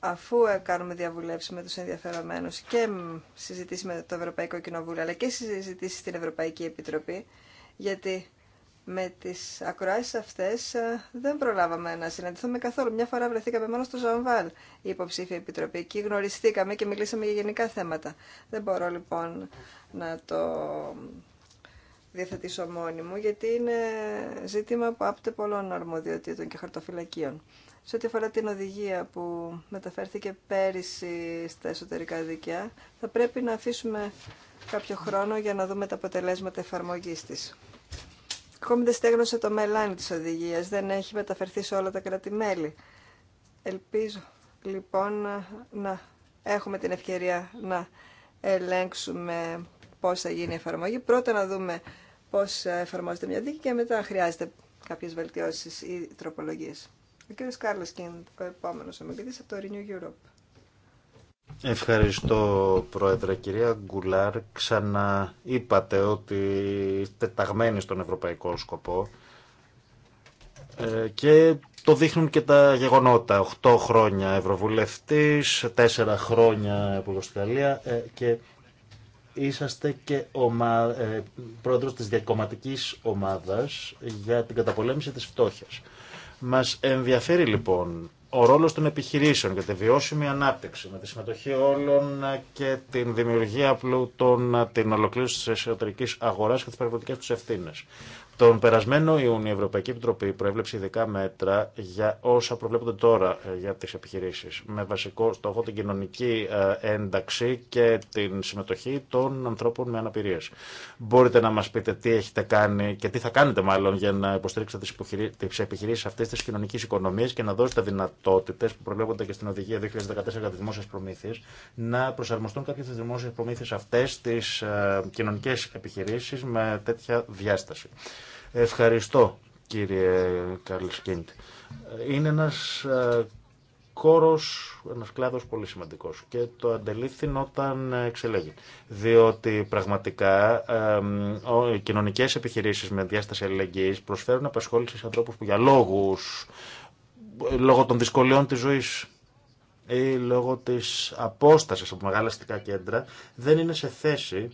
S3: αφού ε, κάνουμε διαβουλεύσει με τους ενδιαφερομένους και συζητήσει με το Ευρωπαϊκό Κοινοβούλιο, αλλά και συζητήσεις στην Ευρωπαϊκή Επιτροπή, γιατί με τις ακροάσεις αυτές ε, δεν προλάβαμε να συναντηθούμε καθόλου. Μια φορά βρεθήκαμε μόνο στο Ζαμβάλ, η υποψήφια επιτροπή. Εκεί γνωριστήκαμε και μιλήσαμε για γενικά θέματα. Δεν μπορώ λοιπόν να το διαθετήσω μόνη μου, γιατί είναι ζήτημα που άπτε πολλών αρμοδιοτήτων και χαρτοφυλακίων. Σε ό,τι αφορά την οδηγία που μεταφέρθηκε πέρυσι στα εσωτερικά δίκαια, θα πρέπει να αφήσουμε κάποιο χρόνο για να δούμε τα αποτελέσματα εφαρμογής της. Ακόμη δεν στέγνωσε το μελάνι της οδηγίας, δεν έχει μεταφερθεί σε όλα τα κράτη-μέλη. Ελπίζω λοιπόν να έχουμε την ευκαιρία να ελέγξουμε πώς θα γίνει η εφαρμογή. Πρώτα να δούμε πώς εφαρμόζεται μια δίκη και μετά χρειάζεται κάποιες βελτιώσεις ή τροπολογίες. Ο κ. Κάρλος Κίντ, ο επόμενος ομιλητής από το Renew Europe.
S2: Ευχαριστώ, Πρόεδρε. Κυρία Γκουλάρ, ξαναείπατε ότι είστε ταγμένοι στον ευρωπαϊκό σκοπό ε, και το δείχνουν και τα γεγονότα. 8 χρόνια Ευρωβουλευτής, 4 χρόνια ε, και είσαστε και ομα... Ε, πρόεδρος της διακομματικής ομάδας για την καταπολέμηση της φτώχειας. Μας ενδιαφέρει λοιπόν ο ρόλος των επιχειρήσεων για τη βιώσιμη ανάπτυξη, με τη συμμετοχή όλων και την δημιουργία πλούτων, την ολοκλήρωση της εσωτερικής αγοράς και τις πραγματικέ τους ευθύνες. Τον περασμένο Ιούνιο η Ευρωπαϊκή Επιτροπή προέβλεψε ειδικά μέτρα για όσα προβλέπονται τώρα ε, για τις επιχειρήσεις με βασικό στόχο την κοινωνική ε, ένταξη και την συμμετοχή των ανθρώπων με αναπηρίες. Μπορείτε να μας πείτε τι έχετε κάνει και τι θα κάνετε μάλλον για να υποστηρίξετε τις επιχειρήσεις αυτές της κοινωνικής οικονομίας και να δώσετε δυνατότητες που προβλέπονται και στην Οδηγία 2014 για τις δημόσιες προμήθειες να προσαρμοστούν κάποιες τις δημόσιες προμήθειες αυτές τις ε, κοινωνικές επιχειρήσεις με τέτοια διάσταση. Ευχαριστώ κύριε Καρλ Είναι ένας ε, κόρος, ένας κλάδος πολύ σημαντικός και το αντελήφθην όταν εξελέγει. Διότι πραγματικά ε, οι κοινωνικές επιχειρήσεις με διάσταση αλληλεγγύης προσφέρουν απασχόληση σε ανθρώπους που για λόγους, λόγω των δυσκολιών της ζωής ή λόγω της απόστασης από μεγάλα αστικά κέντρα δεν είναι σε θέση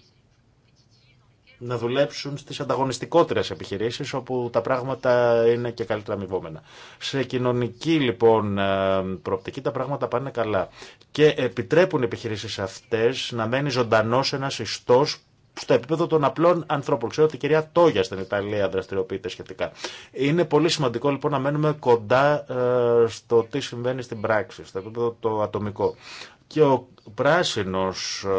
S2: να δουλέψουν στις ανταγωνιστικότερες επιχειρήσεις όπου τα πράγματα είναι και καλύτερα αμοιβόμενα. Σε κοινωνική λοιπόν ε, προοπτική τα πράγματα πάνε καλά και επιτρέπουν οι επιχειρήσεις αυτές να μένει ζωντανός ένας ιστός στο επίπεδο των απλών ανθρώπων. Ξέρω ότι η κυρία Τόγια στην Ιταλία δραστηριοποιείται σχετικά. Είναι πολύ σημαντικό λοιπόν να μένουμε κοντά ε, στο τι συμβαίνει στην πράξη, στο επίπεδο το ατομικό. Και ο πράσινος ε,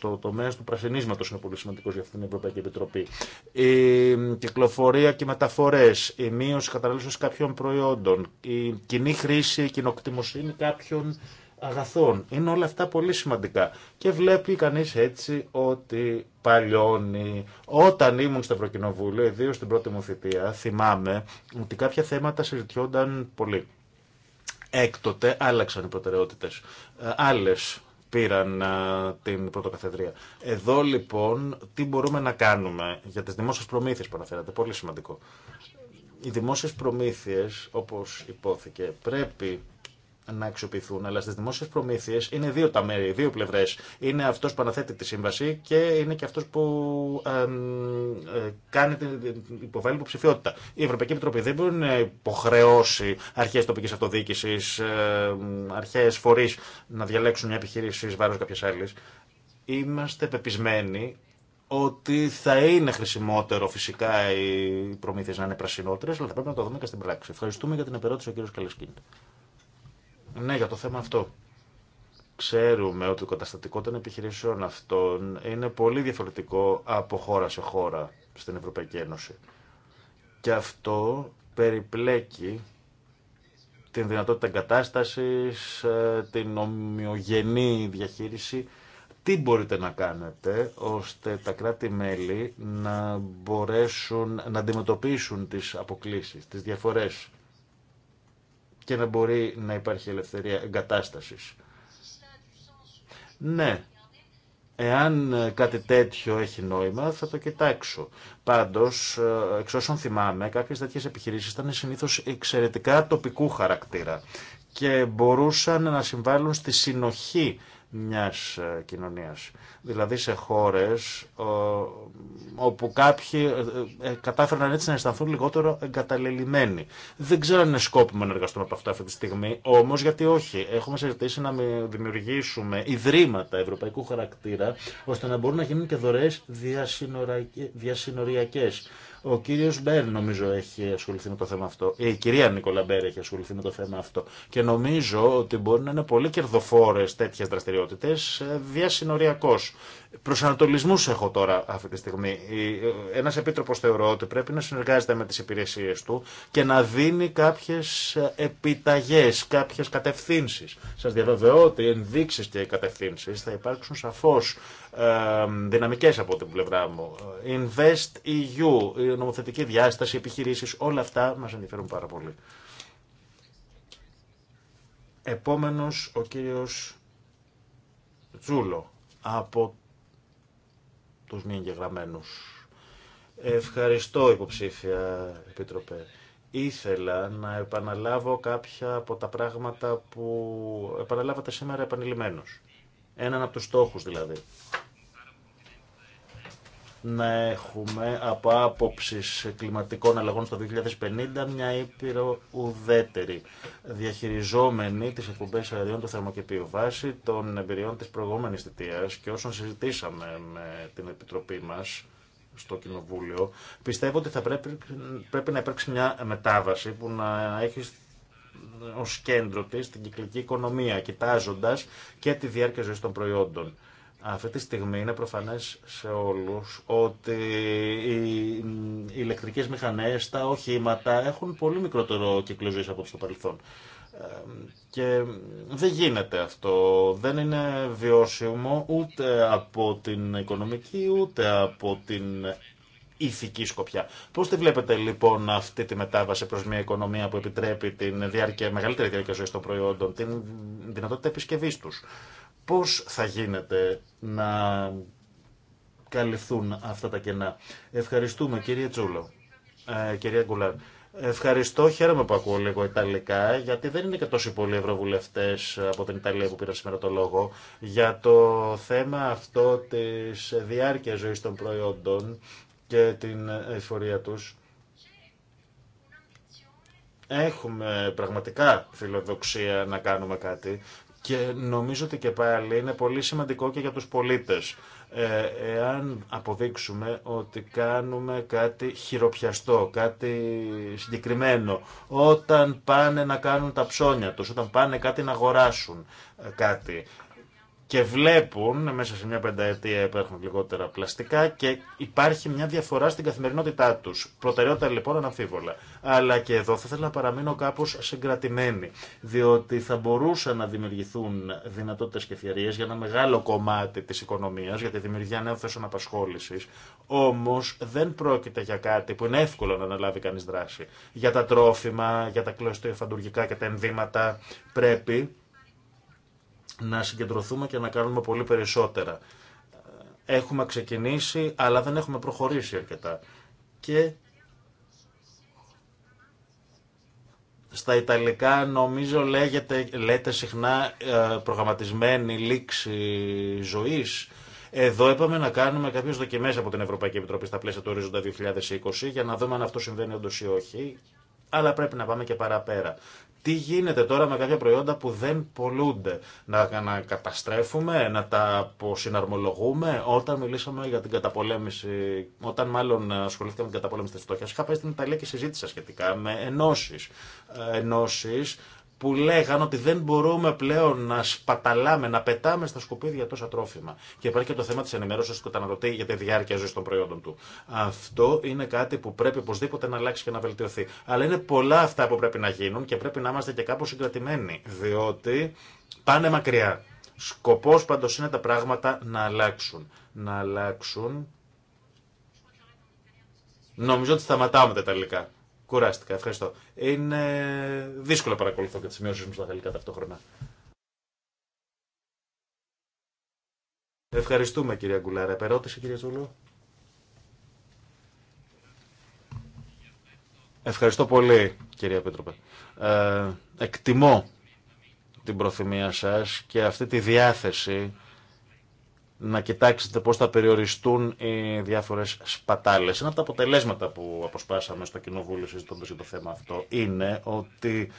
S2: το τομέα του πρασινίσματο είναι πολύ σημαντικό για αυτή την Ευρωπαϊκή Επιτροπή. Η κυκλοφορία και οι μεταφορέ, η μείωση κατανάλωση κάποιων προϊόντων, η κοινή χρήση, η κοινοκτημοσύνη κάποιων αγαθών. Είναι όλα αυτά πολύ σημαντικά. Και βλέπει κανεί έτσι ότι παλιώνει. Όταν ήμουν στο Ευρωκοινοβούλιο, ιδίω στην πρώτη μου θητεία, θυμάμαι ότι κάποια θέματα συζητιόνταν πολύ. Έκτοτε άλλαξαν οι προτεραιότητε. Ε, Άλλε πήραν την πρωτοκαθεδρία. Εδώ λοιπόν τι μπορούμε να κάνουμε για τις δημόσιες προμήθειες που αναφέρατε, πολύ σημαντικό. Οι δημόσιες προμήθειες, όπως υπόθηκε, πρέπει να αξιοποιηθούν, αλλά στι δημόσιε προμήθειε είναι δύο τα μέρη, δύο πλευρέ. Είναι αυτό που αναθέτει τη σύμβαση και είναι και αυτό που ε, ε, κάνει την υποβάλλει υποψηφιότητα. Η Ευρωπαϊκή Επιτροπή δεν μπορεί να υποχρεώσει αρχέ τοπική αυτοδιοίκηση, ε, αρχέ φορεί να διαλέξουν μια επιχείρηση βάρο κάποια άλλη. Είμαστε πεπισμένοι ότι θα είναι χρησιμότερο φυσικά οι προμήθειε να είναι πρασινότερε, αλλά θα πρέπει να το δούμε και στην πράξη. Ευχαριστούμε για την επερώτηση, ο κ. Καλεσκίνη. Ναι, για το θέμα αυτό. Ξέρουμε ότι το καταστατικό των επιχειρήσεων αυτών είναι πολύ διαφορετικό από χώρα σε χώρα στην Ευρωπαϊκή Ένωση. Και αυτό περιπλέκει την δυνατότητα εγκατάστασης, ε, την ομοιογενή διαχείριση. Τι μπορείτε να κάνετε ώστε τα κράτη-μέλη να μπορέσουν να αντιμετωπίσουν τις αποκλίσεις, τις διαφορές και να μπορεί να υπάρχει ελευθερία εγκατάστασης. Ναι, εάν κάτι τέτοιο έχει νόημα θα το κοιτάξω. Πάντως, εξ όσων θυμάμαι, κάποιες τέτοιες επιχειρήσεις ήταν συνήθως εξαιρετικά τοπικού χαρακτήρα και μπορούσαν να συμβάλλουν στη συνοχή μιας ε, κοινωνίας. Δηλαδή σε χώρες όπου κάποιοι ε, ε, κατάφεραν έτσι να αισθανθούν λιγότερο εγκαταλελειμμένοι. Δεν ξέρω αν είναι σκόπιμο να εργαστούμε από αυτά αυτή τη στιγμή, όμως γιατί όχι. Έχουμε συζητήσει να δημιουργήσουμε ιδρύματα ευρωπαϊκού χαρακτήρα, ώστε να μπορούν να γίνουν και δωρεές διασυνοριακές ο κύριο Μπέρ νομίζω έχει ασχοληθεί με το θέμα αυτό. Ε, η κυρία Νίκολα Μπέρ έχει ασχοληθεί με το θέμα αυτό. Και νομίζω ότι μπορεί να είναι πολύ κερδοφόρε τέτοιε δραστηριότητε ε, διασυνοριακώ. Προσανατολισμού έχω τώρα αυτή τη στιγμή. Ε, Ένα επίτροπο θεωρώ ότι πρέπει να συνεργάζεται με τι υπηρεσίε του και να δίνει κάποιε επιταγέ, κάποιε κατευθύνσει. Σα διαβεβαιώ ότι οι ενδείξει και οι κατευθύνσει θα υπάρξουν σαφώ δυναμικές από την πλευρά μου. Invest EU, νομοθετική διάσταση, επιχειρήσεις, όλα αυτά μας ενδιαφέρουν πάρα πολύ. Επόμενος ο κύριος Τζούλο από τους μη εγγεγραμμένου. Ευχαριστώ υποψήφια Επίτροπε. Ήθελα να επαναλάβω κάποια από τα πράγματα που επαναλάβατε σήμερα επανειλημμένως. Έναν από τους στόχους δηλαδή να έχουμε από άποψη κλιματικών αλλαγών στο 2050 μια ήπειρο ουδέτερη, διαχειριζόμενη τις εκπομπές αερίων του θερμοκηπίου βάση των εμπειριών της προηγούμενης θητείας και όσων συζητήσαμε με την Επιτροπή μας στο Κοινοβούλιο, πιστεύω ότι θα πρέπει, πρέπει να υπάρξει μια μετάβαση που να έχει ως κέντρο της την κυκλική οικονομία, κοιτάζοντας και τη διάρκεια ζωής των προϊόντων αυτή τη στιγμή είναι προφανές σε όλους ότι οι ηλεκτρικές μηχανές, τα οχήματα έχουν πολύ μικρότερο κύκλο ζωής από το παρελθόν. Και δεν γίνεται αυτό. Δεν είναι βιώσιμο ούτε από την οικονομική ούτε από την ηθική σκοπιά. Πώ τη βλέπετε λοιπόν αυτή τη μετάβαση προ μια οικονομία που επιτρέπει την διάρκεια, μεγαλύτερη διάρκεια ζωή των προϊόντων, την δυνατότητα επισκευή του, πώς θα γίνεται να καλυφθούν αυτά τα κενά. Ευχαριστούμε κύριε Τσούλο, ε, κυρία Γκουλάν. Ευχαριστώ, χαίρομαι που ακούω λίγο Ιταλικά, γιατί δεν είναι και τόσοι πολλοί ευρωβουλευτέ από την Ιταλία που πήραν σήμερα το λόγο. Για το θέμα αυτό της διάρκεια ζωή των προϊόντων και την εφορία του. Έχουμε πραγματικά φιλοδοξία να κάνουμε κάτι. Και νομίζω ότι και πάλι είναι πολύ σημαντικό και για τους πολίτες. Ε, εάν αποδείξουμε ότι κάνουμε κάτι χειροπιαστό, κάτι συγκεκριμένο, όταν πάνε να κάνουν τα ψώνια τους, όταν πάνε κάτι να αγοράσουν ε, κάτι, και βλέπουν μέσα σε μια πενταετία υπάρχουν λιγότερα πλαστικά και υπάρχει μια διαφορά στην καθημερινότητά του. Προτεραιότητα λοιπόν αναμφίβολα. Αλλά και εδώ θα ήθελα να παραμείνω κάπω συγκρατημένη, διότι θα μπορούσαν να δημιουργηθούν δυνατότητε και ευκαιρίε για ένα μεγάλο κομμάτι τη οικονομία για τη δημιουργία νέων θέσεων απασχόληση. Όμω δεν πρόκειται για κάτι που είναι εύκολο να αναλάβει κανεί δράση. Για τα τρόφιμα, για τα κλωστοεφαντουργικά και τα ενδύματα πρέπει να συγκεντρωθούμε και να κάνουμε πολύ περισσότερα. Έχουμε ξεκινήσει, αλλά δεν έχουμε προχωρήσει αρκετά. Και στα Ιταλικά νομίζω λέγεται, λέτε συχνά ε, προγραμματισμένη λήξη ζωής. Εδώ είπαμε να κάνουμε κάποιε δοκιμέ από την Ευρωπαϊκή Επιτροπή στα πλαίσια του ορίζοντα 2020 για να δούμε αν αυτό συμβαίνει όντω ή όχι. Αλλά πρέπει να πάμε και παραπέρα τι γίνεται τώρα με κάποια προϊόντα που δεν πολλούνται. Να, να καταστρέφουμε, να τα αποσυναρμολογούμε. Όταν μιλήσαμε για την καταπολέμηση, όταν μάλλον ασχολήθηκα με την καταπολέμηση τη φτώχεια, είχα πάει στην Ιταλία και συζήτησα σχετικά με ενώσει. Ε, ενώσει που λέγανε ότι δεν μπορούμε πλέον να σπαταλάμε, να πετάμε στα σκουπίδια τόσα τρόφιμα. Και υπάρχει και το θέμα τη ενημέρωση του καταναλωτή για τη διάρκεια ζωή των προϊόντων του. Αυτό είναι κάτι που πρέπει οπωσδήποτε να αλλάξει και να βελτιωθεί. Αλλά είναι πολλά αυτά που πρέπει να γίνουν και πρέπει να είμαστε και κάπω συγκρατημένοι. Διότι πάνε μακριά. Σκοπό πάντω είναι τα πράγματα να αλλάξουν. Να αλλάξουν. Νομίζω ότι σταματάμε τα τελικά. Κουράστηκα, ευχαριστώ. Είναι δύσκολο να παρακολουθώ και τι σημειώσει μου στα γαλλικά ταυτόχρονα. Ευχαριστούμε κυρία Γκουλάρα. Επερώτηση κύριε Τζούλο. Ευχαριστώ πολύ κυρία Πίτροπε. Ε, εκτιμώ την προθυμία σας και αυτή τη διάθεση να κοιτάξετε πώς θα περιοριστούν οι διάφορες σπατάλες. Ένα από τα αποτελέσματα που αποσπάσαμε στο Κοινοβούλιο συζητώντας για το θέμα αυτό είναι ότι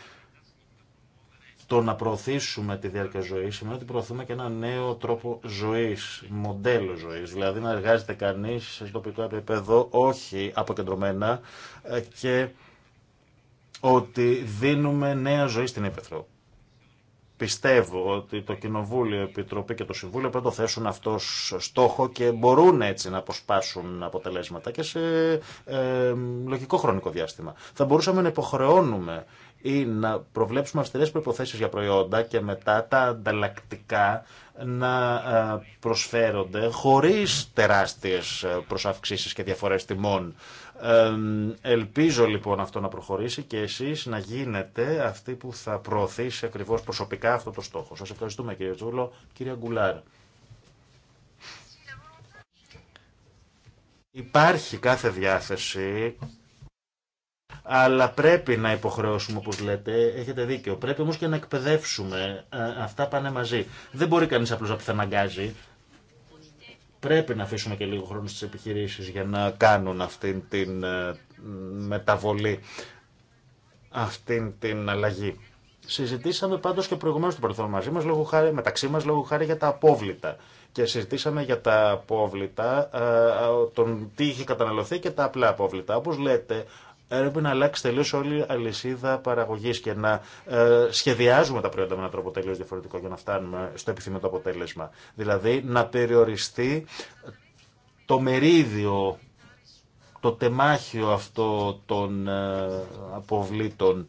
S2: το να προωθήσουμε τη διάρκεια ζωή σημαίνει ότι προωθούμε και ένα νέο τρόπο ζωή, μοντέλο ζωή. Δηλαδή να εργάζεται κανεί σε τοπικό επίπεδο, όχι αποκεντρωμένα ε, και ότι δίνουμε νέα ζωή στην Ήπεθρο. Πιστεύω ότι το Κοινοβούλιο, η Επιτροπή και το Συμβούλιο πρέπει να το θέσουν αυτό στόχο και μπορούν έτσι να αποσπάσουν αποτελέσματα και σε ε, λογικό χρονικό διάστημα. Θα μπορούσαμε να υποχρεώνουμε ή να προβλέψουμε αυστηρέ προποθέσει για προϊόντα και μετά τα ανταλλακτικά να ε, προσφέρονται χωρίς τεράστιες ε, προσαυξήσεις και διαφορές τιμών ελπίζω λοιπόν αυτό να προχωρήσει και εσείς να γίνετε αυτοί που θα προωθήσει ακριβώς προσωπικά αυτό το στόχο. Σας ευχαριστούμε κύριε Τζούλο. Κύριε Γκουλάρ. Υπάρχει κάθε διάθεση, αλλά πρέπει να υποχρεώσουμε όπως λέτε, έχετε δίκιο. Πρέπει όμως και να εκπαιδεύσουμε. Ε, αυτά πάνε μαζί. Δεν μπορεί κανείς απλώς να πιθαναγκάζει. Πρέπει να αφήσουμε και λίγο χρόνο στις επιχειρήσεις για να κάνουν αυτήν την ε, μεταβολή, αυτήν την αλλαγή. Συζητήσαμε πάντως και προηγουμένω το παρελθόν μαζί μας, λόγω χάρη, μεταξύ μα λόγω χάρη για τα απόβλητα. Και συζητήσαμε για τα απόβλητα, ε, τον τι είχε καταναλωθεί και τα απλά απόβλητα. Όπως λέτε, Έπρεπε να αλλάξει τελείω όλη η αλυσίδα παραγωγή και να ε, σχεδιάζουμε τα προϊόντα με έναν τρόπο τελείω διαφορετικό για να φτάνουμε στο επιθυμητό αποτέλεσμα. Δηλαδή να περιοριστεί το μερίδιο, το τεμάχιο αυτό των ε, αποβλήτων.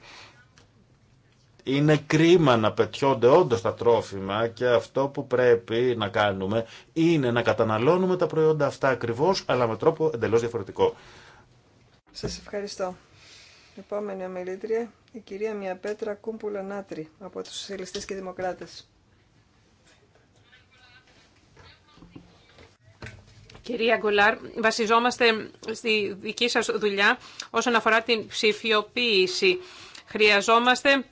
S2: Είναι κρίμα να πετιώνται όντω τα τρόφιμα και αυτό που πρέπει να κάνουμε είναι να καταναλώνουμε τα προϊόντα αυτά ακριβώς, αλλά με τρόπο εντελώς διαφορετικό. Σας
S3: ευχαριστώ. Επόμενη ομιλήτρια, η κυρία Πέτρα Κούμπουλα Νάτρη
S1: από τους Σοσιαλιστές και Δημοκράτες. Κυρία Γκολάρ, βασιζόμαστε στη δική σας δουλειά όσον αφορά την ψηφιοποίηση. Χρειαζόμαστε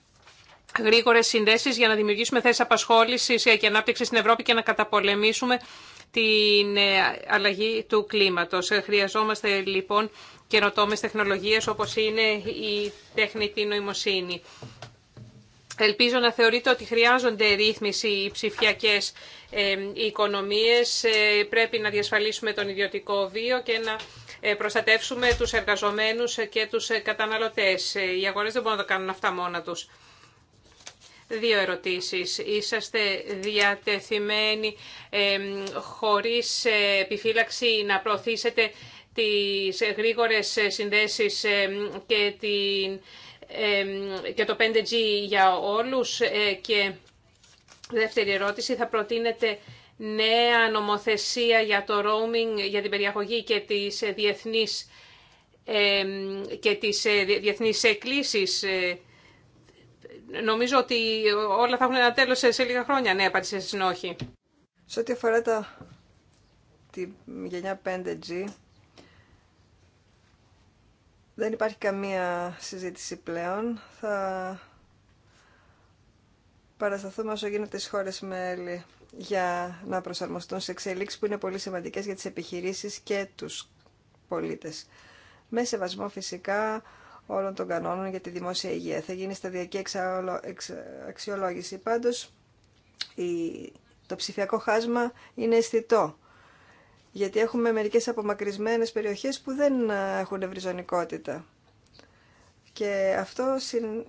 S1: γρήγορε συνδέσει για να δημιουργήσουμε θέσει απασχόληση και ανάπτυξη στην Ευρώπη και να καταπολεμήσουμε την ε, αλλαγή του κλίματο. Χρειαζόμαστε λοιπόν καινοτόμες τεχνολογίες όπως είναι η τεχνητή νοημοσύνη. Ελπίζω να θεωρείτε ότι χρειάζονται ρύθμιση οι ψηφιακές ε, οικονομίες. Ε, πρέπει να διασφαλίσουμε τον ιδιωτικό βίο και να ε, προστατεύσουμε τους εργαζομένους και τους καταναλωτές. Οι αγορές δεν μπορούν να το κάνουν αυτά μόνα τους. Δύο ερωτήσεις. Είσαστε διατεθειμένοι χωρίς επιφύλαξη να προωθήσετε τις ε, γρήγορες ε, συνδέσεις ε, και, την, και το 5G για όλους. Και δεύτερη ερώτηση, θα προτείνετε νέα νομοθεσία για το roaming, για την περιαγωγή και τις διεθνείς, και τις διεθνείς εκκλήσεις. Νομίζω ότι όλα θα έχουν ένα τέλος σε λίγα χρόνια. Ναι, απάντησε στην όχι. Σε ό,τι αφορά τη γενιά
S3: 5G, δεν υπάρχει καμία συζήτηση πλέον. Θα παρασταθούμε όσο γίνεται στις χώρες μέλη για να προσαρμοστούν σε εξελίξεις που είναι πολύ σημαντικές για τις επιχειρήσεις και τους πολίτες. Με σεβασμό φυσικά όλων των κανόνων για τη δημόσια υγεία. Θα γίνει σταδιακή αξιολόγηση. Πάντως, το ψηφιακό χάσμα είναι αισθητό γιατί έχουμε μερικές απομακρυσμένες περιοχές που δεν έχουν ευρυζωνικότητα. Και αυτό συν...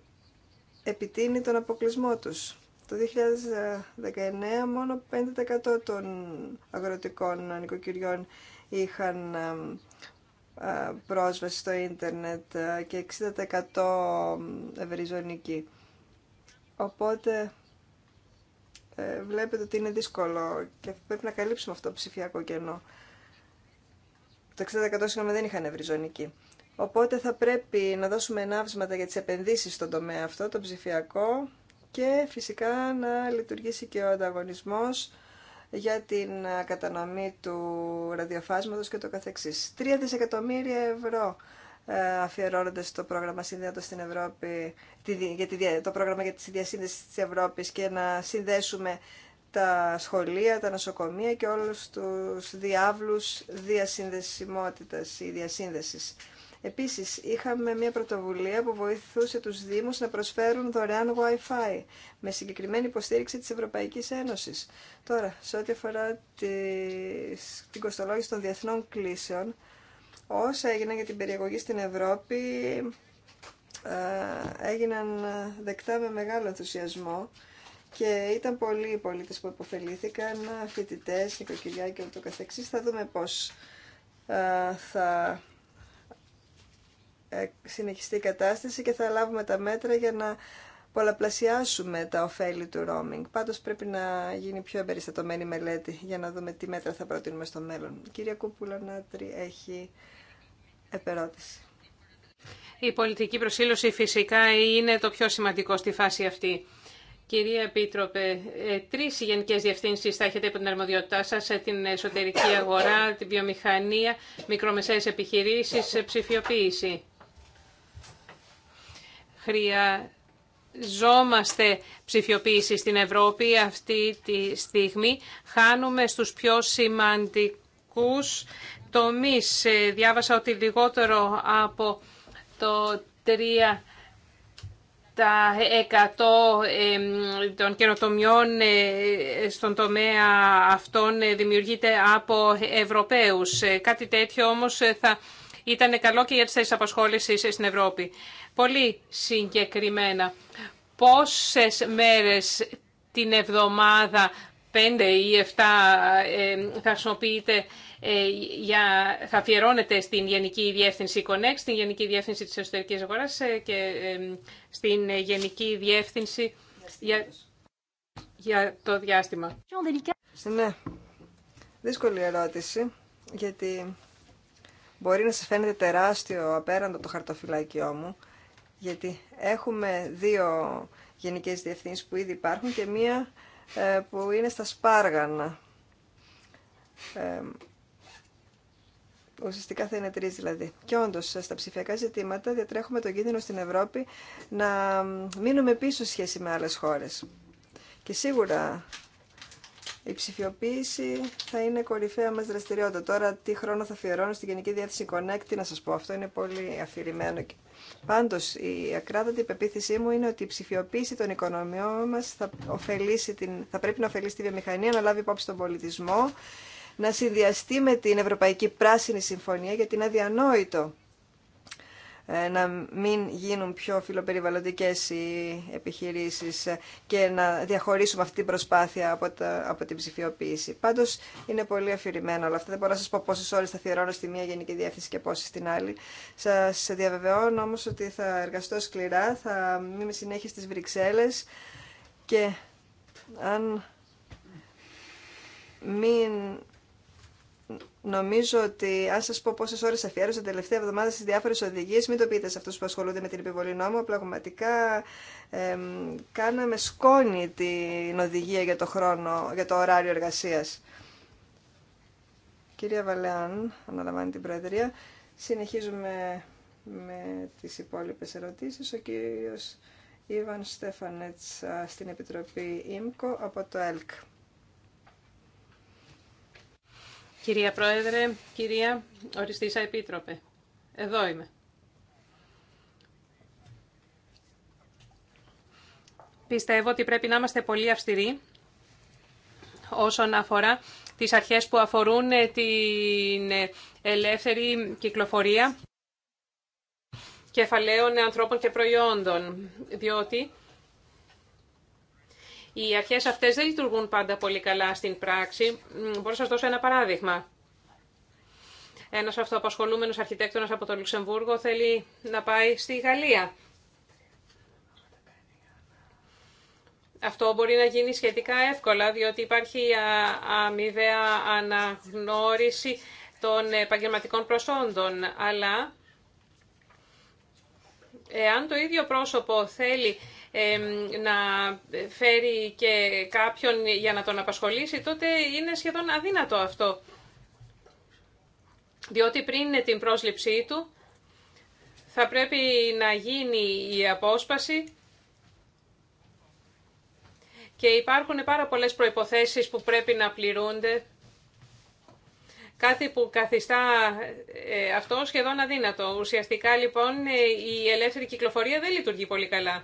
S3: επιτείνει τον αποκλεισμό τους. Το 2019 μόνο 5% των αγροτικών νοικοκυριών είχαν πρόσβαση στο ίντερνετ ε, και 60% ευρυζωνική. Οπότε ε, βλέπετε ότι είναι δύσκολο και πρέπει να καλύψουμε αυτό το ψηφιακό κενό. Το 60% συγγνώμη δεν είχαν ευρυζωνική. Οπότε θα πρέπει να δώσουμε ενάψματα για τις επενδύσεις στον τομέα αυτό, το ψηφιακό και φυσικά να λειτουργήσει και ο ανταγωνισμός για την ε, κατανομή του ραδιοφάσματος και το καθεξής. 3 δισεκατομμύρια ευρώ ε, αφιερώνοντας το πρόγραμμα στην Ευρώπη, το πρόγραμμα για τη διασύνδεση της Ευρώπη και να συνδέσουμε τα σχολεία, τα νοσοκομεία και όλους τους διάβλους διασυνδεσιμότητας ή διασύνδεσης. Επίσης, είχαμε μια πρωτοβουλία που βοηθούσε τους Δήμους να προσφέρουν δωρεάν Wi-Fi με συγκεκριμένη υποστήριξη της Ευρωπαϊκής Ένωσης. Τώρα, σε ό,τι αφορά την κοστολόγηση των διεθνών κλήσεων, όσα έγιναν για την περιεγωγή στην Ευρώπη ε, έγιναν ε, δεκτά με μεγάλο ενθουσιασμό και ήταν πολλοί οι πολίτες που υποφελήθηκαν, φοιτητέ, νοικοκυριά και ούτω καθεξής. Θα δούμε πώς ε, θα συνεχιστεί η κατάσταση και θα λάβουμε τα μέτρα για να πολλαπλασιάσουμε τα ωφέλη του roaming. Πάντως πρέπει να γίνει πιο εμπεριστατωμένη μελέτη για να δούμε τι μέτρα θα προτείνουμε στο μέλλον. κυρία Κούπουλα Νάτρη έχει επερώτηση.
S1: Η πολιτική προσήλωση φυσικά είναι το πιο σημαντικό στη φάση αυτή. Κυρία Επίτροπε, ε, τρεις γενικέ διευθύνσει θα έχετε από την αρμοδιότητά σας, ε, την εσωτερική αγορά, την βιομηχανία, μικρομεσαίες επιχειρήσει, ε, ψηφιοποίηση. Ζώμαστε ψηφιοποίηση στην Ευρώπη αυτή τη στιγμή. Χάνουμε στους πιο σημαντικούς τομείς. Ε, διάβασα ότι λιγότερο από το 3% τα 100 των καινοτομιών ε, στον τομέα αυτών ε, δημιουργείται από Ευρωπαίους. Κάτι τέτοιο όμως θα ήταν καλό και για τις θέσεις απασχόλησης στην Ευρώπη. Πολύ συγκεκριμένα, πόσες μέρες την εβδομάδα, 5 ή 7, ε, θα χρησιμοποιείτε ε, για, θα αφιερώνεται στην Γενική Διεύθυνση Connect, στην Γενική Διεύθυνση της Εσωτερικής Αγοράς ε, και στην Γενική Διεύθυνση για, για το διάστημα. Ναι,
S3: δύσκολη ερώτηση, γιατί Μπορεί να σας φαίνεται τεράστιο απέραντο το χαρτοφυλάκιό μου, γιατί έχουμε δύο γενικές διευθύνσεις που ήδη υπάρχουν και μία ε, που είναι στα σπάργανα. Ε, ουσιαστικά θα είναι τρει δηλαδή. Και όντω, στα ψηφιακά ζητήματα διατρέχουμε τον κίνδυνο στην Ευρώπη να μείνουμε πίσω σχέση με άλλε χώρε. Και σίγουρα η ψηφιοποίηση θα είναι κορυφαία μας δραστηριότητα. Τώρα τι χρόνο θα αφιερώνω στην Γενική Διεύθυνση Connect, να σας πω, αυτό είναι πολύ αφηρημένο. Πάντως, η ακράδαντη πεποίθησή μου είναι ότι η ψηφιοποίηση των οικονομιών μας θα, την, θα πρέπει να ωφελήσει τη βιομηχανία, να λάβει υπόψη τον πολιτισμό, να συνδυαστεί με την Ευρωπαϊκή Πράσινη Συμφωνία, γιατί είναι αδιανόητο ε, να μην γίνουν πιο φιλοπεριβαλλοντικές οι επιχειρήσεις και να διαχωρίσουμε αυτή την προσπάθεια από, από την ψηφιοποίηση. Πάντως είναι πολύ αφηρημένο όλα αυτά. Δεν μπορώ να σας πω πόσες ώρες θα θυρώνω στη μία γενική διεύθυνση και πόσες στην άλλη. Σας διαβεβαιώνω όμως ότι θα εργαστώ σκληρά, θα με συνέχεια στις Βρυξέλλες και αν μην Νομίζω ότι αν σα πω πόσε ώρε αφιέρωσα την τελευταία εβδομάδα στι διάφορε οδηγίε, μην το πείτε σε αυτού που ασχολούνται με την επιβολή νόμου. Πραγματικά ε, κάναμε σκόνη την οδηγία για το χρόνο, για το ωράριο εργασία. Κυρία Βαλεάν, αναλαμβάνει την Προεδρία. Συνεχίζουμε με τις υπόλοιπες ερωτήσεις. Ο κύριος Ιβαν Στέφανετς
S1: στην Επιτροπή ΙΜΚΟ από το ΕΛΚ. Κυρία Πρόεδρε, κυρία Οριστήσα Επίτροπε, εδώ είμαι. Πιστεύω ότι πρέπει να είμαστε πολύ αυστηροί όσον αφορά τις αρχές που αφορούν ε, την ελεύθερη κυκλοφορία κεφαλαίων ανθρώπων και προϊόντων, διότι οι αρχές αυτές δεν λειτουργούν πάντα πολύ καλά στην πράξη. Μπορώ να σας δώσω ένα παράδειγμα. Ένας αυτοαπασχολούμενος αρχιτέκτονας από το Λουξεμβούργο θέλει να πάει στη Γαλλία. Αυτό μπορεί να γίνει σχετικά εύκολα, διότι υπάρχει αμοιβαία αναγνώριση των επαγγελματικών προσόντων, αλλά Εάν το ίδιο πρόσωπο θέλει να φέρει και κάποιον για να τον απασχολήσει, τότε είναι σχεδόν αδύνατο αυτό. Διότι πριν την πρόσληψή του θα πρέπει να γίνει η απόσπαση και υπάρχουν πάρα πολλές προϋποθέσεις που πρέπει να πληρούνται Κάτι που καθιστά ε, αυτό σχεδόν αδύνατο. Ουσιαστικά λοιπόν η ελεύθερη κυκλοφορία δεν λειτουργεί πολύ καλά.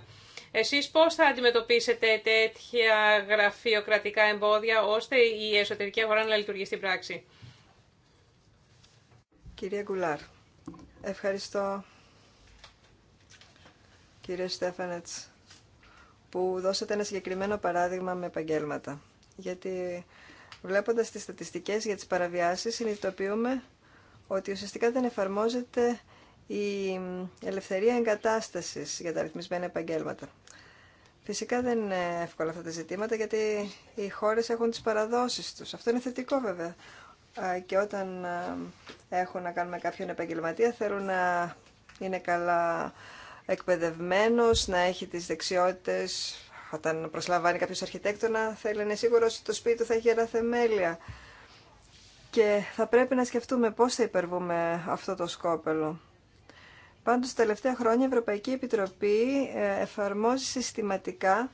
S1: Εσείς πώς θα αντιμετωπίσετε τέτοια γραφειοκρατικά εμπόδια ώστε η εσωτερική αγορά να λειτουργεί στην πράξη.
S3: Κυρία Γκουλάρ, ευχαριστώ κύριε Στέφανετς που δώσατε ένα συγκεκριμένο παράδειγμα με επαγγέλματα. Γιατί Βλέποντας τις στατιστικές για τις παραβιάσεις, συνειδητοποιούμε ότι ουσιαστικά δεν εφαρμόζεται η ελευθερία εγκατάστασης για τα ρυθμισμένα επαγγέλματα. Φυσικά δεν είναι εύκολα αυτά τα ζητήματα γιατί οι χώρες έχουν τις παραδόσεις τους. Αυτό είναι θετικό βέβαια. Και όταν έχουν να κάνουν με κάποιον επαγγελματία θέλουν να είναι καλά εκπαιδευμένος, να έχει τις δεξιότητες όταν προσλαμβάνει κάποιος αρχιτέκτονα θέλει να είναι σίγουρος ότι το σπίτι του θα έχει ένα θεμέλια. Και θα πρέπει να σκεφτούμε πώς θα υπερβούμε αυτό το σκόπελο. Πάντως, τα τελευταία χρόνια η Ευρωπαϊκή Επιτροπή ε, εφαρμόζει συστηματικά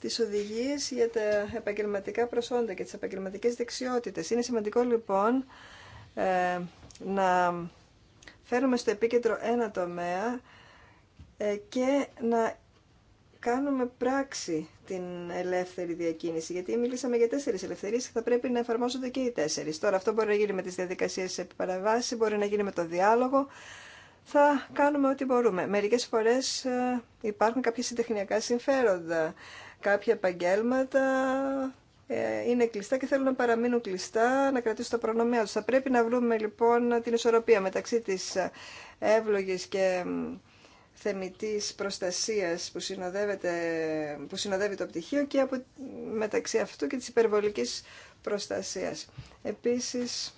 S3: τις οδηγίες για τα επαγγελματικά προσόντα και τις επαγγελματικές δεξιότητες. Είναι σημαντικό, λοιπόν, ε, να φέρουμε στο επίκεντρο ένα τομέα ε, και να κάνουμε πράξη την ελεύθερη διακίνηση. Γιατί μιλήσαμε για τέσσερι ελευθερίε και θα πρέπει να εφαρμόζονται και οι τέσσερι. Τώρα αυτό μπορεί να γίνει με τι διαδικασίε επιπαραβάση, μπορεί να γίνει με το διάλογο. Θα κάνουμε ό,τι μπορούμε. Μερικέ φορέ ε, υπάρχουν κάποια συντεχνιακά συμφέροντα. Κάποια επαγγέλματα ε, είναι κλειστά και θέλουν να παραμείνουν κλειστά, να κρατήσουν τα προνομιά του. Θα πρέπει να βρούμε λοιπόν την ισορροπία μεταξύ τη ε, εύλογη και θεμητής προστασίας που, συνοδεύεται, που συνοδεύει το πτυχίο και από, μεταξύ αυτού και της υπερβολικής προστασίας. Επίσης,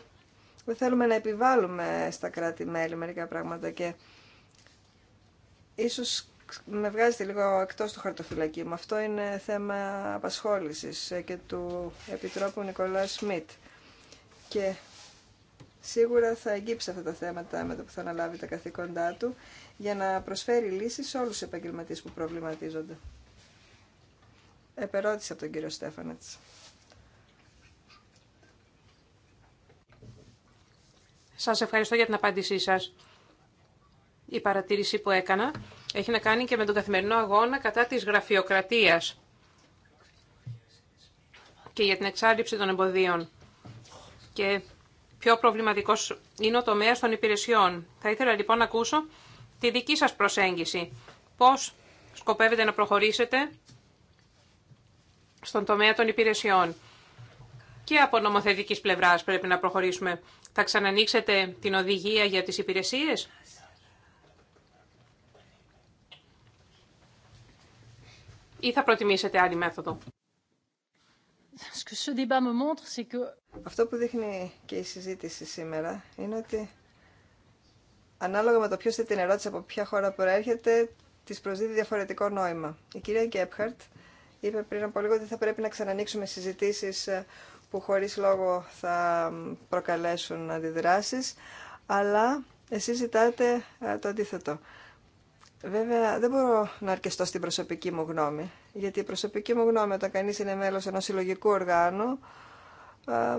S3: δεν θέλουμε να επιβάλλουμε στα κράτη-μέλη μερικά πράγματα και ίσως με βγάζετε λίγο εκτός του χαρτοφυλακίου Αυτό είναι θέμα απασχόλησης και του Επιτρόπου Νικολά Σμιτ. Και σίγουρα θα εγγύψει αυτά τα θέματα με το που θα αναλάβει τα καθήκοντά του για να προσφέρει λύσεις σε όλους τους επαγγελματίες που προβληματίζονται.
S1: Επερώτησα από τον κύριο Στέφανετς. Σας ευχαριστώ για την απάντησή σας. Η παρατήρηση που έκανα έχει να κάνει και με τον καθημερινό αγώνα κατά της γραφειοκρατίας και για την εξάλληψη των εμποδίων. Και πιο προβληματικός είναι ο τομέας των υπηρεσιών. Θα ήθελα λοιπόν να ακούσω τη δική σας προσέγγιση. Πώς σκοπεύετε να προχωρήσετε στον τομέα των υπηρεσιών. Και από νομοθετικής πλευράς πρέπει να προχωρήσουμε. Θα ξανανοίξετε την οδηγία για τις υπηρεσίες. Ή θα προτιμήσετε άλλη μέθοδο.
S3: Αυτό που δείχνει και η συζήτηση σήμερα είναι ότι ανάλογα με το ποιο θέτει την ερώτηση από ποια χώρα προέρχεται, τη προσδίδει διαφορετικό νόημα. Η κυρία Γκέπχαρτ είπε πριν από λίγο ότι θα πρέπει να ξανανοίξουμε συζητήσει ε, που χωρίς λόγο θα προκαλέσουν αντιδράσεις, αλλά εσείς ζητάτε ε, το αντίθετο. Βέβαια, δεν μπορώ να αρκεστώ στην προσωπική μου γνώμη, γιατί η προσωπική μου γνώμη όταν κανεί είναι μέλο ενό συλλογικού οργάνου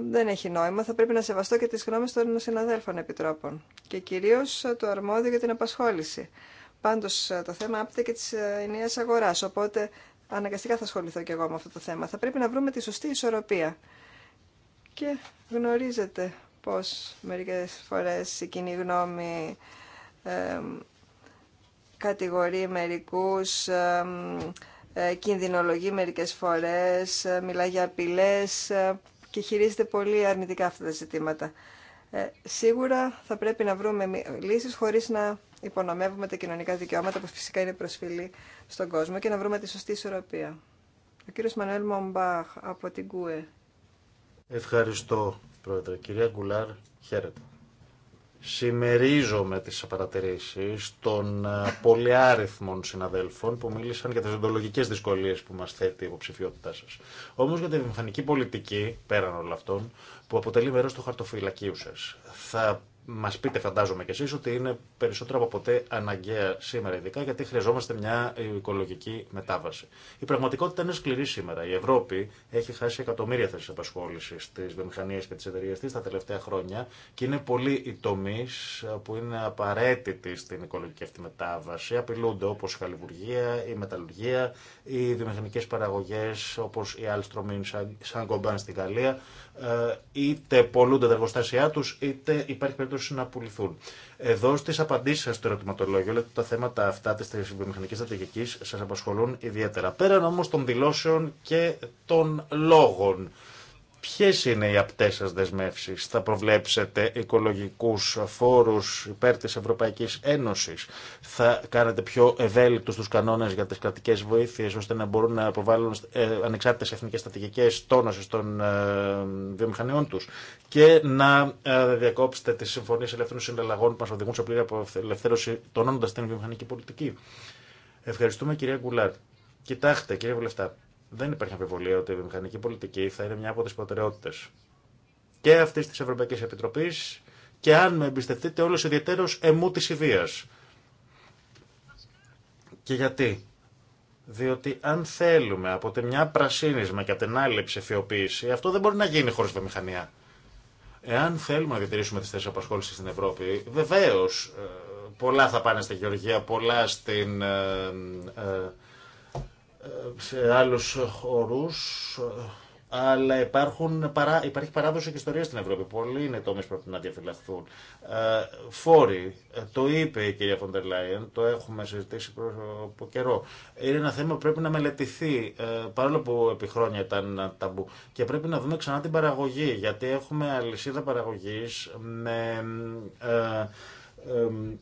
S3: δεν έχει νόημα. Θα πρέπει να σεβαστώ και τις γνώμες των συναδέλφων επιτρόπων και κυρίως το αρμόδιο για την απασχόληση. Πάντως το θέμα άπτεται και της ενιαίας αγοράς, οπότε αναγκαστικά θα ασχοληθώ και εγώ με αυτό το θέμα. Θα πρέπει να βρούμε τη σωστή ισορροπία. Και γνωρίζετε πως μερικές φορές η κοινή γνώμη ε, κατηγορεί μερικούς, ε, κινδυνολογεί μερικές φορές, ε, μιλά για απειλές, ε, και χειρίζεται πολύ αρνητικά αυτά τα ζητήματα. Ε, σίγουρα θα πρέπει να βρούμε λύσεις χωρίς να υπονομεύουμε τα κοινωνικά δικαιώματα που φυσικά είναι προσφυλή στον κόσμο και να βρούμε τη σωστή ισορροπία. Ο κύριος Μανουέλ Μομπάχ από την ΚΟΕ.
S2: Ευχαριστώ, Πρόεδρε. Κυρία Γκουλάρ, χαίρετε. Συμμερίζομαι τις παρατηρήσεις των ε, πολυάριθμων συναδέλφων που μίλησαν για τις οντολογικές δυσκολίες που μας θέτει η υποψηφιότητά σας. Όμως για τη μηχανική πολιτική, πέραν όλων αυτών, που αποτελεί μέρος του χαρτοφυλακίου σας, θα Μα πείτε φαντάζομαι κι εσεί ότι είναι περισσότερο από ποτέ αναγκαία σήμερα ειδικά γιατί χρειαζόμαστε μια οικολογική μετάβαση. Η πραγματικότητα είναι σκληρή σήμερα. Η Ευρώπη έχει χάσει εκατομμύρια θέσει απασχόληση στι βιομηχανίε και τι εταιρείε τη τα τελευταία χρόνια και είναι πολλοί οι τομεί που είναι απαραίτητοι στην οικολογική αυτή μετάβαση. Απειλούνται όπω η χαλιβουργία, η μεταλλουργία, οι βιομηχανικέ παραγωγέ όπω η Alstromin, σαν Κομπάν στη Γαλλία, ε, είτε πολλούνται τα εργοστάσια του, είτε υπάρχει περίπτωση περίπτωση να Εδώ στι απαντήσει σα στο ερωτηματολόγιο, λέτε ότι τα θέματα αυτά τη βιομηχανική στρατηγική σα απασχολούν ιδιαίτερα. Πέραν όμω των δηλώσεων και των λόγων Ποιες είναι οι απτές σας δεσμεύσεις, θα προβλέψετε οικολογικούς φόρους υπέρ της Ευρωπαϊκής Ένωσης, θα κάνετε πιο ευέλικτους τους κανόνες για τις κρατικές βοήθειες, ώστε να μπορούν να προβάλλουν ε, ανεξάρτητες εθνικές στρατηγικές τόνωσης των ε, βιομηχανιών τους και να ε, διακόψετε τις συμφωνίες ελεύθερων συναλλαγών που μας οδηγούν σε πλήρη απελευθέρωση, τονώνοντας την βιομηχανική πολιτική. Ευχαριστούμε κυρία Γκουλάρ. Κοιτάξτε κύριε Βουλευτά, δεν υπάρχει αμφιβολία ότι η βιομηχανική πολιτική θα είναι μια από τι προτεραιότητε και αυτή τη Ευρωπαϊκή Επιτροπή και αν με εμπιστευτείτε όλο ιδιαίτερω εμού τη ιδείας. Και γιατί. Διότι αν θέλουμε από τη μια πρασίνισμα και από την άλλη ψηφιοποίηση, αυτό δεν μπορεί να γίνει χωρί βιομηχανία. Εάν θέλουμε να διατηρήσουμε τι θέσει απασχόληση στην Ευρώπη, Βεβαίω, ε, πολλά θα πάνε στη Γεωργία, πολλά στην ε, ε, σε άλλους χωρούς, αλλά υπάρχουν, παρά, υπάρχει παράδοση και ιστορία στην Ευρώπη. Πολλοί είναι τομείς που πρέπει να διαφυλαχθούν. Ε, φόροι, ε, το είπε η κυρία Φοντερ Λάιεν, το έχουμε συζητήσει από καιρό. Είναι ένα θέμα που πρέπει να μελετηθεί, ε, παρόλο που επί χρόνια ήταν ταμπού. Και πρέπει να δούμε ξανά την παραγωγή, γιατί έχουμε αλυσίδα παραγωγής με... Ε,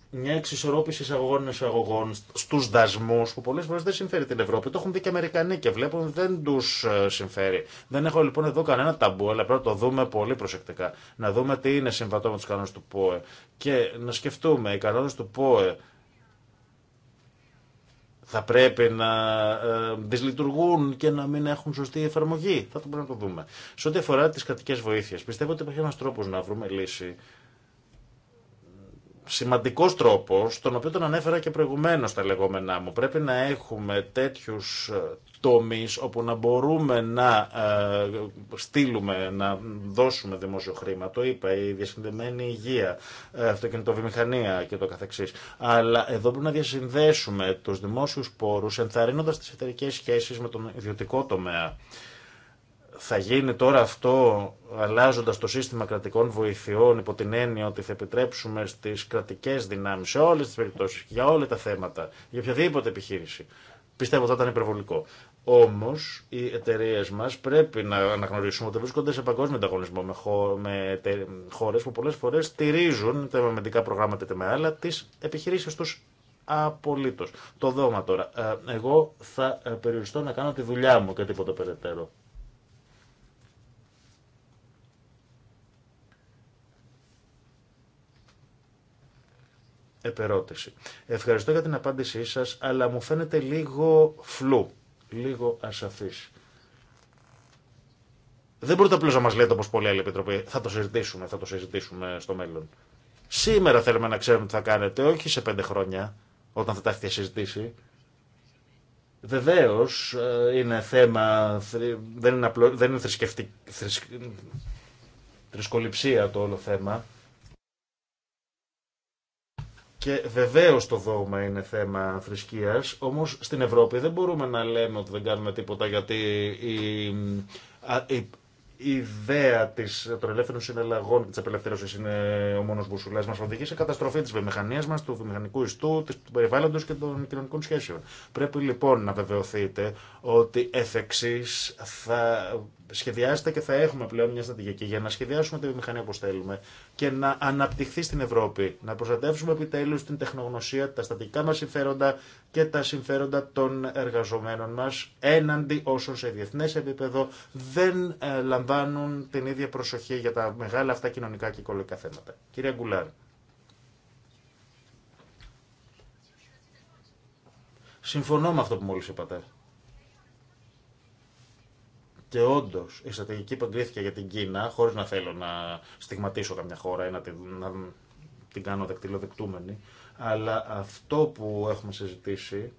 S2: μια εξισορρόπηση εισαγωγών-εισαγωγών στου δασμού που πολλέ φορέ δεν συμφέρει την Ευρώπη. Το έχουν δει και οι Αμερικανοί και βλέπουν δεν του ε, συμφέρει. Δεν έχω λοιπόν εδώ κανένα ταμπού, αλλά πρέπει να το δούμε πολύ προσεκτικά. Να δούμε τι είναι συμβατό με του κανόνε του ΠΟΕ. Και να σκεφτούμε, οι κανόνε του ΠΟΕ θα πρέπει να ε, δυσλειτουργούν και να μην έχουν σωστή εφαρμογή. Θα το πρέπει να το δούμε. Σε ό,τι αφορά τι κρατικέ βοήθειε, πιστεύω ότι υπάρχει ένα τρόπο να βρούμε λύση Σημαντικό τρόπο, τον οποίο τον ανέφερα και προηγουμένως στα λεγόμενά μου. Πρέπει να έχουμε τέτοιου ε, τομεί όπου να μπορούμε να ε, στείλουμε, να δώσουμε δημόσιο χρήμα. Το είπα, η διασυνδεμένη υγεία, ε, αυτοκινητοβιομηχανία και το καθεξής. Αλλά εδώ πρέπει να διασυνδέσουμε τους δημόσιου πόρους ενθαρρύνοντας τις εταιρικές σχέσει με τον ιδιωτικό τομέα θα γίνει τώρα αυτό αλλάζοντα το σύστημα κρατικών βοηθειών υπό την έννοια ότι θα επιτρέψουμε στι κρατικέ δυνάμει σε όλε τι περιπτώσει, για όλα τα θέματα, για οποιαδήποτε επιχείρηση. Πιστεύω ότι θα ήταν υπερβολικό. Όμω οι εταιρείε μα πρέπει να αναγνωρίσουμε ότι βρίσκονται σε παγκόσμιο ανταγωνισμό με, χω... με χώρε που πολλέ φορέ στηρίζουν, είτε με μεντικά προγράμματα είτε με άλλα, τι επιχειρήσει του απολύτω. Το δώμα τώρα. Ε, εγώ θα ε, περιοριστώ να κάνω τη δουλειά μου και τίποτα περαιτέρω. Ευχαριστώ για την απάντησή σας, αλλά μου φαίνεται λίγο φλού, λίγο ασαφής. Δεν μπορείτε απλώ να μα λέτε όπω πολλοί άλλοι επιτροπή. Θα το συζητήσουμε, θα το συζητήσουμε στο μέλλον. Σήμερα θέλουμε να ξέρουμε τι θα κάνετε, όχι σε πέντε χρόνια, όταν θα τα έχετε συζητήσει. Βεβαίω ε, είναι θέμα, δεν είναι, δεν θρησκευτική, θρησκοληψία το όλο θέμα. Και βεβαίω το δόγμα είναι θέμα θρησκεία, όμω στην Ευρώπη δεν μπορούμε να λέμε ότι δεν κάνουμε τίποτα γιατί η, η, ιδέα της, των ελεύθερων συναλλαγών και τη απελευθέρωση είναι ο μόνο μπουσουλά. Μα οδηγεί σε καταστροφή τη βιομηχανία μα, του βιομηχανικού ιστού, του περιβάλλοντο και των κοινωνικών σχέσεων. Πρέπει λοιπόν να βεβαιωθείτε ότι εφ' θα Σχεδιάστε και θα έχουμε πλέον μια στρατηγική για να σχεδιάσουμε τη βιομηχανία όπω θέλουμε και να αναπτυχθεί στην Ευρώπη. Να προστατεύσουμε επιτέλου την τεχνογνωσία, τα στατικά μα συμφέροντα και τα συμφέροντα των εργαζομένων μα έναντι όσων σε διεθνέ επίπεδο δεν ε, λαμβάνουν την ίδια προσοχή για τα μεγάλα αυτά κοινωνικά και οικολογικά θέματα. Κύριε Γκουλάρ. Συμφωνώ με αυτό που μόλις είπατε. Και όντω η στρατηγική που εγκρίθηκε για την Κίνα, χωρί να θέλω να στιγματίσω καμιά χώρα ή να την, να την κάνω δεκτυλοδεκτούμενη. αλλά αυτό που έχουμε συζητήσει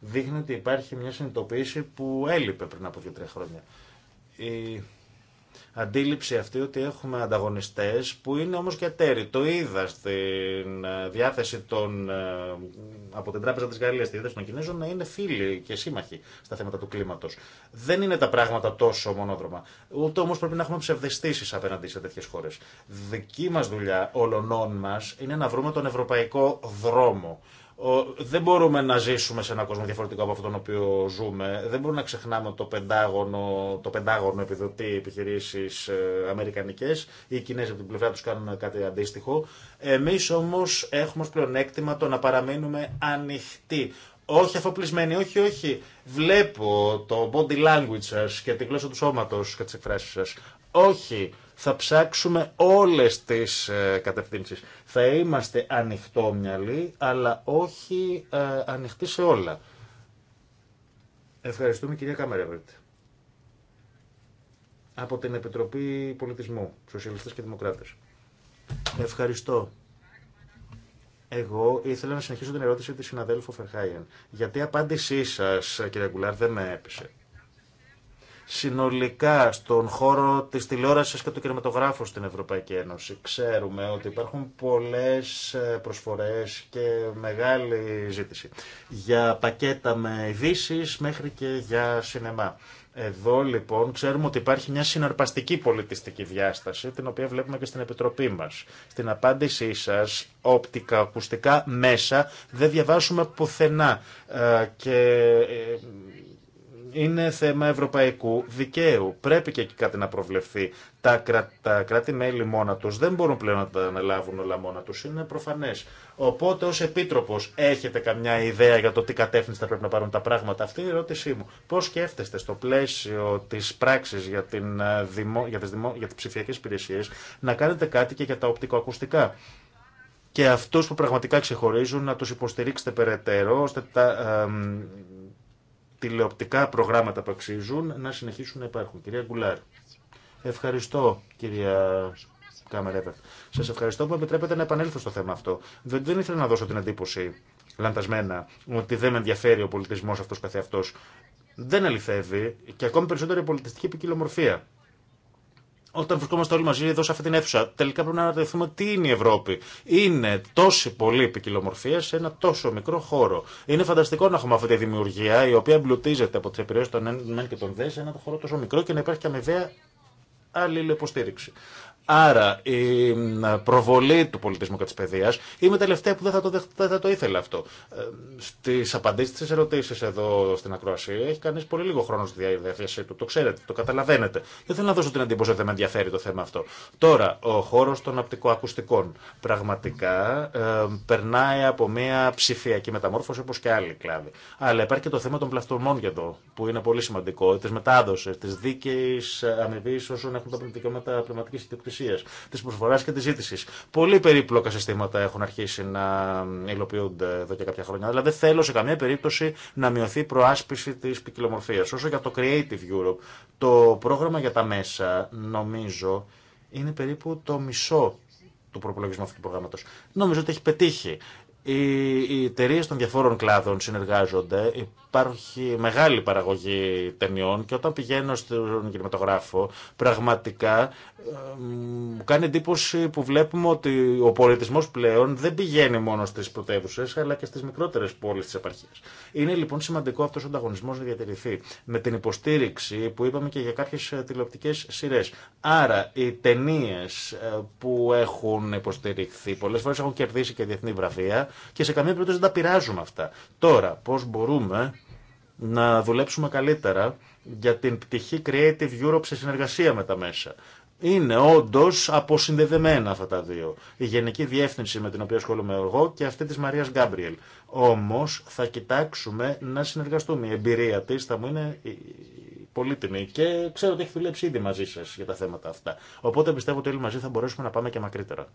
S2: δείχνει ότι υπάρχει μια συνειδητοποίηση που έλειπε πριν από δύο-τρία χρόνια αντίληψη αυτή ότι έχουμε ανταγωνιστές που είναι όμως και τέρι. Το είδα στην ε, διάθεση των, ε, από την Τράπεζα της Γαλλίας, στη διάθεση των Κινέζων, να είναι φίλοι και σύμμαχοι στα θέματα του κλίματος. Δεν είναι τα πράγματα τόσο μονόδρομα. Ούτε όμως πρέπει να έχουμε ψευδεστήσεις απέναντι σε τέτοιες χώρες. Δική μας δουλειά, όλων μας, είναι να βρούμε τον ευρωπαϊκό δρόμο δεν μπορούμε να ζήσουμε σε ένα κόσμο διαφορετικό από αυτόν τον οποίο ζούμε. Δεν μπορούμε να ξεχνάμε το πεντάγωνο, το πεντάγωνο επιδοτεί επιχειρήσει ε, αμερικανικέ. Οι Κινέζοι από την πλευρά του κάνουν κάτι αντίστοιχο. Εμεί όμω έχουμε ως πλεονέκτημα το να παραμείνουμε ανοιχτοί. Όχι αφοπλισμένοι, όχι, όχι. Βλέπω το body language σα και τη γλώσσα του σώματο και τι εκφράσει σα. Όχι θα ψάξουμε όλες τις ε, κατευθύνσεις. Θα είμαστε ανοιχτόμυαλοι, αλλά όχι ε, ανοιχτοί σε όλα. Ευχαριστούμε κυρία Κάμερεβερτ. Από την Επιτροπή Πολιτισμού, Σοσιαλιστές και Δημοκράτες. Ευχαριστώ. Εγώ ήθελα να συνεχίσω την ερώτηση της συναδέλφου Φερχάιεν. Γιατί η απάντησή σας, ε, κύριε Γκουλάρ, δεν με έπεισε συνολικά στον χώρο της τηλεόρασης και του κινηματογράφου στην Ευρωπαϊκή Ένωση. Ξέρουμε ότι υπάρχουν πολλές ε, προσφορές και μεγάλη ζήτηση για πακέτα με ειδήσει μέχρι και για σινεμά. Εδώ λοιπόν ξέρουμε ότι υπάρχει μια συναρπαστική πολιτιστική διάσταση, την οποία βλέπουμε και στην Επιτροπή μας. Στην απάντησή σας, όπτικα, ακουστικά, μέσα, δεν διαβάσουμε πουθενά. Ε, και ε, είναι θέμα ευρωπαϊκού δικαίου. Πρέπει και εκεί κάτι να προβλεφθεί. Τα, κρα... τα κράτη-μέλη μόνα του δεν μπορούν πλέον να τα αναλάβουν όλα μόνα του. Είναι προφανέ. Οπότε, ω επίτροπο, έχετε καμιά ιδέα για το τι κατεύθυνση θα πρέπει να πάρουν τα πράγματα. Αυτή είναι η ερώτησή μου. Πώ σκέφτεστε στο πλαίσιο τη πράξη για, την... Ε, για τι ψηφιακέ υπηρεσίε να κάνετε κάτι και για τα οπτικοακουστικά και αυτού που πραγματικά ξεχωρίζουν να του υποστηρίξετε περαιτέρω ώστε τα, ε, τηλεοπτικά προγράμματα που αξίζουν να συνεχίσουν να υπάρχουν. Κυρία Γκουλάρ. Ευχαριστώ, κυρία κάμερα. Σα ευχαριστώ που επιτρέπετε να επανέλθω στο θέμα αυτό. Δεν, δεν ήθελα να δώσω την εντύπωση, λαντασμένα, ότι δεν με ενδιαφέρει ο πολιτισμό αυτό καθεαυτό. Δεν αληθεύει και ακόμη περισσότερο η πολιτιστική ποικιλομορφία όταν βρισκόμαστε όλοι μαζί εδώ σε αυτή την αίθουσα, τελικά πρέπει να αναρωτηθούμε τι είναι η Ευρώπη. Είναι τόση πολλή ποικιλομορφία σε ένα τόσο μικρό χώρο. Είναι φανταστικό να έχουμε αυτή τη δημιουργία η οποία εμπλουτίζεται από τι επιρροέ των ΕΝ και των ΔΕ σε ένα χώρο τόσο μικρό και να υπάρχει και αμοιβαία αλληλεποστήριξη. Άρα η προβολή του πολιτισμού και τη παιδεία είμαι τελευταία που δεν θα το, δεν θα το ήθελα αυτό. Ε, Στι απαντήσει τη ερωτήσει εδώ στην Ακροασία έχει κανεί πολύ λίγο χρόνο στη διαδικασία του. Το ξέρετε, το καταλαβαίνετε. Δεν θέλω να δώσω την εντύπωση ότι δεν με ενδιαφέρει το θέμα αυτό. Τώρα, ο χώρο των απτικοακουστικών πραγματικά ε, περνάει από μια ψηφιακή μεταμόρφωση όπω και άλλοι κλάδοι. Αλλά υπάρχει και το θέμα των πλατφορμών για εδώ που είναι πολύ σημαντικό, τη μετάδοση, τη δίκαιη αμοιβή όσων έχουν τα δικαιώματα πνευματική υπηρεσία, τη προσφορά και τη ζήτηση. Πολύ περίπλοκα συστήματα έχουν αρχίσει να υλοποιούνται εδώ και κάποια χρόνια. Αλλά δηλαδή, δεν θέλω σε καμία περίπτωση να μειωθεί η προάσπιση τη ποικιλομορφία. Όσο για το Creative Europe, το πρόγραμμα για τα μέσα, νομίζω, είναι περίπου το μισό του προπολογισμού αυτού του προγράμματο. Νομίζω ότι έχει πετύχει. Οι, οι εταιρείε των διαφόρων κλάδων συνεργάζονται υπάρχει μεγάλη παραγωγή ταινιών και όταν πηγαίνω στον κινηματογράφο πραγματικά μου κάνει εντύπωση που βλέπουμε ότι ο πολιτισμός πλέον δεν πηγαίνει μόνο στις πρωτεύουσε, αλλά και στις μικρότερες πόλεις της επαρχίας. Είναι λοιπόν σημαντικό αυτός ο ανταγωνισμός να διατηρηθεί με την υποστήριξη που είπαμε και για κάποιες ε, τηλεοπτικές σειρέ. Άρα οι ταινίε ε, που έχουν υποστηριχθεί πολλές φορές έχουν κερδίσει και διεθνή βραβεία και σε καμία περίπτωση δεν τα πειράζουμε αυτά. Τώρα πώς μπορούμε να δουλέψουμε καλύτερα για την πτυχή Creative Europe σε συνεργασία με τα μέσα. Είναι όντω αποσυνδεδεμένα αυτά τα δύο. Η γενική διεύθυνση με την οποία ασχολούμαι εγώ και αυτή τη Μαρία Γκάμπριελ. Όμω θα κοιτάξουμε να συνεργαστούμε. Η εμπειρία τη θα μου είναι πολύτιμη και ξέρω ότι έχει δουλέψει ήδη μαζί σα για τα θέματα αυτά. Οπότε πιστεύω ότι όλοι μαζί θα μπορέσουμε να πάμε και μακρύτερα.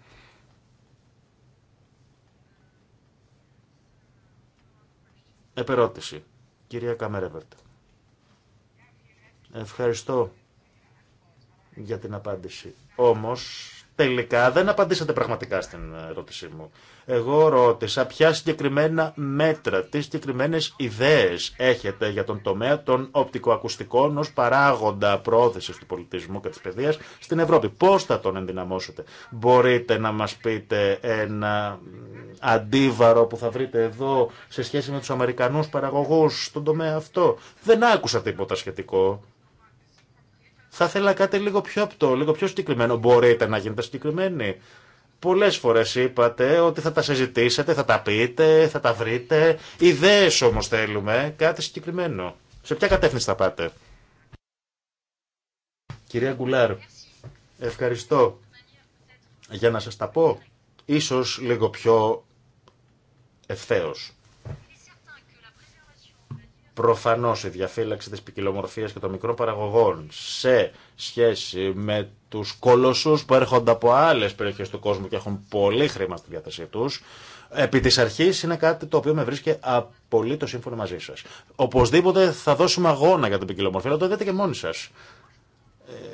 S2: Επερώτηση. Κυρία Καμερέβερτ. Ευχαριστώ για την απάντηση. Όμως, Τελικά δεν απαντήσατε πραγματικά στην ερώτησή μου. Εγώ ρώτησα ποια συγκεκριμένα μέτρα, τι συγκεκριμένε ιδέε έχετε για τον τομέα των οπτικοακουστικών ω παράγοντα πρόθεση του πολιτισμού και τη παιδεία στην Ευρώπη. Πώ θα τον ενδυναμώσετε, Μπορείτε να μα πείτε ένα αντίβαρο που θα βρείτε εδώ σε σχέση με του Αμερικανού παραγωγού στον τομέα αυτό. Δεν άκουσα τίποτα σχετικό. Θα ήθελα κάτι λίγο πιο απτό, λίγο πιο συγκεκριμένο. Μπορείτε να γίνετε συγκεκριμένοι. Πολλέ φορέ είπατε ότι θα τα συζητήσετε, θα τα πείτε, θα τα βρείτε. Ιδέε όμω θέλουμε, κάτι συγκεκριμένο. Σε ποια κατεύθυνση θα πάτε, Κυρία Γκουλάρ, ευχαριστώ. Για να σας τα πω, ίσως λίγο πιο ευθέως. Προφανώ η διαφύλαξη τη ποικιλομορφία και των μικρών παραγωγών σε σχέση με του κολοσσού που έρχονται από άλλε περιοχέ του κόσμου και έχουν πολύ χρήμα στη διάθεσή του, επί τη αρχή είναι κάτι το οποίο με βρίσκει απολύτω σύμφωνο μαζί σα. Οπωσδήποτε θα δώσουμε αγώνα για την ποικιλομορφία, αλλά το δείτε και μόνοι σα. Ε,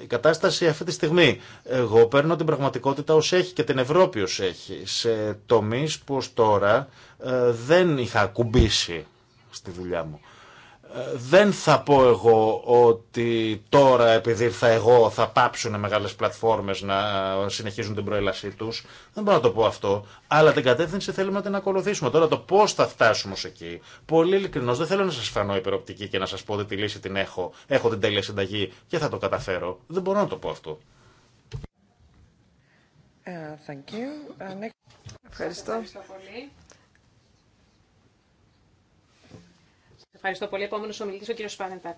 S2: η κατάσταση αυτή τη στιγμή. Εγώ παίρνω την πραγματικότητα ως έχει και την Ευρώπη ως έχει. Σε τομείς που ως τώρα ε, δεν είχα ακουμπήσει στη δουλειά μου. Ε, δεν θα πω εγώ ότι τώρα επειδή ήρθα εγώ θα πάψουν οι μεγάλες πλατφόρμες να ε, συνεχίζουν την προέλασή τους. Δεν μπορώ να το πω αυτό. Αλλά την κατεύθυνση θέλουμε να την ακολουθήσουμε. Τώρα το πώς θα φτάσουμε ως εκεί. Πολύ ειλικρινώς δεν θέλω να σας φανώ υπεροπτική και να σας πω ότι τη λύση την έχω. Έχω την τέλεια συνταγή και θα το καταφέρω. Δεν μπορώ να το πω αυτό.
S3: Ε, thank you. Ευχαριστώ. Ευχαριστώ
S1: πολύ. Ευχαριστώ πολύ. Επόμενο ομιλητή, ο κύριο Σπάνεντακ.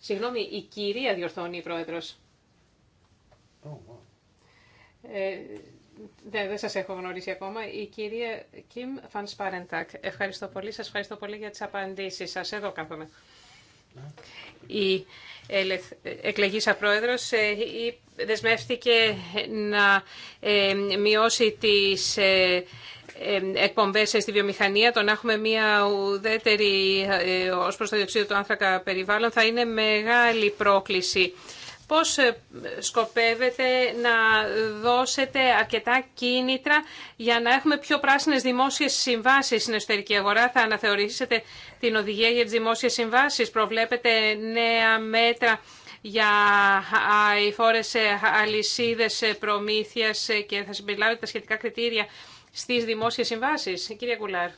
S1: Συγγνώμη, η κυρία διορθώνει η πρόεδρο. Oh, wow. ε, δεν, σα έχω γνωρίσει ακόμα. Η κυρία Κιμ Φαν Σπάρεντακ. Ευχαριστώ πολύ. σα ευχαριστώ πολύ για τι απαντήσει σα Εδώ κάθομαι. Η εκλεγήσα πρόεδρος ε, δεσμεύτηκε να ε, μειώσει τις ε, εκπομπές στη βιομηχανία, το να έχουμε μια ουδέτερη ε, ως προς το διοξείδιο του άνθρακα περιβάλλον θα είναι μεγάλη πρόκληση. Πώς ε, σκοπεύετε να δώσετε αρκετά κίνητρα για να έχουμε πιο πράσινες δημόσιες συμβάσεις στην εσωτερική αγορά. Θα αναθεωρήσετε την οδηγία για τις δημόσιες συμβάσεις. Προβλέπετε νέα μέτρα για οι φόρες ε, αλυσίδες προμήθειας και θα συμπεριλάβετε τα σχετικά κριτήρια στις δημόσιες συμβάσει, Κυρία Κουλάρ.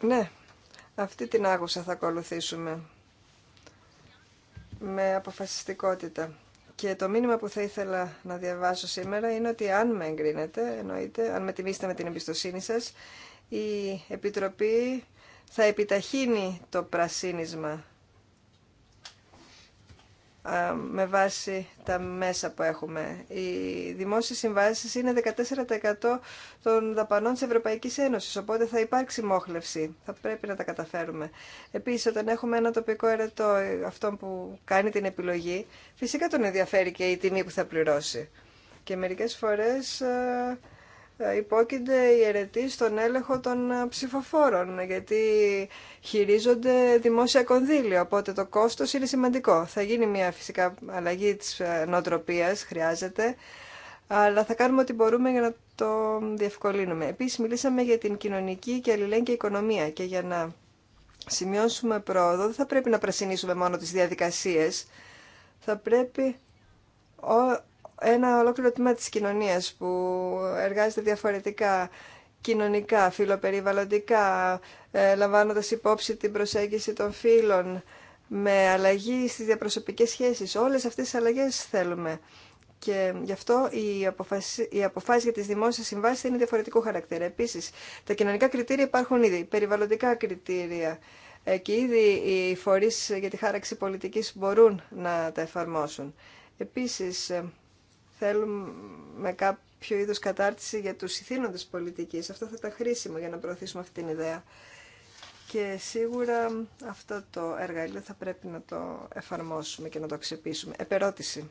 S3: Ναι, αυτή την άγουσα θα ακολουθήσουμε με αποφασιστικότητα. Και το μήνυμα που θα ήθελα να διαβάσω σήμερα είναι ότι αν με εγκρίνετε, εννοείται, αν με τιμήσετε με την εμπιστοσύνη σας, η Επιτροπή θα επιταχύνει το πρασίνισμα με βάση τα μέσα που έχουμε. Οι δημόσιες συμβάσεις είναι 14% των δαπανών της Ευρωπαϊκής Ένωσης, οπότε θα υπάρξει μόχλευση. Θα πρέπει να τα καταφέρουμε. Επίσης, όταν έχουμε ένα τοπικό αιρετό, ε, αυτό που κάνει την επιλογή, φυσικά τον ενδιαφέρει και η τιμή που θα πληρώσει. Και μερικές φορές ε, υπόκεινται οι αιρετοί στον έλεγχο των ε, ψηφοφόρων, γιατί χειρίζονται δημόσια κονδύλια, οπότε το κόστος είναι σημαντικό. Θα γίνει μια φυσικά αλλαγή της ε, νοοτροπίας, χρειάζεται, αλλά θα κάνουμε ό,τι μπορούμε για να το διευκολύνουμε. Επίσης μιλήσαμε για την κοινωνική και αλληλέγγυα οικονομία και για να σημειώσουμε πρόοδο δεν θα πρέπει να πρασινίσουμε μόνο τις διαδικασίες, θα πρέπει ένα ολόκληρο τμήμα της κοινωνίας που εργάζεται διαφορετικά κοινωνικά, φιλοπεριβαλλοντικά, ε, λαμβάνοντας υπόψη την προσέγγιση των φίλων με αλλαγή στις διαπροσωπικές σχέσεις. Όλες αυτές τις αλλαγές θέλουμε. Και γι' αυτό οι, αποφάση αποφάσεις για τις δημόσιες συμβάσεις είναι διαφορετικού χαρακτήρα. Επίσης, τα κοινωνικά κριτήρια υπάρχουν ήδη, περιβαλλοντικά κριτήρια. Ε, και ήδη οι φορείς για τη χάραξη πολιτικής μπορούν να τα εφαρμόσουν. Επίσης, ε, θέλουμε κάποιο είδους κατάρτιση για τους ηθήνοντες πολιτικής. Αυτό θα ήταν χρήσιμο για να προωθήσουμε αυτή την ιδέα. Και σίγουρα αυτό το εργαλείο θα πρέπει να το εφαρμόσουμε και να το αξιοποιήσουμε. Επερώτηση.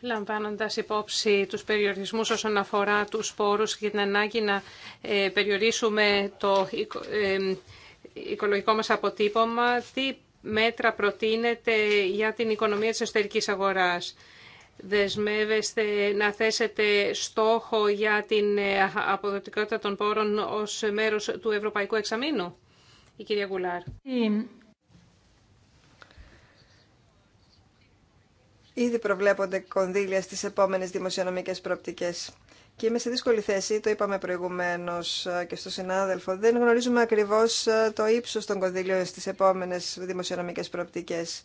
S1: Λαμβάνοντας υπόψη τους περιορισμούς όσον αφορά τους σπόρους και την ανάγκη να ε, περιορίσουμε το ε, οικολογικό μας αποτύπωμα, τι μέτρα προτείνετε για την οικονομία της εσωτερικής αγοράς. Δεσμεύεστε να θέσετε στόχο για την ε, αποδοτικότητα των πόρων ως μέρος του Ευρωπαϊκού Εξαμήνου. Η κυρία Γουλάρ;
S3: Ήδη προβλέπονται κονδύλια στις επόμενες δημοσιονομικές προοπτικές και είμαι σε δύσκολη θέση, το είπαμε προηγουμένως και στον συνάδελφο. Δεν γνωρίζουμε ακριβώς το ύψος των κονδύλιων στις επόμενες δημοσιονομικές προοπτικές.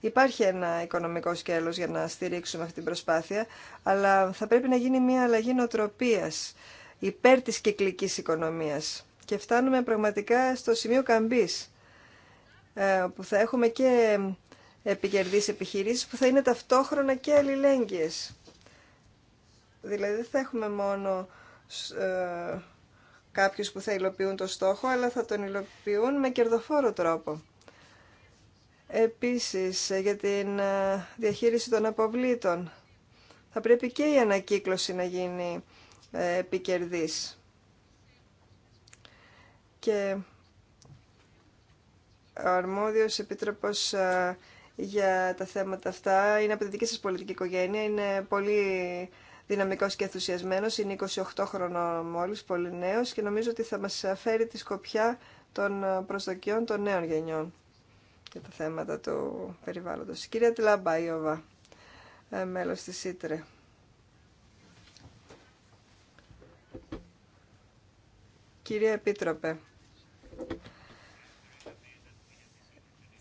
S3: Υπάρχει ένα οικονομικό σκέλος για να στηρίξουμε αυτή την προσπάθεια, αλλά θα πρέπει να γίνει μια αλλαγή νοτροπίας υπέρ της κυκλικής οικονομίας. Και φτάνουμε πραγματικά στο σημείο καμπής, ε, που θα έχουμε και επικερδείς επιχειρήσεις που θα είναι ταυτόχρονα και αλληλέγγυες. Δηλαδή δεν θα έχουμε μόνο ε, κάποιους που θα υλοποιούν το στόχο, αλλά θα τον υλοποιούν με κερδοφόρο τρόπο. Επίσης, ε, για την ε, διαχείριση των αποβλήτων, θα πρέπει και η ανακύκλωση να γίνει ε, επικερδής. Και ο αρμόδιος επίτροπος για τα θέματα αυτά είναι από τη δική σας πολιτική οικογένεια, είναι πολύ δυναμικός και ενθουσιασμένο, είναι 28 χρόνο μόλι πολύ νέο. και νομίζω ότι θα μας φέρει τη σκοπιά των προσδοκιών των νέων γενιών για τα θέματα του περιβάλλοντος. Κυρία κυρία Ιώβα, ε, μέλος της ΣΥΤΡΕ. Κυρία Επίτροπε,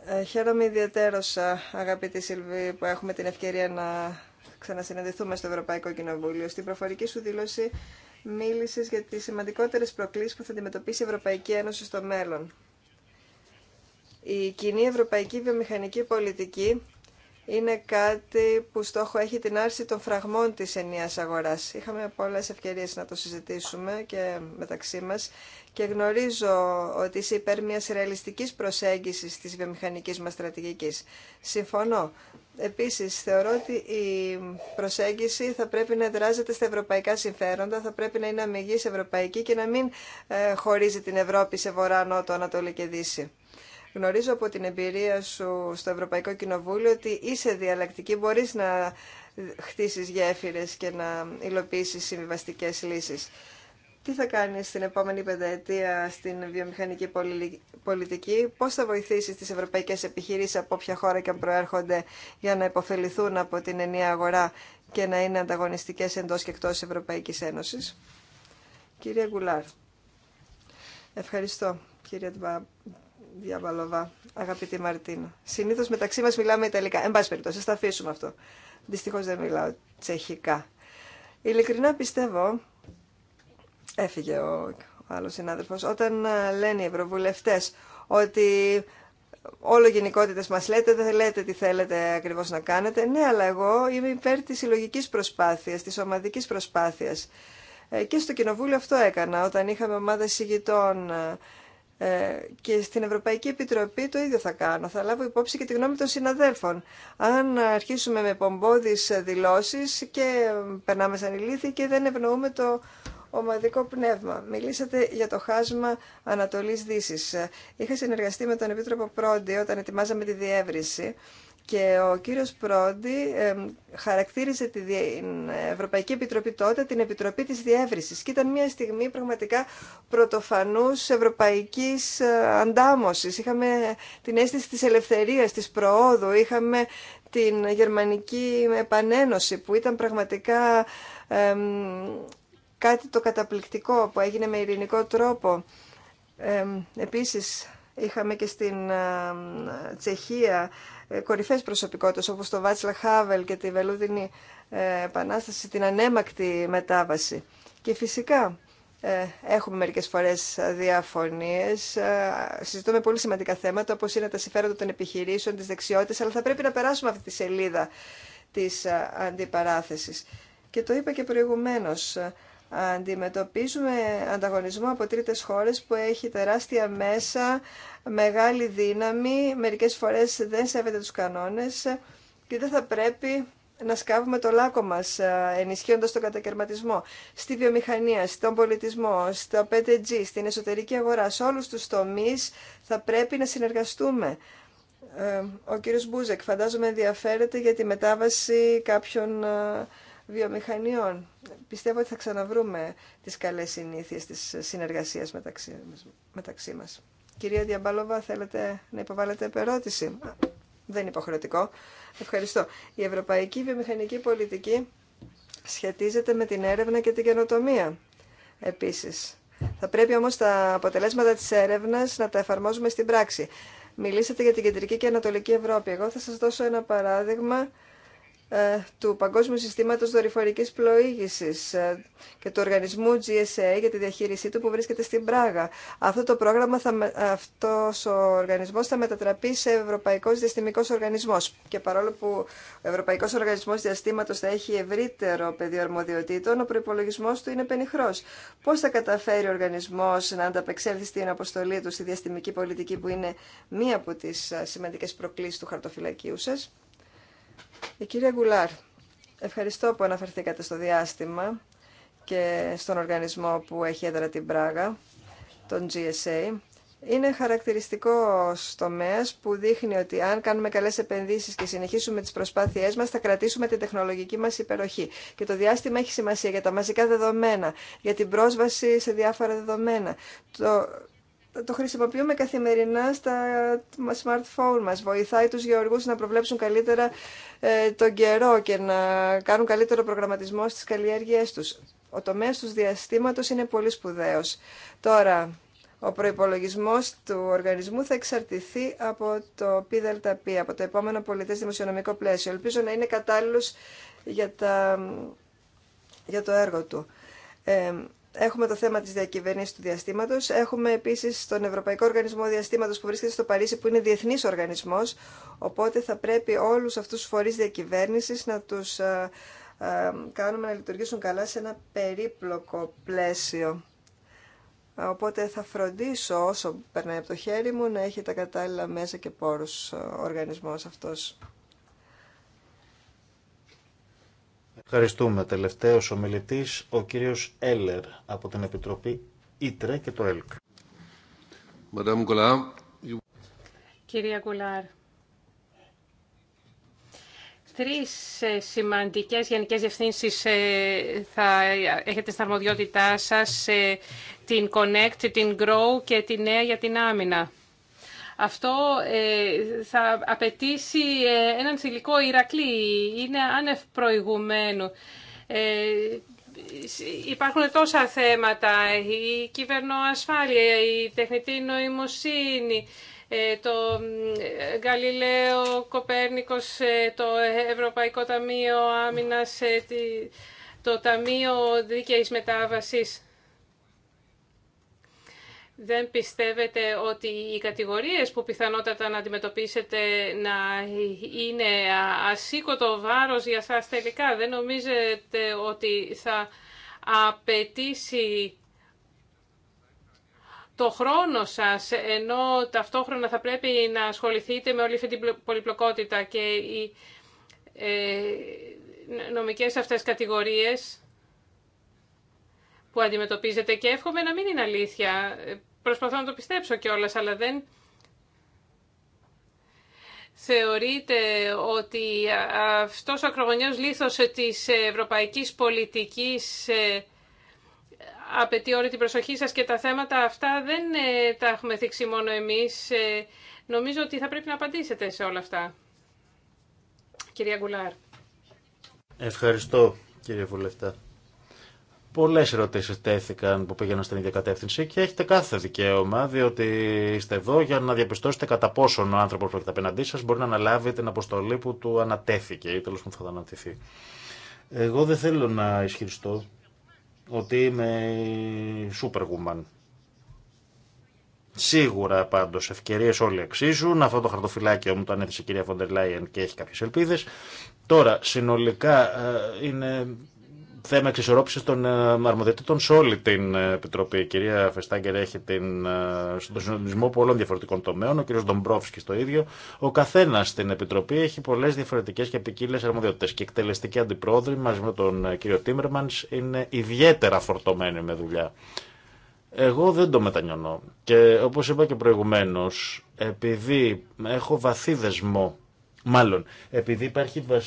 S3: ε, χαίρομαι ιδιαίτερος ε, αγαπητή Σιλβή που έχουμε την ευκαιρία να ξανασυναντηθούμε στο Ευρωπαϊκό Κοινοβούλιο. Στην προφορική σου δήλωση μίλησε για τι σημαντικότερε προκλήσει που θα αντιμετωπίσει η Ευρωπαϊκή Ένωση στο μέλλον. Η κοινή ευρωπαϊκή βιομηχανική πολιτική είναι κάτι που στόχο έχει την άρση των φραγμών της ενίας αγοράς. Είχαμε πολλές ευκαιρίες να το συζητήσουμε και μεταξύ μας και γνωρίζω ότι είσαι υπέρ μιας ρεαλιστικής προσέγγισης της βιομηχανικής μας στρατηγικής. Συμφωνώ. Επίσης, θεωρώ ότι η προσέγγιση θα πρέπει να δράζεται στα ευρωπαϊκά συμφέροντα, θα πρέπει να είναι αμυγής ευρωπαϊκή και να μην ε, χωρίζει την Ευρώπη σε βορρά, νότο, ανατολή και δύση. Γνωρίζω από την εμπειρία σου στο Ευρωπαϊκό Κοινοβούλιο ότι είσαι διαλλακτική, μπορείς να χτίσεις γέφυρες και να υλοποιήσεις συμβιβαστικέ λύσεις. Τι θα κάνεις στην επόμενη πενταετία στην βιομηχανική πολιτική, πώς θα βοηθήσεις τις ευρωπαϊκές επιχειρήσεις από όποια χώρα και αν προέρχονται για να υποφεληθούν από την ενιαία αγορά και να είναι ανταγωνιστικές εντός και εκτός Ευρωπαϊκής Ένωσης. Κύριε Γκουλάρ, ευχαριστώ κύριε Διαβαλοβά, αγαπητή Μαρτίνα. Συνήθω μεταξύ μα μιλάμε Ιταλικά. Εν πάση περιπτώσει, θα αφήσουμε αυτό. Δυστυχώ δεν μιλάω τσεχικά. Ειλικρινά πιστεύω, έφυγε ο, ο άλλος συνάδελφος, όταν ε, λένε οι ευρωβουλευτέ ότι όλο γενικότητε μα λέτε, δεν λέτε τι θέλετε ακριβώ να κάνετε. Ναι, αλλά εγώ είμαι υπέρ τη συλλογική προσπάθεια, τη ομαδική προσπάθεια. Ε, και στο Κοινοβούλιο αυτό έκανα, όταν είχαμε ομάδα συγγητών ε, ε, και στην Ευρωπαϊκή Επιτροπή το ίδιο θα κάνω. Θα λάβω υπόψη και τη γνώμη των συναδέλφων. Αν αρχίσουμε με πομπόδεις δηλώσεις και περνάμε σαν ηλίθιοι και δεν ευνοούμε το ομαδικό πνεύμα. Μιλήσατε για το χάσμα Ανατολής Δύσης. Είχα συνεργαστεί με τον Επίτροπο Πρόντι όταν ετοιμάζαμε τη διεύρυνση και ο κύριος Πρόντι ε, χαρακτήριζε την Ευρωπαϊκή Επιτροπή τότε την Επιτροπή της Διεύρυνσης και ήταν μια στιγμή πραγματικά πρωτοφανούς ευρωπαϊκής ε, αντάμωσης. Είχαμε την αίσθηση της ελευθερίας, της προόδου, είχαμε την Γερμανική Επανένωση που ήταν πραγματικά κάτι το καταπληκτικό που έγινε με ειρηνικό τρόπο. Ε, επίσης είχαμε και στην ε, Τσεχία ε, κορυφαίες προσωπικότητες όπως το Βάτσλα Χάβελ και τη Βελούδινη ε, Επανάσταση, την ανέμακτη μετάβαση. Και φυσικά ε, έχουμε μερικές φορές διαφωνίες, συζητούμε πολύ σημαντικά θέματα όπως είναι τα συμφέροντα των επιχειρήσεων, τις δεξιότητες, αλλά θα πρέπει να περάσουμε αυτή τη σελίδα της αντιπαράθεσης. Και το είπα και προηγουμένως, αντιμετωπίζουμε ανταγωνισμό από τρίτες χώρες που έχει τεράστια μέσα, μεγάλη δύναμη, μερικές φορές δεν σέβεται τους κανόνες και δεν θα πρέπει να σκάβουμε το λάκκο μας ε, ενισχύοντας τον κατακαιρματισμό στη βιομηχανία, στον πολιτισμό, στο 5G, στην εσωτερική αγορά, σε όλους τους τομείς θα πρέπει να συνεργαστούμε. Ε, ο κύριος Μπούζεκ φαντάζομαι ενδιαφέρεται για τη μετάβαση κάποιων ε, βιομηχανιών. Πιστεύω ότι θα ξαναβρούμε τις καλές συνήθειες της συνεργασίας μεταξύ μας. Κυρία Διαμπάλοβα, θέλετε να υποβάλλετε επερώτηση. Δεν είναι υποχρεωτικό. Ευχαριστώ. Η ευρωπαϊκή βιομηχανική πολιτική σχετίζεται με την έρευνα και την καινοτομία. Επίσης, θα πρέπει όμως τα αποτελέσματα της έρευνας να τα εφαρμόζουμε στην πράξη. Μιλήσατε για την Κεντρική και Ανατολική Ευρώπη. Εγώ θα σας δώσω ένα παράδειγμα ε, του Παγκόσμιου Συστήματος Δορυφορικής Πλοήγησης ε, και του οργανισμού GSA για τη διαχείρισή του που βρίσκεται στην Πράγα. Αυτό το πρόγραμμα, θα, αυτός ο οργανισμός θα μετατραπεί σε Ευρωπαϊκός Διαστημικός Οργανισμός. Και παρόλο που ο Ευρωπαϊκός Οργανισμός Διαστήματος θα έχει ευρύτερο πεδίο αρμοδιοτήτων, ο προπολογισμό του είναι πενιχρός. Πώς θα καταφέρει ο οργανισμός να ανταπεξέλθει στην αποστολή του στη διαστημική πολιτική που είναι μία από τις ε, σημαντικές προκλήσεις του χαρτοφυλακίου σας. Η κυρία Γκουλάρ, ευχαριστώ που αναφερθήκατε στο διάστημα και στον οργανισμό που έχει έδρα την Πράγα, τον GSA. Είναι χαρακτηριστικό τομέα που δείχνει ότι αν κάνουμε καλέ επενδύσει και συνεχίσουμε τι προσπάθειέ μα, θα κρατήσουμε την τεχνολογική μα υπεροχή. Και το διάστημα έχει σημασία για τα μαζικά δεδομένα, για την πρόσβαση σε διάφορα δεδομένα, το, το χρησιμοποιούμε καθημερινά στα smartphone μας. Βοηθάει τους γεωργούς να προβλέψουν καλύτερα ε, τον καιρό και να κάνουν καλύτερο προγραμματισμό στις καλλιέργειές τους. Ο τομέας του διαστήματος είναι πολύ σπουδαίος. Τώρα, ο προϋπολογισμός του οργανισμού θα εξαρτηθεί από το ΠΔΠ, από το επόμενο πολιτές δημοσιονομικό πλαίσιο. Ελπίζω να είναι κατάλληλος για, για το έργο του. Ε, Έχουμε το θέμα της διακυβέρνησης του διαστήματος. Έχουμε επίσης τον Ευρωπαϊκό Οργανισμό Διαστήματος που βρίσκεται στο Παρίσι, που είναι διεθνής οργανισμός. Οπότε θα πρέπει όλους αυτούς τους φορείς διακυβέρνησης να τους ε, ε, κάνουμε να λειτουργήσουν καλά σε ένα περίπλοκο πλαίσιο. Οπότε θα φροντίσω όσο περνάει από το χέρι μου να έχει τα κατάλληλα μέσα και πόρους ε, ο οργανισμός αυτός.
S2: Ευχαριστούμε. Τελευταίος ο ο κύριος Έλερ από την Επιτροπή Ήτρε και το ΕΛΚ.
S1: Κυρία Κουλάρ, τρεις ε, σημαντικές γενικές διευθύνσει ε, θα έχετε στα αρμοδιότητά σας, ε, την Connect, την Grow και τη Νέα για την Άμυνα. Αυτό ε, θα απαιτήσει ε, έναν θηλυκό Ηρακλή, είναι άνευ προηγουμένου. Ε, υπάρχουν τόσα θέματα, η κυβερνοασφάλεια, η τεχνητή νοημοσύνη, το Γαλιλαίο Κοπέρνικος, το Ευρωπαϊκό Ταμείο Άμυνας, το Ταμείο Δίκαιης Μετάβασης δεν πιστεύετε ότι οι κατηγορίες που πιθανότατα να αντιμετωπίσετε να είναι ασήκωτο βάρος για σας τελικά. Δεν νομίζετε ότι θα απαιτήσει το χρόνο σας, ενώ ταυτόχρονα θα πρέπει να ασχοληθείτε με όλη αυτή την πολυπλοκότητα και οι ε, νομικές αυτές κατηγορίες που αντιμετωπίζετε και εύχομαι να μην είναι αλήθεια. Προσπαθώ να το πιστέψω κιόλα, αλλά δεν θεωρείτε ότι αυτός ο ακρογωνιός λήθος της ευρωπαϊκής πολιτικής ε, απαιτεί όλη την προσοχή σας και τα θέματα αυτά δεν ε, τα έχουμε θίξει μόνο εμείς. Ε, νομίζω ότι θα πρέπει να απαντήσετε σε όλα αυτά. Κυρία Γκουλάρ.
S2: Ευχαριστώ κύριε Βουλευτά. Πολλέ ερωτήσει τέθηκαν που πήγαιναν στην ίδια κατεύθυνση και έχετε κάθε δικαίωμα, διότι είστε εδώ για να διαπιστώσετε κατά πόσον ο άνθρωπος που έχετε απέναντί σα μπορεί να αναλάβει την αποστολή που του ανατέθηκε ή τέλος πάντων θα ανατηθεί. Εγώ δεν θέλω να ισχυριστώ ότι είμαι superwoman. Σίγουρα πάντω ευκαιρίε όλοι αξίζουν. Αυτό το χαρτοφυλάκιο μου το ανέθεσε η κυρία Φοντερ Λάιεν και έχει κάποιε ελπίδε. Τώρα, συνολικά ε, είναι θέμα εξισορρόπηση των ε, αρμοδιοτήτων σε όλη την ε, Επιτροπή. Η κυρία Φεστάγκερ έχει την, ε, στον συντονισμό πολλών διαφορετικών τομέων, ο κύριο Ντομπρόφσκι το ίδιο. Ο καθένα στην Επιτροπή έχει πολλέ διαφορετικέ και ποικίλε αρμοδιότητε. Και εκτελεστική εκτελεστικοί αντιπρόεδροι μαζί με τον κύριο Τίμερμαν είναι ιδιαίτερα φορτωμένη με δουλειά. Εγώ δεν το μετανιώνω. Και όπω είπα και προηγουμένω, επειδή έχω βαθύ δεσμό Μάλλον, επειδή υπάρχει ε,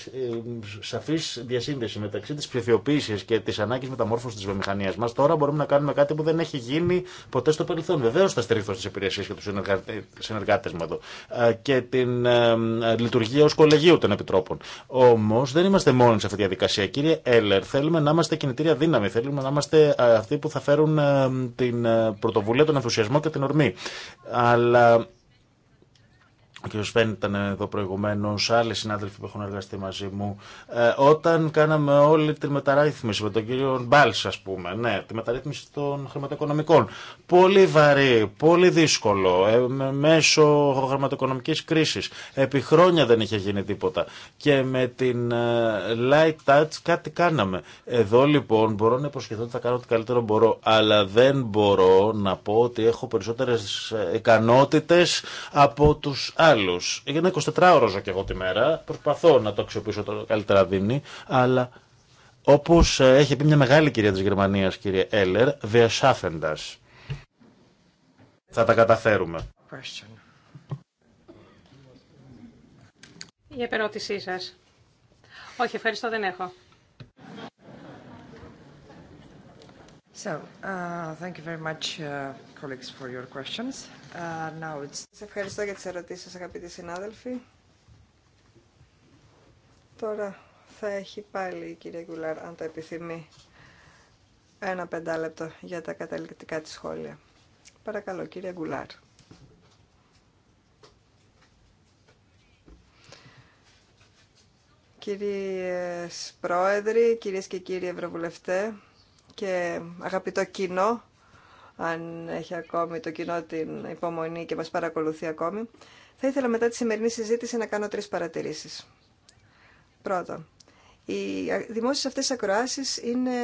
S2: σαφή διασύνδεση μεταξύ τη ψηφιοποίηση και τη ανάγκη μεταμόρφωση τη βιομηχανία μα, τώρα μπορούμε να κάνουμε κάτι που δεν έχει γίνει ποτέ στο παρελθόν. Βεβαίω θα στηριχθώ στι υπηρεσίε και του ε, συνεργάτε μου εδώ ε, και την λειτουργία ω κολεγίου των επιτρόπων. Όμω δεν είμαστε μόνοι σε αυτή τη διαδικασία. Κύριε Έλερ. θέλουμε να είμαστε κινητήρια δύναμη. Θέλουμε να είμαστε αυτοί που θα φέρουν την πρωτοβουλία, τον ενθουσιασμό και την ορμή. Αλλά ο κ. Σπέν ήταν εδώ προηγουμένω, άλλοι συνάδελφοι που έχουν εργαστεί μαζί μου. Ε, όταν κάναμε όλη τη μεταρρύθμιση με τον κύριο Μπάλ, α πούμε, ναι, τη μεταρρύθμιση των χρηματοοικονομικών. Πολύ βαρύ, πολύ δύσκολο, ε, μέσω χρηματοοικονομική κρίση. Επί χρόνια δεν είχε γίνει τίποτα. Και με την ε, light touch κάτι κάναμε. Εδώ λοιπόν μπορώ να υποσχεθώ ότι θα κάνω ό,τι καλύτερο μπορώ, αλλά δεν μπορώ να πω ότι έχω περισσότερε ε, ικανότητε από του άλλου άλλου. 24 ώρο ζω και εγώ τη μέρα. Προσπαθώ να το αξιοποιήσω το καλύτερα δίνει, αλλά όπω ε, έχει πει μια μεγάλη κυρία τη Γερμανία, κύριε Έλλερ, διασάφεντα. Θα τα καταφέρουμε.
S1: Η επερώτησή σα. Όχι, ευχαριστώ, δεν έχω.
S3: So, uh, thank you very much, uh, colleagues, for your questions. Ε, σας ευχαριστώ για τις ερωτήσεις σας αγαπητοί συνάδελφοι. Τώρα θα έχει πάλι η κυρία Γκουλάρ, αν το επιθυμεί, ένα πεντάλεπτο για τα καταληκτικά της σχόλια. Παρακαλώ, κυρία Γκουλάρ. Κύριε Πρόεδροι, κυρίες και κύριοι Ευρωβουλευτέ και αγαπητό κοινό, αν έχει ακόμη το κοινό την υπομονή και μας παρακολουθεί ακόμη. Θα ήθελα μετά τη σημερινή συζήτηση να κάνω τρεις παρατηρήσεις. Πρώτον, οι δημόσιες αυτές ακροάσεις είναι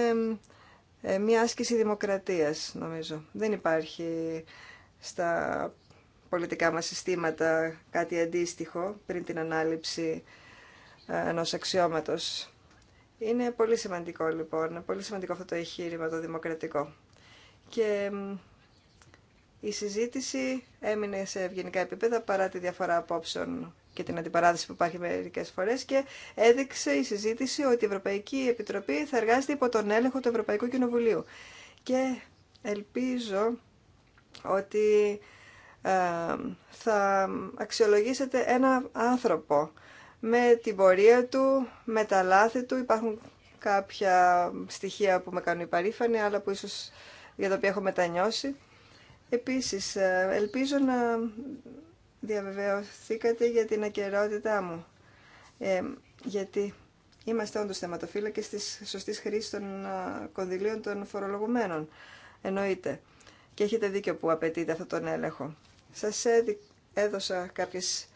S3: ε, μια άσκηση δημοκρατίας, νομίζω. Δεν υπάρχει στα πολιτικά μας συστήματα κάτι αντίστοιχο πριν την ανάληψη ε, ενός αξιώματος. Είναι πολύ σημαντικό λοιπόν, πολύ σημαντικό αυτό το εγχείρημα το δημοκρατικό και η συζήτηση έμεινε σε ευγενικά επίπεδα παρά τη διαφορά απόψεων και την αντιπαράθεση που υπάρχει μερικές φορές και έδειξε η συζήτηση ότι η Ευρωπαϊκή Επιτροπή θα εργάζεται υπό τον έλεγχο του Ευρωπαϊκού Κοινοβουλίου. Και ελπίζω ότι ε, θα αξιολογήσετε ένα άνθρωπο με την πορεία του, με τα λάθη του. Υπάρχουν κάποια στοιχεία που με κάνουν υπαρήφανη, αλλά που ίσως για το οποία έχω μετανιώσει. Επίσης, ε, ελπίζω να διαβεβαιωθήκατε για την ακαιρεότητά μου, ε, γιατί είμαστε όντως θεματοφύλακες της σωστής χρήσης των ε, κονδυλίων των φορολογουμένων, εννοείται. Και έχετε δίκιο που απαιτείται αυτόν τον έλεγχο. Σας έδωσα κάποιες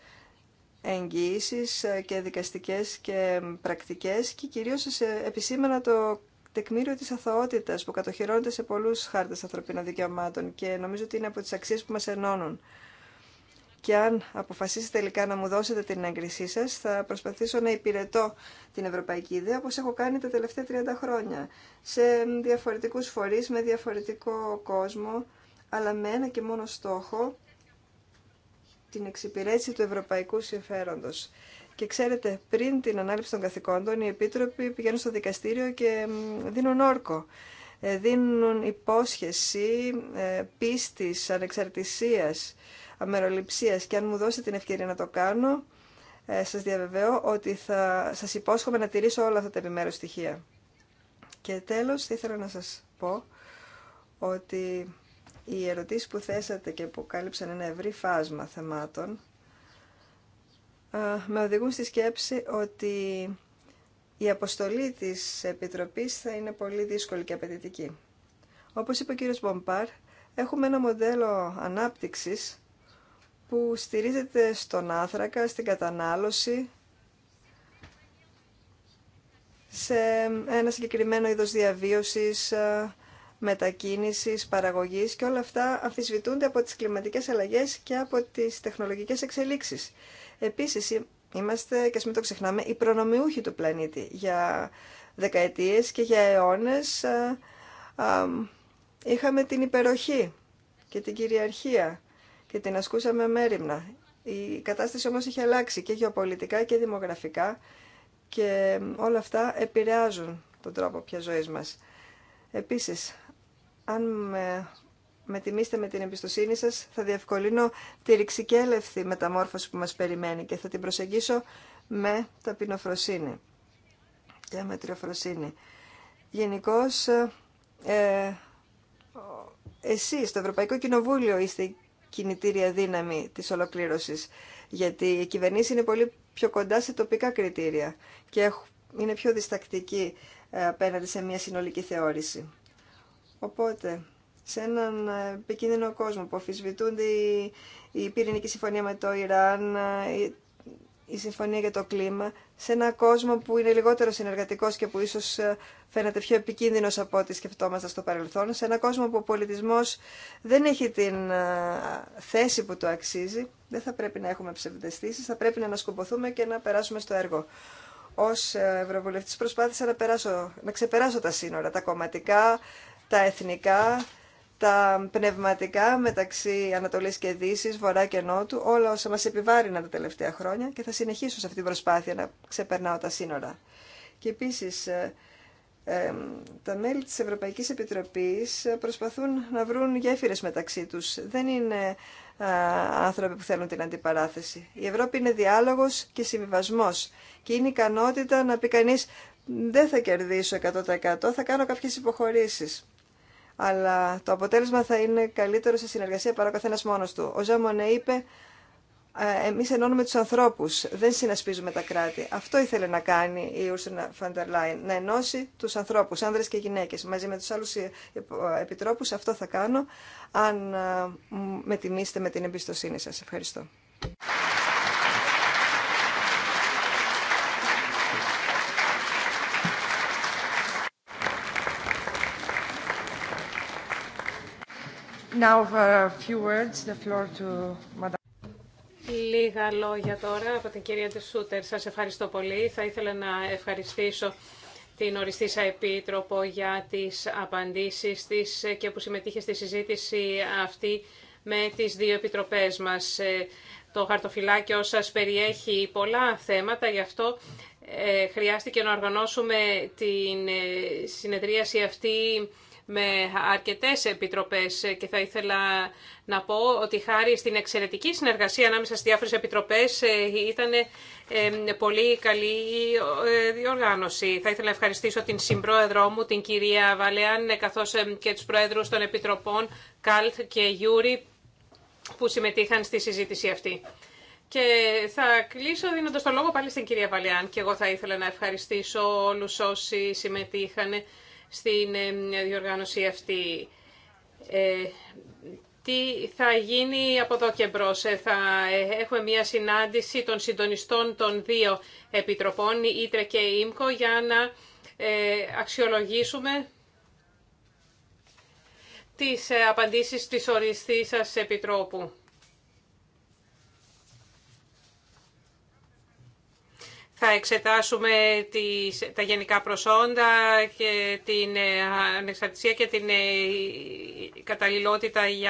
S3: εγγυήσεις ε, και δικαστικές και πρακτικές και κυρίως σας επισήμενα το τεκμήριο της αθωότητας που κατοχυρώνεται σε πολλούς χάρτες ανθρωπίνων δικαιωμάτων και νομίζω ότι είναι από τις αξίες που μας ενώνουν. Και αν αποφασίσετε τελικά να μου δώσετε την έγκρισή σας, θα προσπαθήσω να υπηρετώ την ευρωπαϊκή ιδέα, όπως έχω κάνει τα τελευταία 30 χρόνια, σε διαφορετικούς φορείς, με διαφορετικό κόσμο, αλλά με ένα και μόνο στόχο, την εξυπηρέτηση του ευρωπαϊκού συμφέροντος. Και ξέρετε, πριν την ανάληψη των καθηκόντων, οι επίτροποι πηγαίνουν στο δικαστήριο και δίνουν όρκο. Ε, δίνουν υπόσχεση ε, πίστης, ανεξαρτησίας, αμεροληψίας. Και αν μου δώσετε την ευκαιρία να το κάνω, ε, σας διαβεβαιώ ότι θα σας υπόσχομαι να τηρήσω όλα αυτά τα επιμέρους στοιχεία. Και τέλος, ήθελα να σας πω ότι οι ερωτήσεις που θέσατε και που κάλυψαν ένα ευρύ φάσμα θεμάτων ε, με οδηγούν στη σκέψη ότι η αποστολή της Επιτροπής θα είναι πολύ δύσκολη και απαιτητική. Όπως είπε ο κύριος Μπομπάρ, έχουμε ένα μοντέλο ανάπτυξης που στηρίζεται στον άνθρακα, στην κατανάλωση, σε ένα συγκεκριμένο είδος διαβίωσης, μετακίνησης, παραγωγής και όλα αυτά αμφισβητούνται από τις κλιματικές αλλαγές και από τις τεχνολογικές εξελίξεις. Επίσης, είμαστε, και ας μην το ξεχνάμε, οι προνομιούχοι του πλανήτη για δεκαετίες και για αιώνες είχαμε την υπεροχή και την κυριαρχία και την ασκούσαμε μέρημνα. Η κατάσταση όμως έχει αλλάξει και γεωπολιτικά και δημογραφικά και όλα αυτά επηρεάζουν τον τρόπο πια ζωής μας. Επίσης, αν με, με τιμήσετε με την εμπιστοσύνη σας, θα διευκολύνω τη ρηξικέλευθη μεταμόρφωση που μας περιμένει και θα την προσεγγίσω με ταπεινοφροσύνη και με τριοφροσύνη. Γενικώ, ε, εσείς, το Ευρωπαϊκό Κοινοβούλιο, είστε κινητήρια δύναμη της ολοκλήρωσης, γιατί η κυβερνήση είναι πολύ πιο κοντά σε τοπικά κριτήρια και είναι πιο διστακτική ε, απέναντι σε μια συνολική θεώρηση. Οπότε, σε έναν ε, επικίνδυνο κόσμο που αφισβητούνται η, πυρηνική συμφωνία με το Ιράν, ε, η, συμφωνία για το κλίμα, σε έναν κόσμο που είναι λιγότερο συνεργατικός και που ίσως ε, φαίνεται πιο επικίνδυνος από ό,τι σκεφτόμαστε στο παρελθόν, σε έναν κόσμο που ο πολιτισμός δεν έχει την θέση που το αξίζει, δεν θα πρέπει να έχουμε ψευδεστήσεις, θα πρέπει να ανασκουμποθούμε και να περάσουμε στο έργο. Ω Ευρωβουλευτής προσπάθησα να, περάσω, να ξεπεράσω τα σύνορα, τα κομματικά, τα εθνικά, τα πνευματικά μεταξύ Ανατολή και Δύση, Βορρά και Νότου, όλα όσα μα επιβάρυναν τα τελευταία χρόνια και θα συνεχίσω σε αυτή την προσπάθεια να ξεπερνάω τα σύνορα. Και επίση, ε, τα μέλη της Ευρωπαϊκής Επιτροπής προσπαθούν να βρουν γέφυρες μεταξύ τους. Δεν είναι άνθρωποι που θέλουν την αντιπαράθεση. Η Ευρώπη είναι διάλογος και συμβιβασμός και είναι ικανότητα να πει κανείς δεν θα κερδίσω 100% θα κάνω κάποιε υποχωρήσεις αλλά το αποτέλεσμα θα είναι καλύτερο σε συνεργασία παρά ο καθένας μόνος του. Ο Ζαμονέ είπε ε, εμείς ενώνουμε τους ανθρώπους, δεν συνασπίζουμε τα κράτη. Αυτό ήθελε να κάνει η Ursula von der Leyen, να ενώσει τους ανθρώπους, άνδρες και γυναίκες. Μαζί με τους άλλους ε, επιτρόπους αυτό θα κάνω, αν ε, με τιμήσετε με την εμπιστοσύνη σας. Ευχαριστώ. Uh,
S1: Λίγα λόγια τώρα από την κυρία Τεσούτερ. Σας ευχαριστώ πολύ. Θα ήθελα να ευχαριστήσω την οριστήσα Επίτροπο για τις απαντήσεις της και που συμμετείχε στη συζήτηση αυτή με τις δύο επιτροπές μας. Ε, το χαρτοφυλάκιο σας περιέχει πολλά θέματα, γι' αυτό ε, χρειάστηκε να οργανώσουμε την ε, συνεδρίαση αυτή με αρκετές επιτροπές και θα ήθελα να πω ότι χάρη στην εξαιρετική συνεργασία ανάμεσα στις διάφορες επιτροπές ε, ήταν ε, πολύ καλή ε, διοργάνωση. Θα ήθελα να ευχαριστήσω την συμπρόεδρό μου, την κυρία Βαλεάν, καθώς και τους πρόεδρους των επιτροπών Καλτ και Γιούρι που συμμετείχαν στη συζήτηση αυτή. Και θα κλείσω δίνοντας το λόγο πάλι στην κυρία Βαλεάν και εγώ θα ήθελα να ευχαριστήσω όλους όσοι συμμετείχαν στην ε, διοργάνωση αυτή. Ε, τι θα γίνει από εδώ και μπρος. Ε, θα έχουμε μία συνάντηση των συντονιστών των δύο επιτροπών, Ήτρε και Ίμκο, για να αξιολογήσουμε τις απαντήσεις της οριστής σας επιτρόπου. Θα εξετάσουμε τις, τα γενικά προσόντα και την ε, ανεξαρτησία και την ε, καταλληλότητα για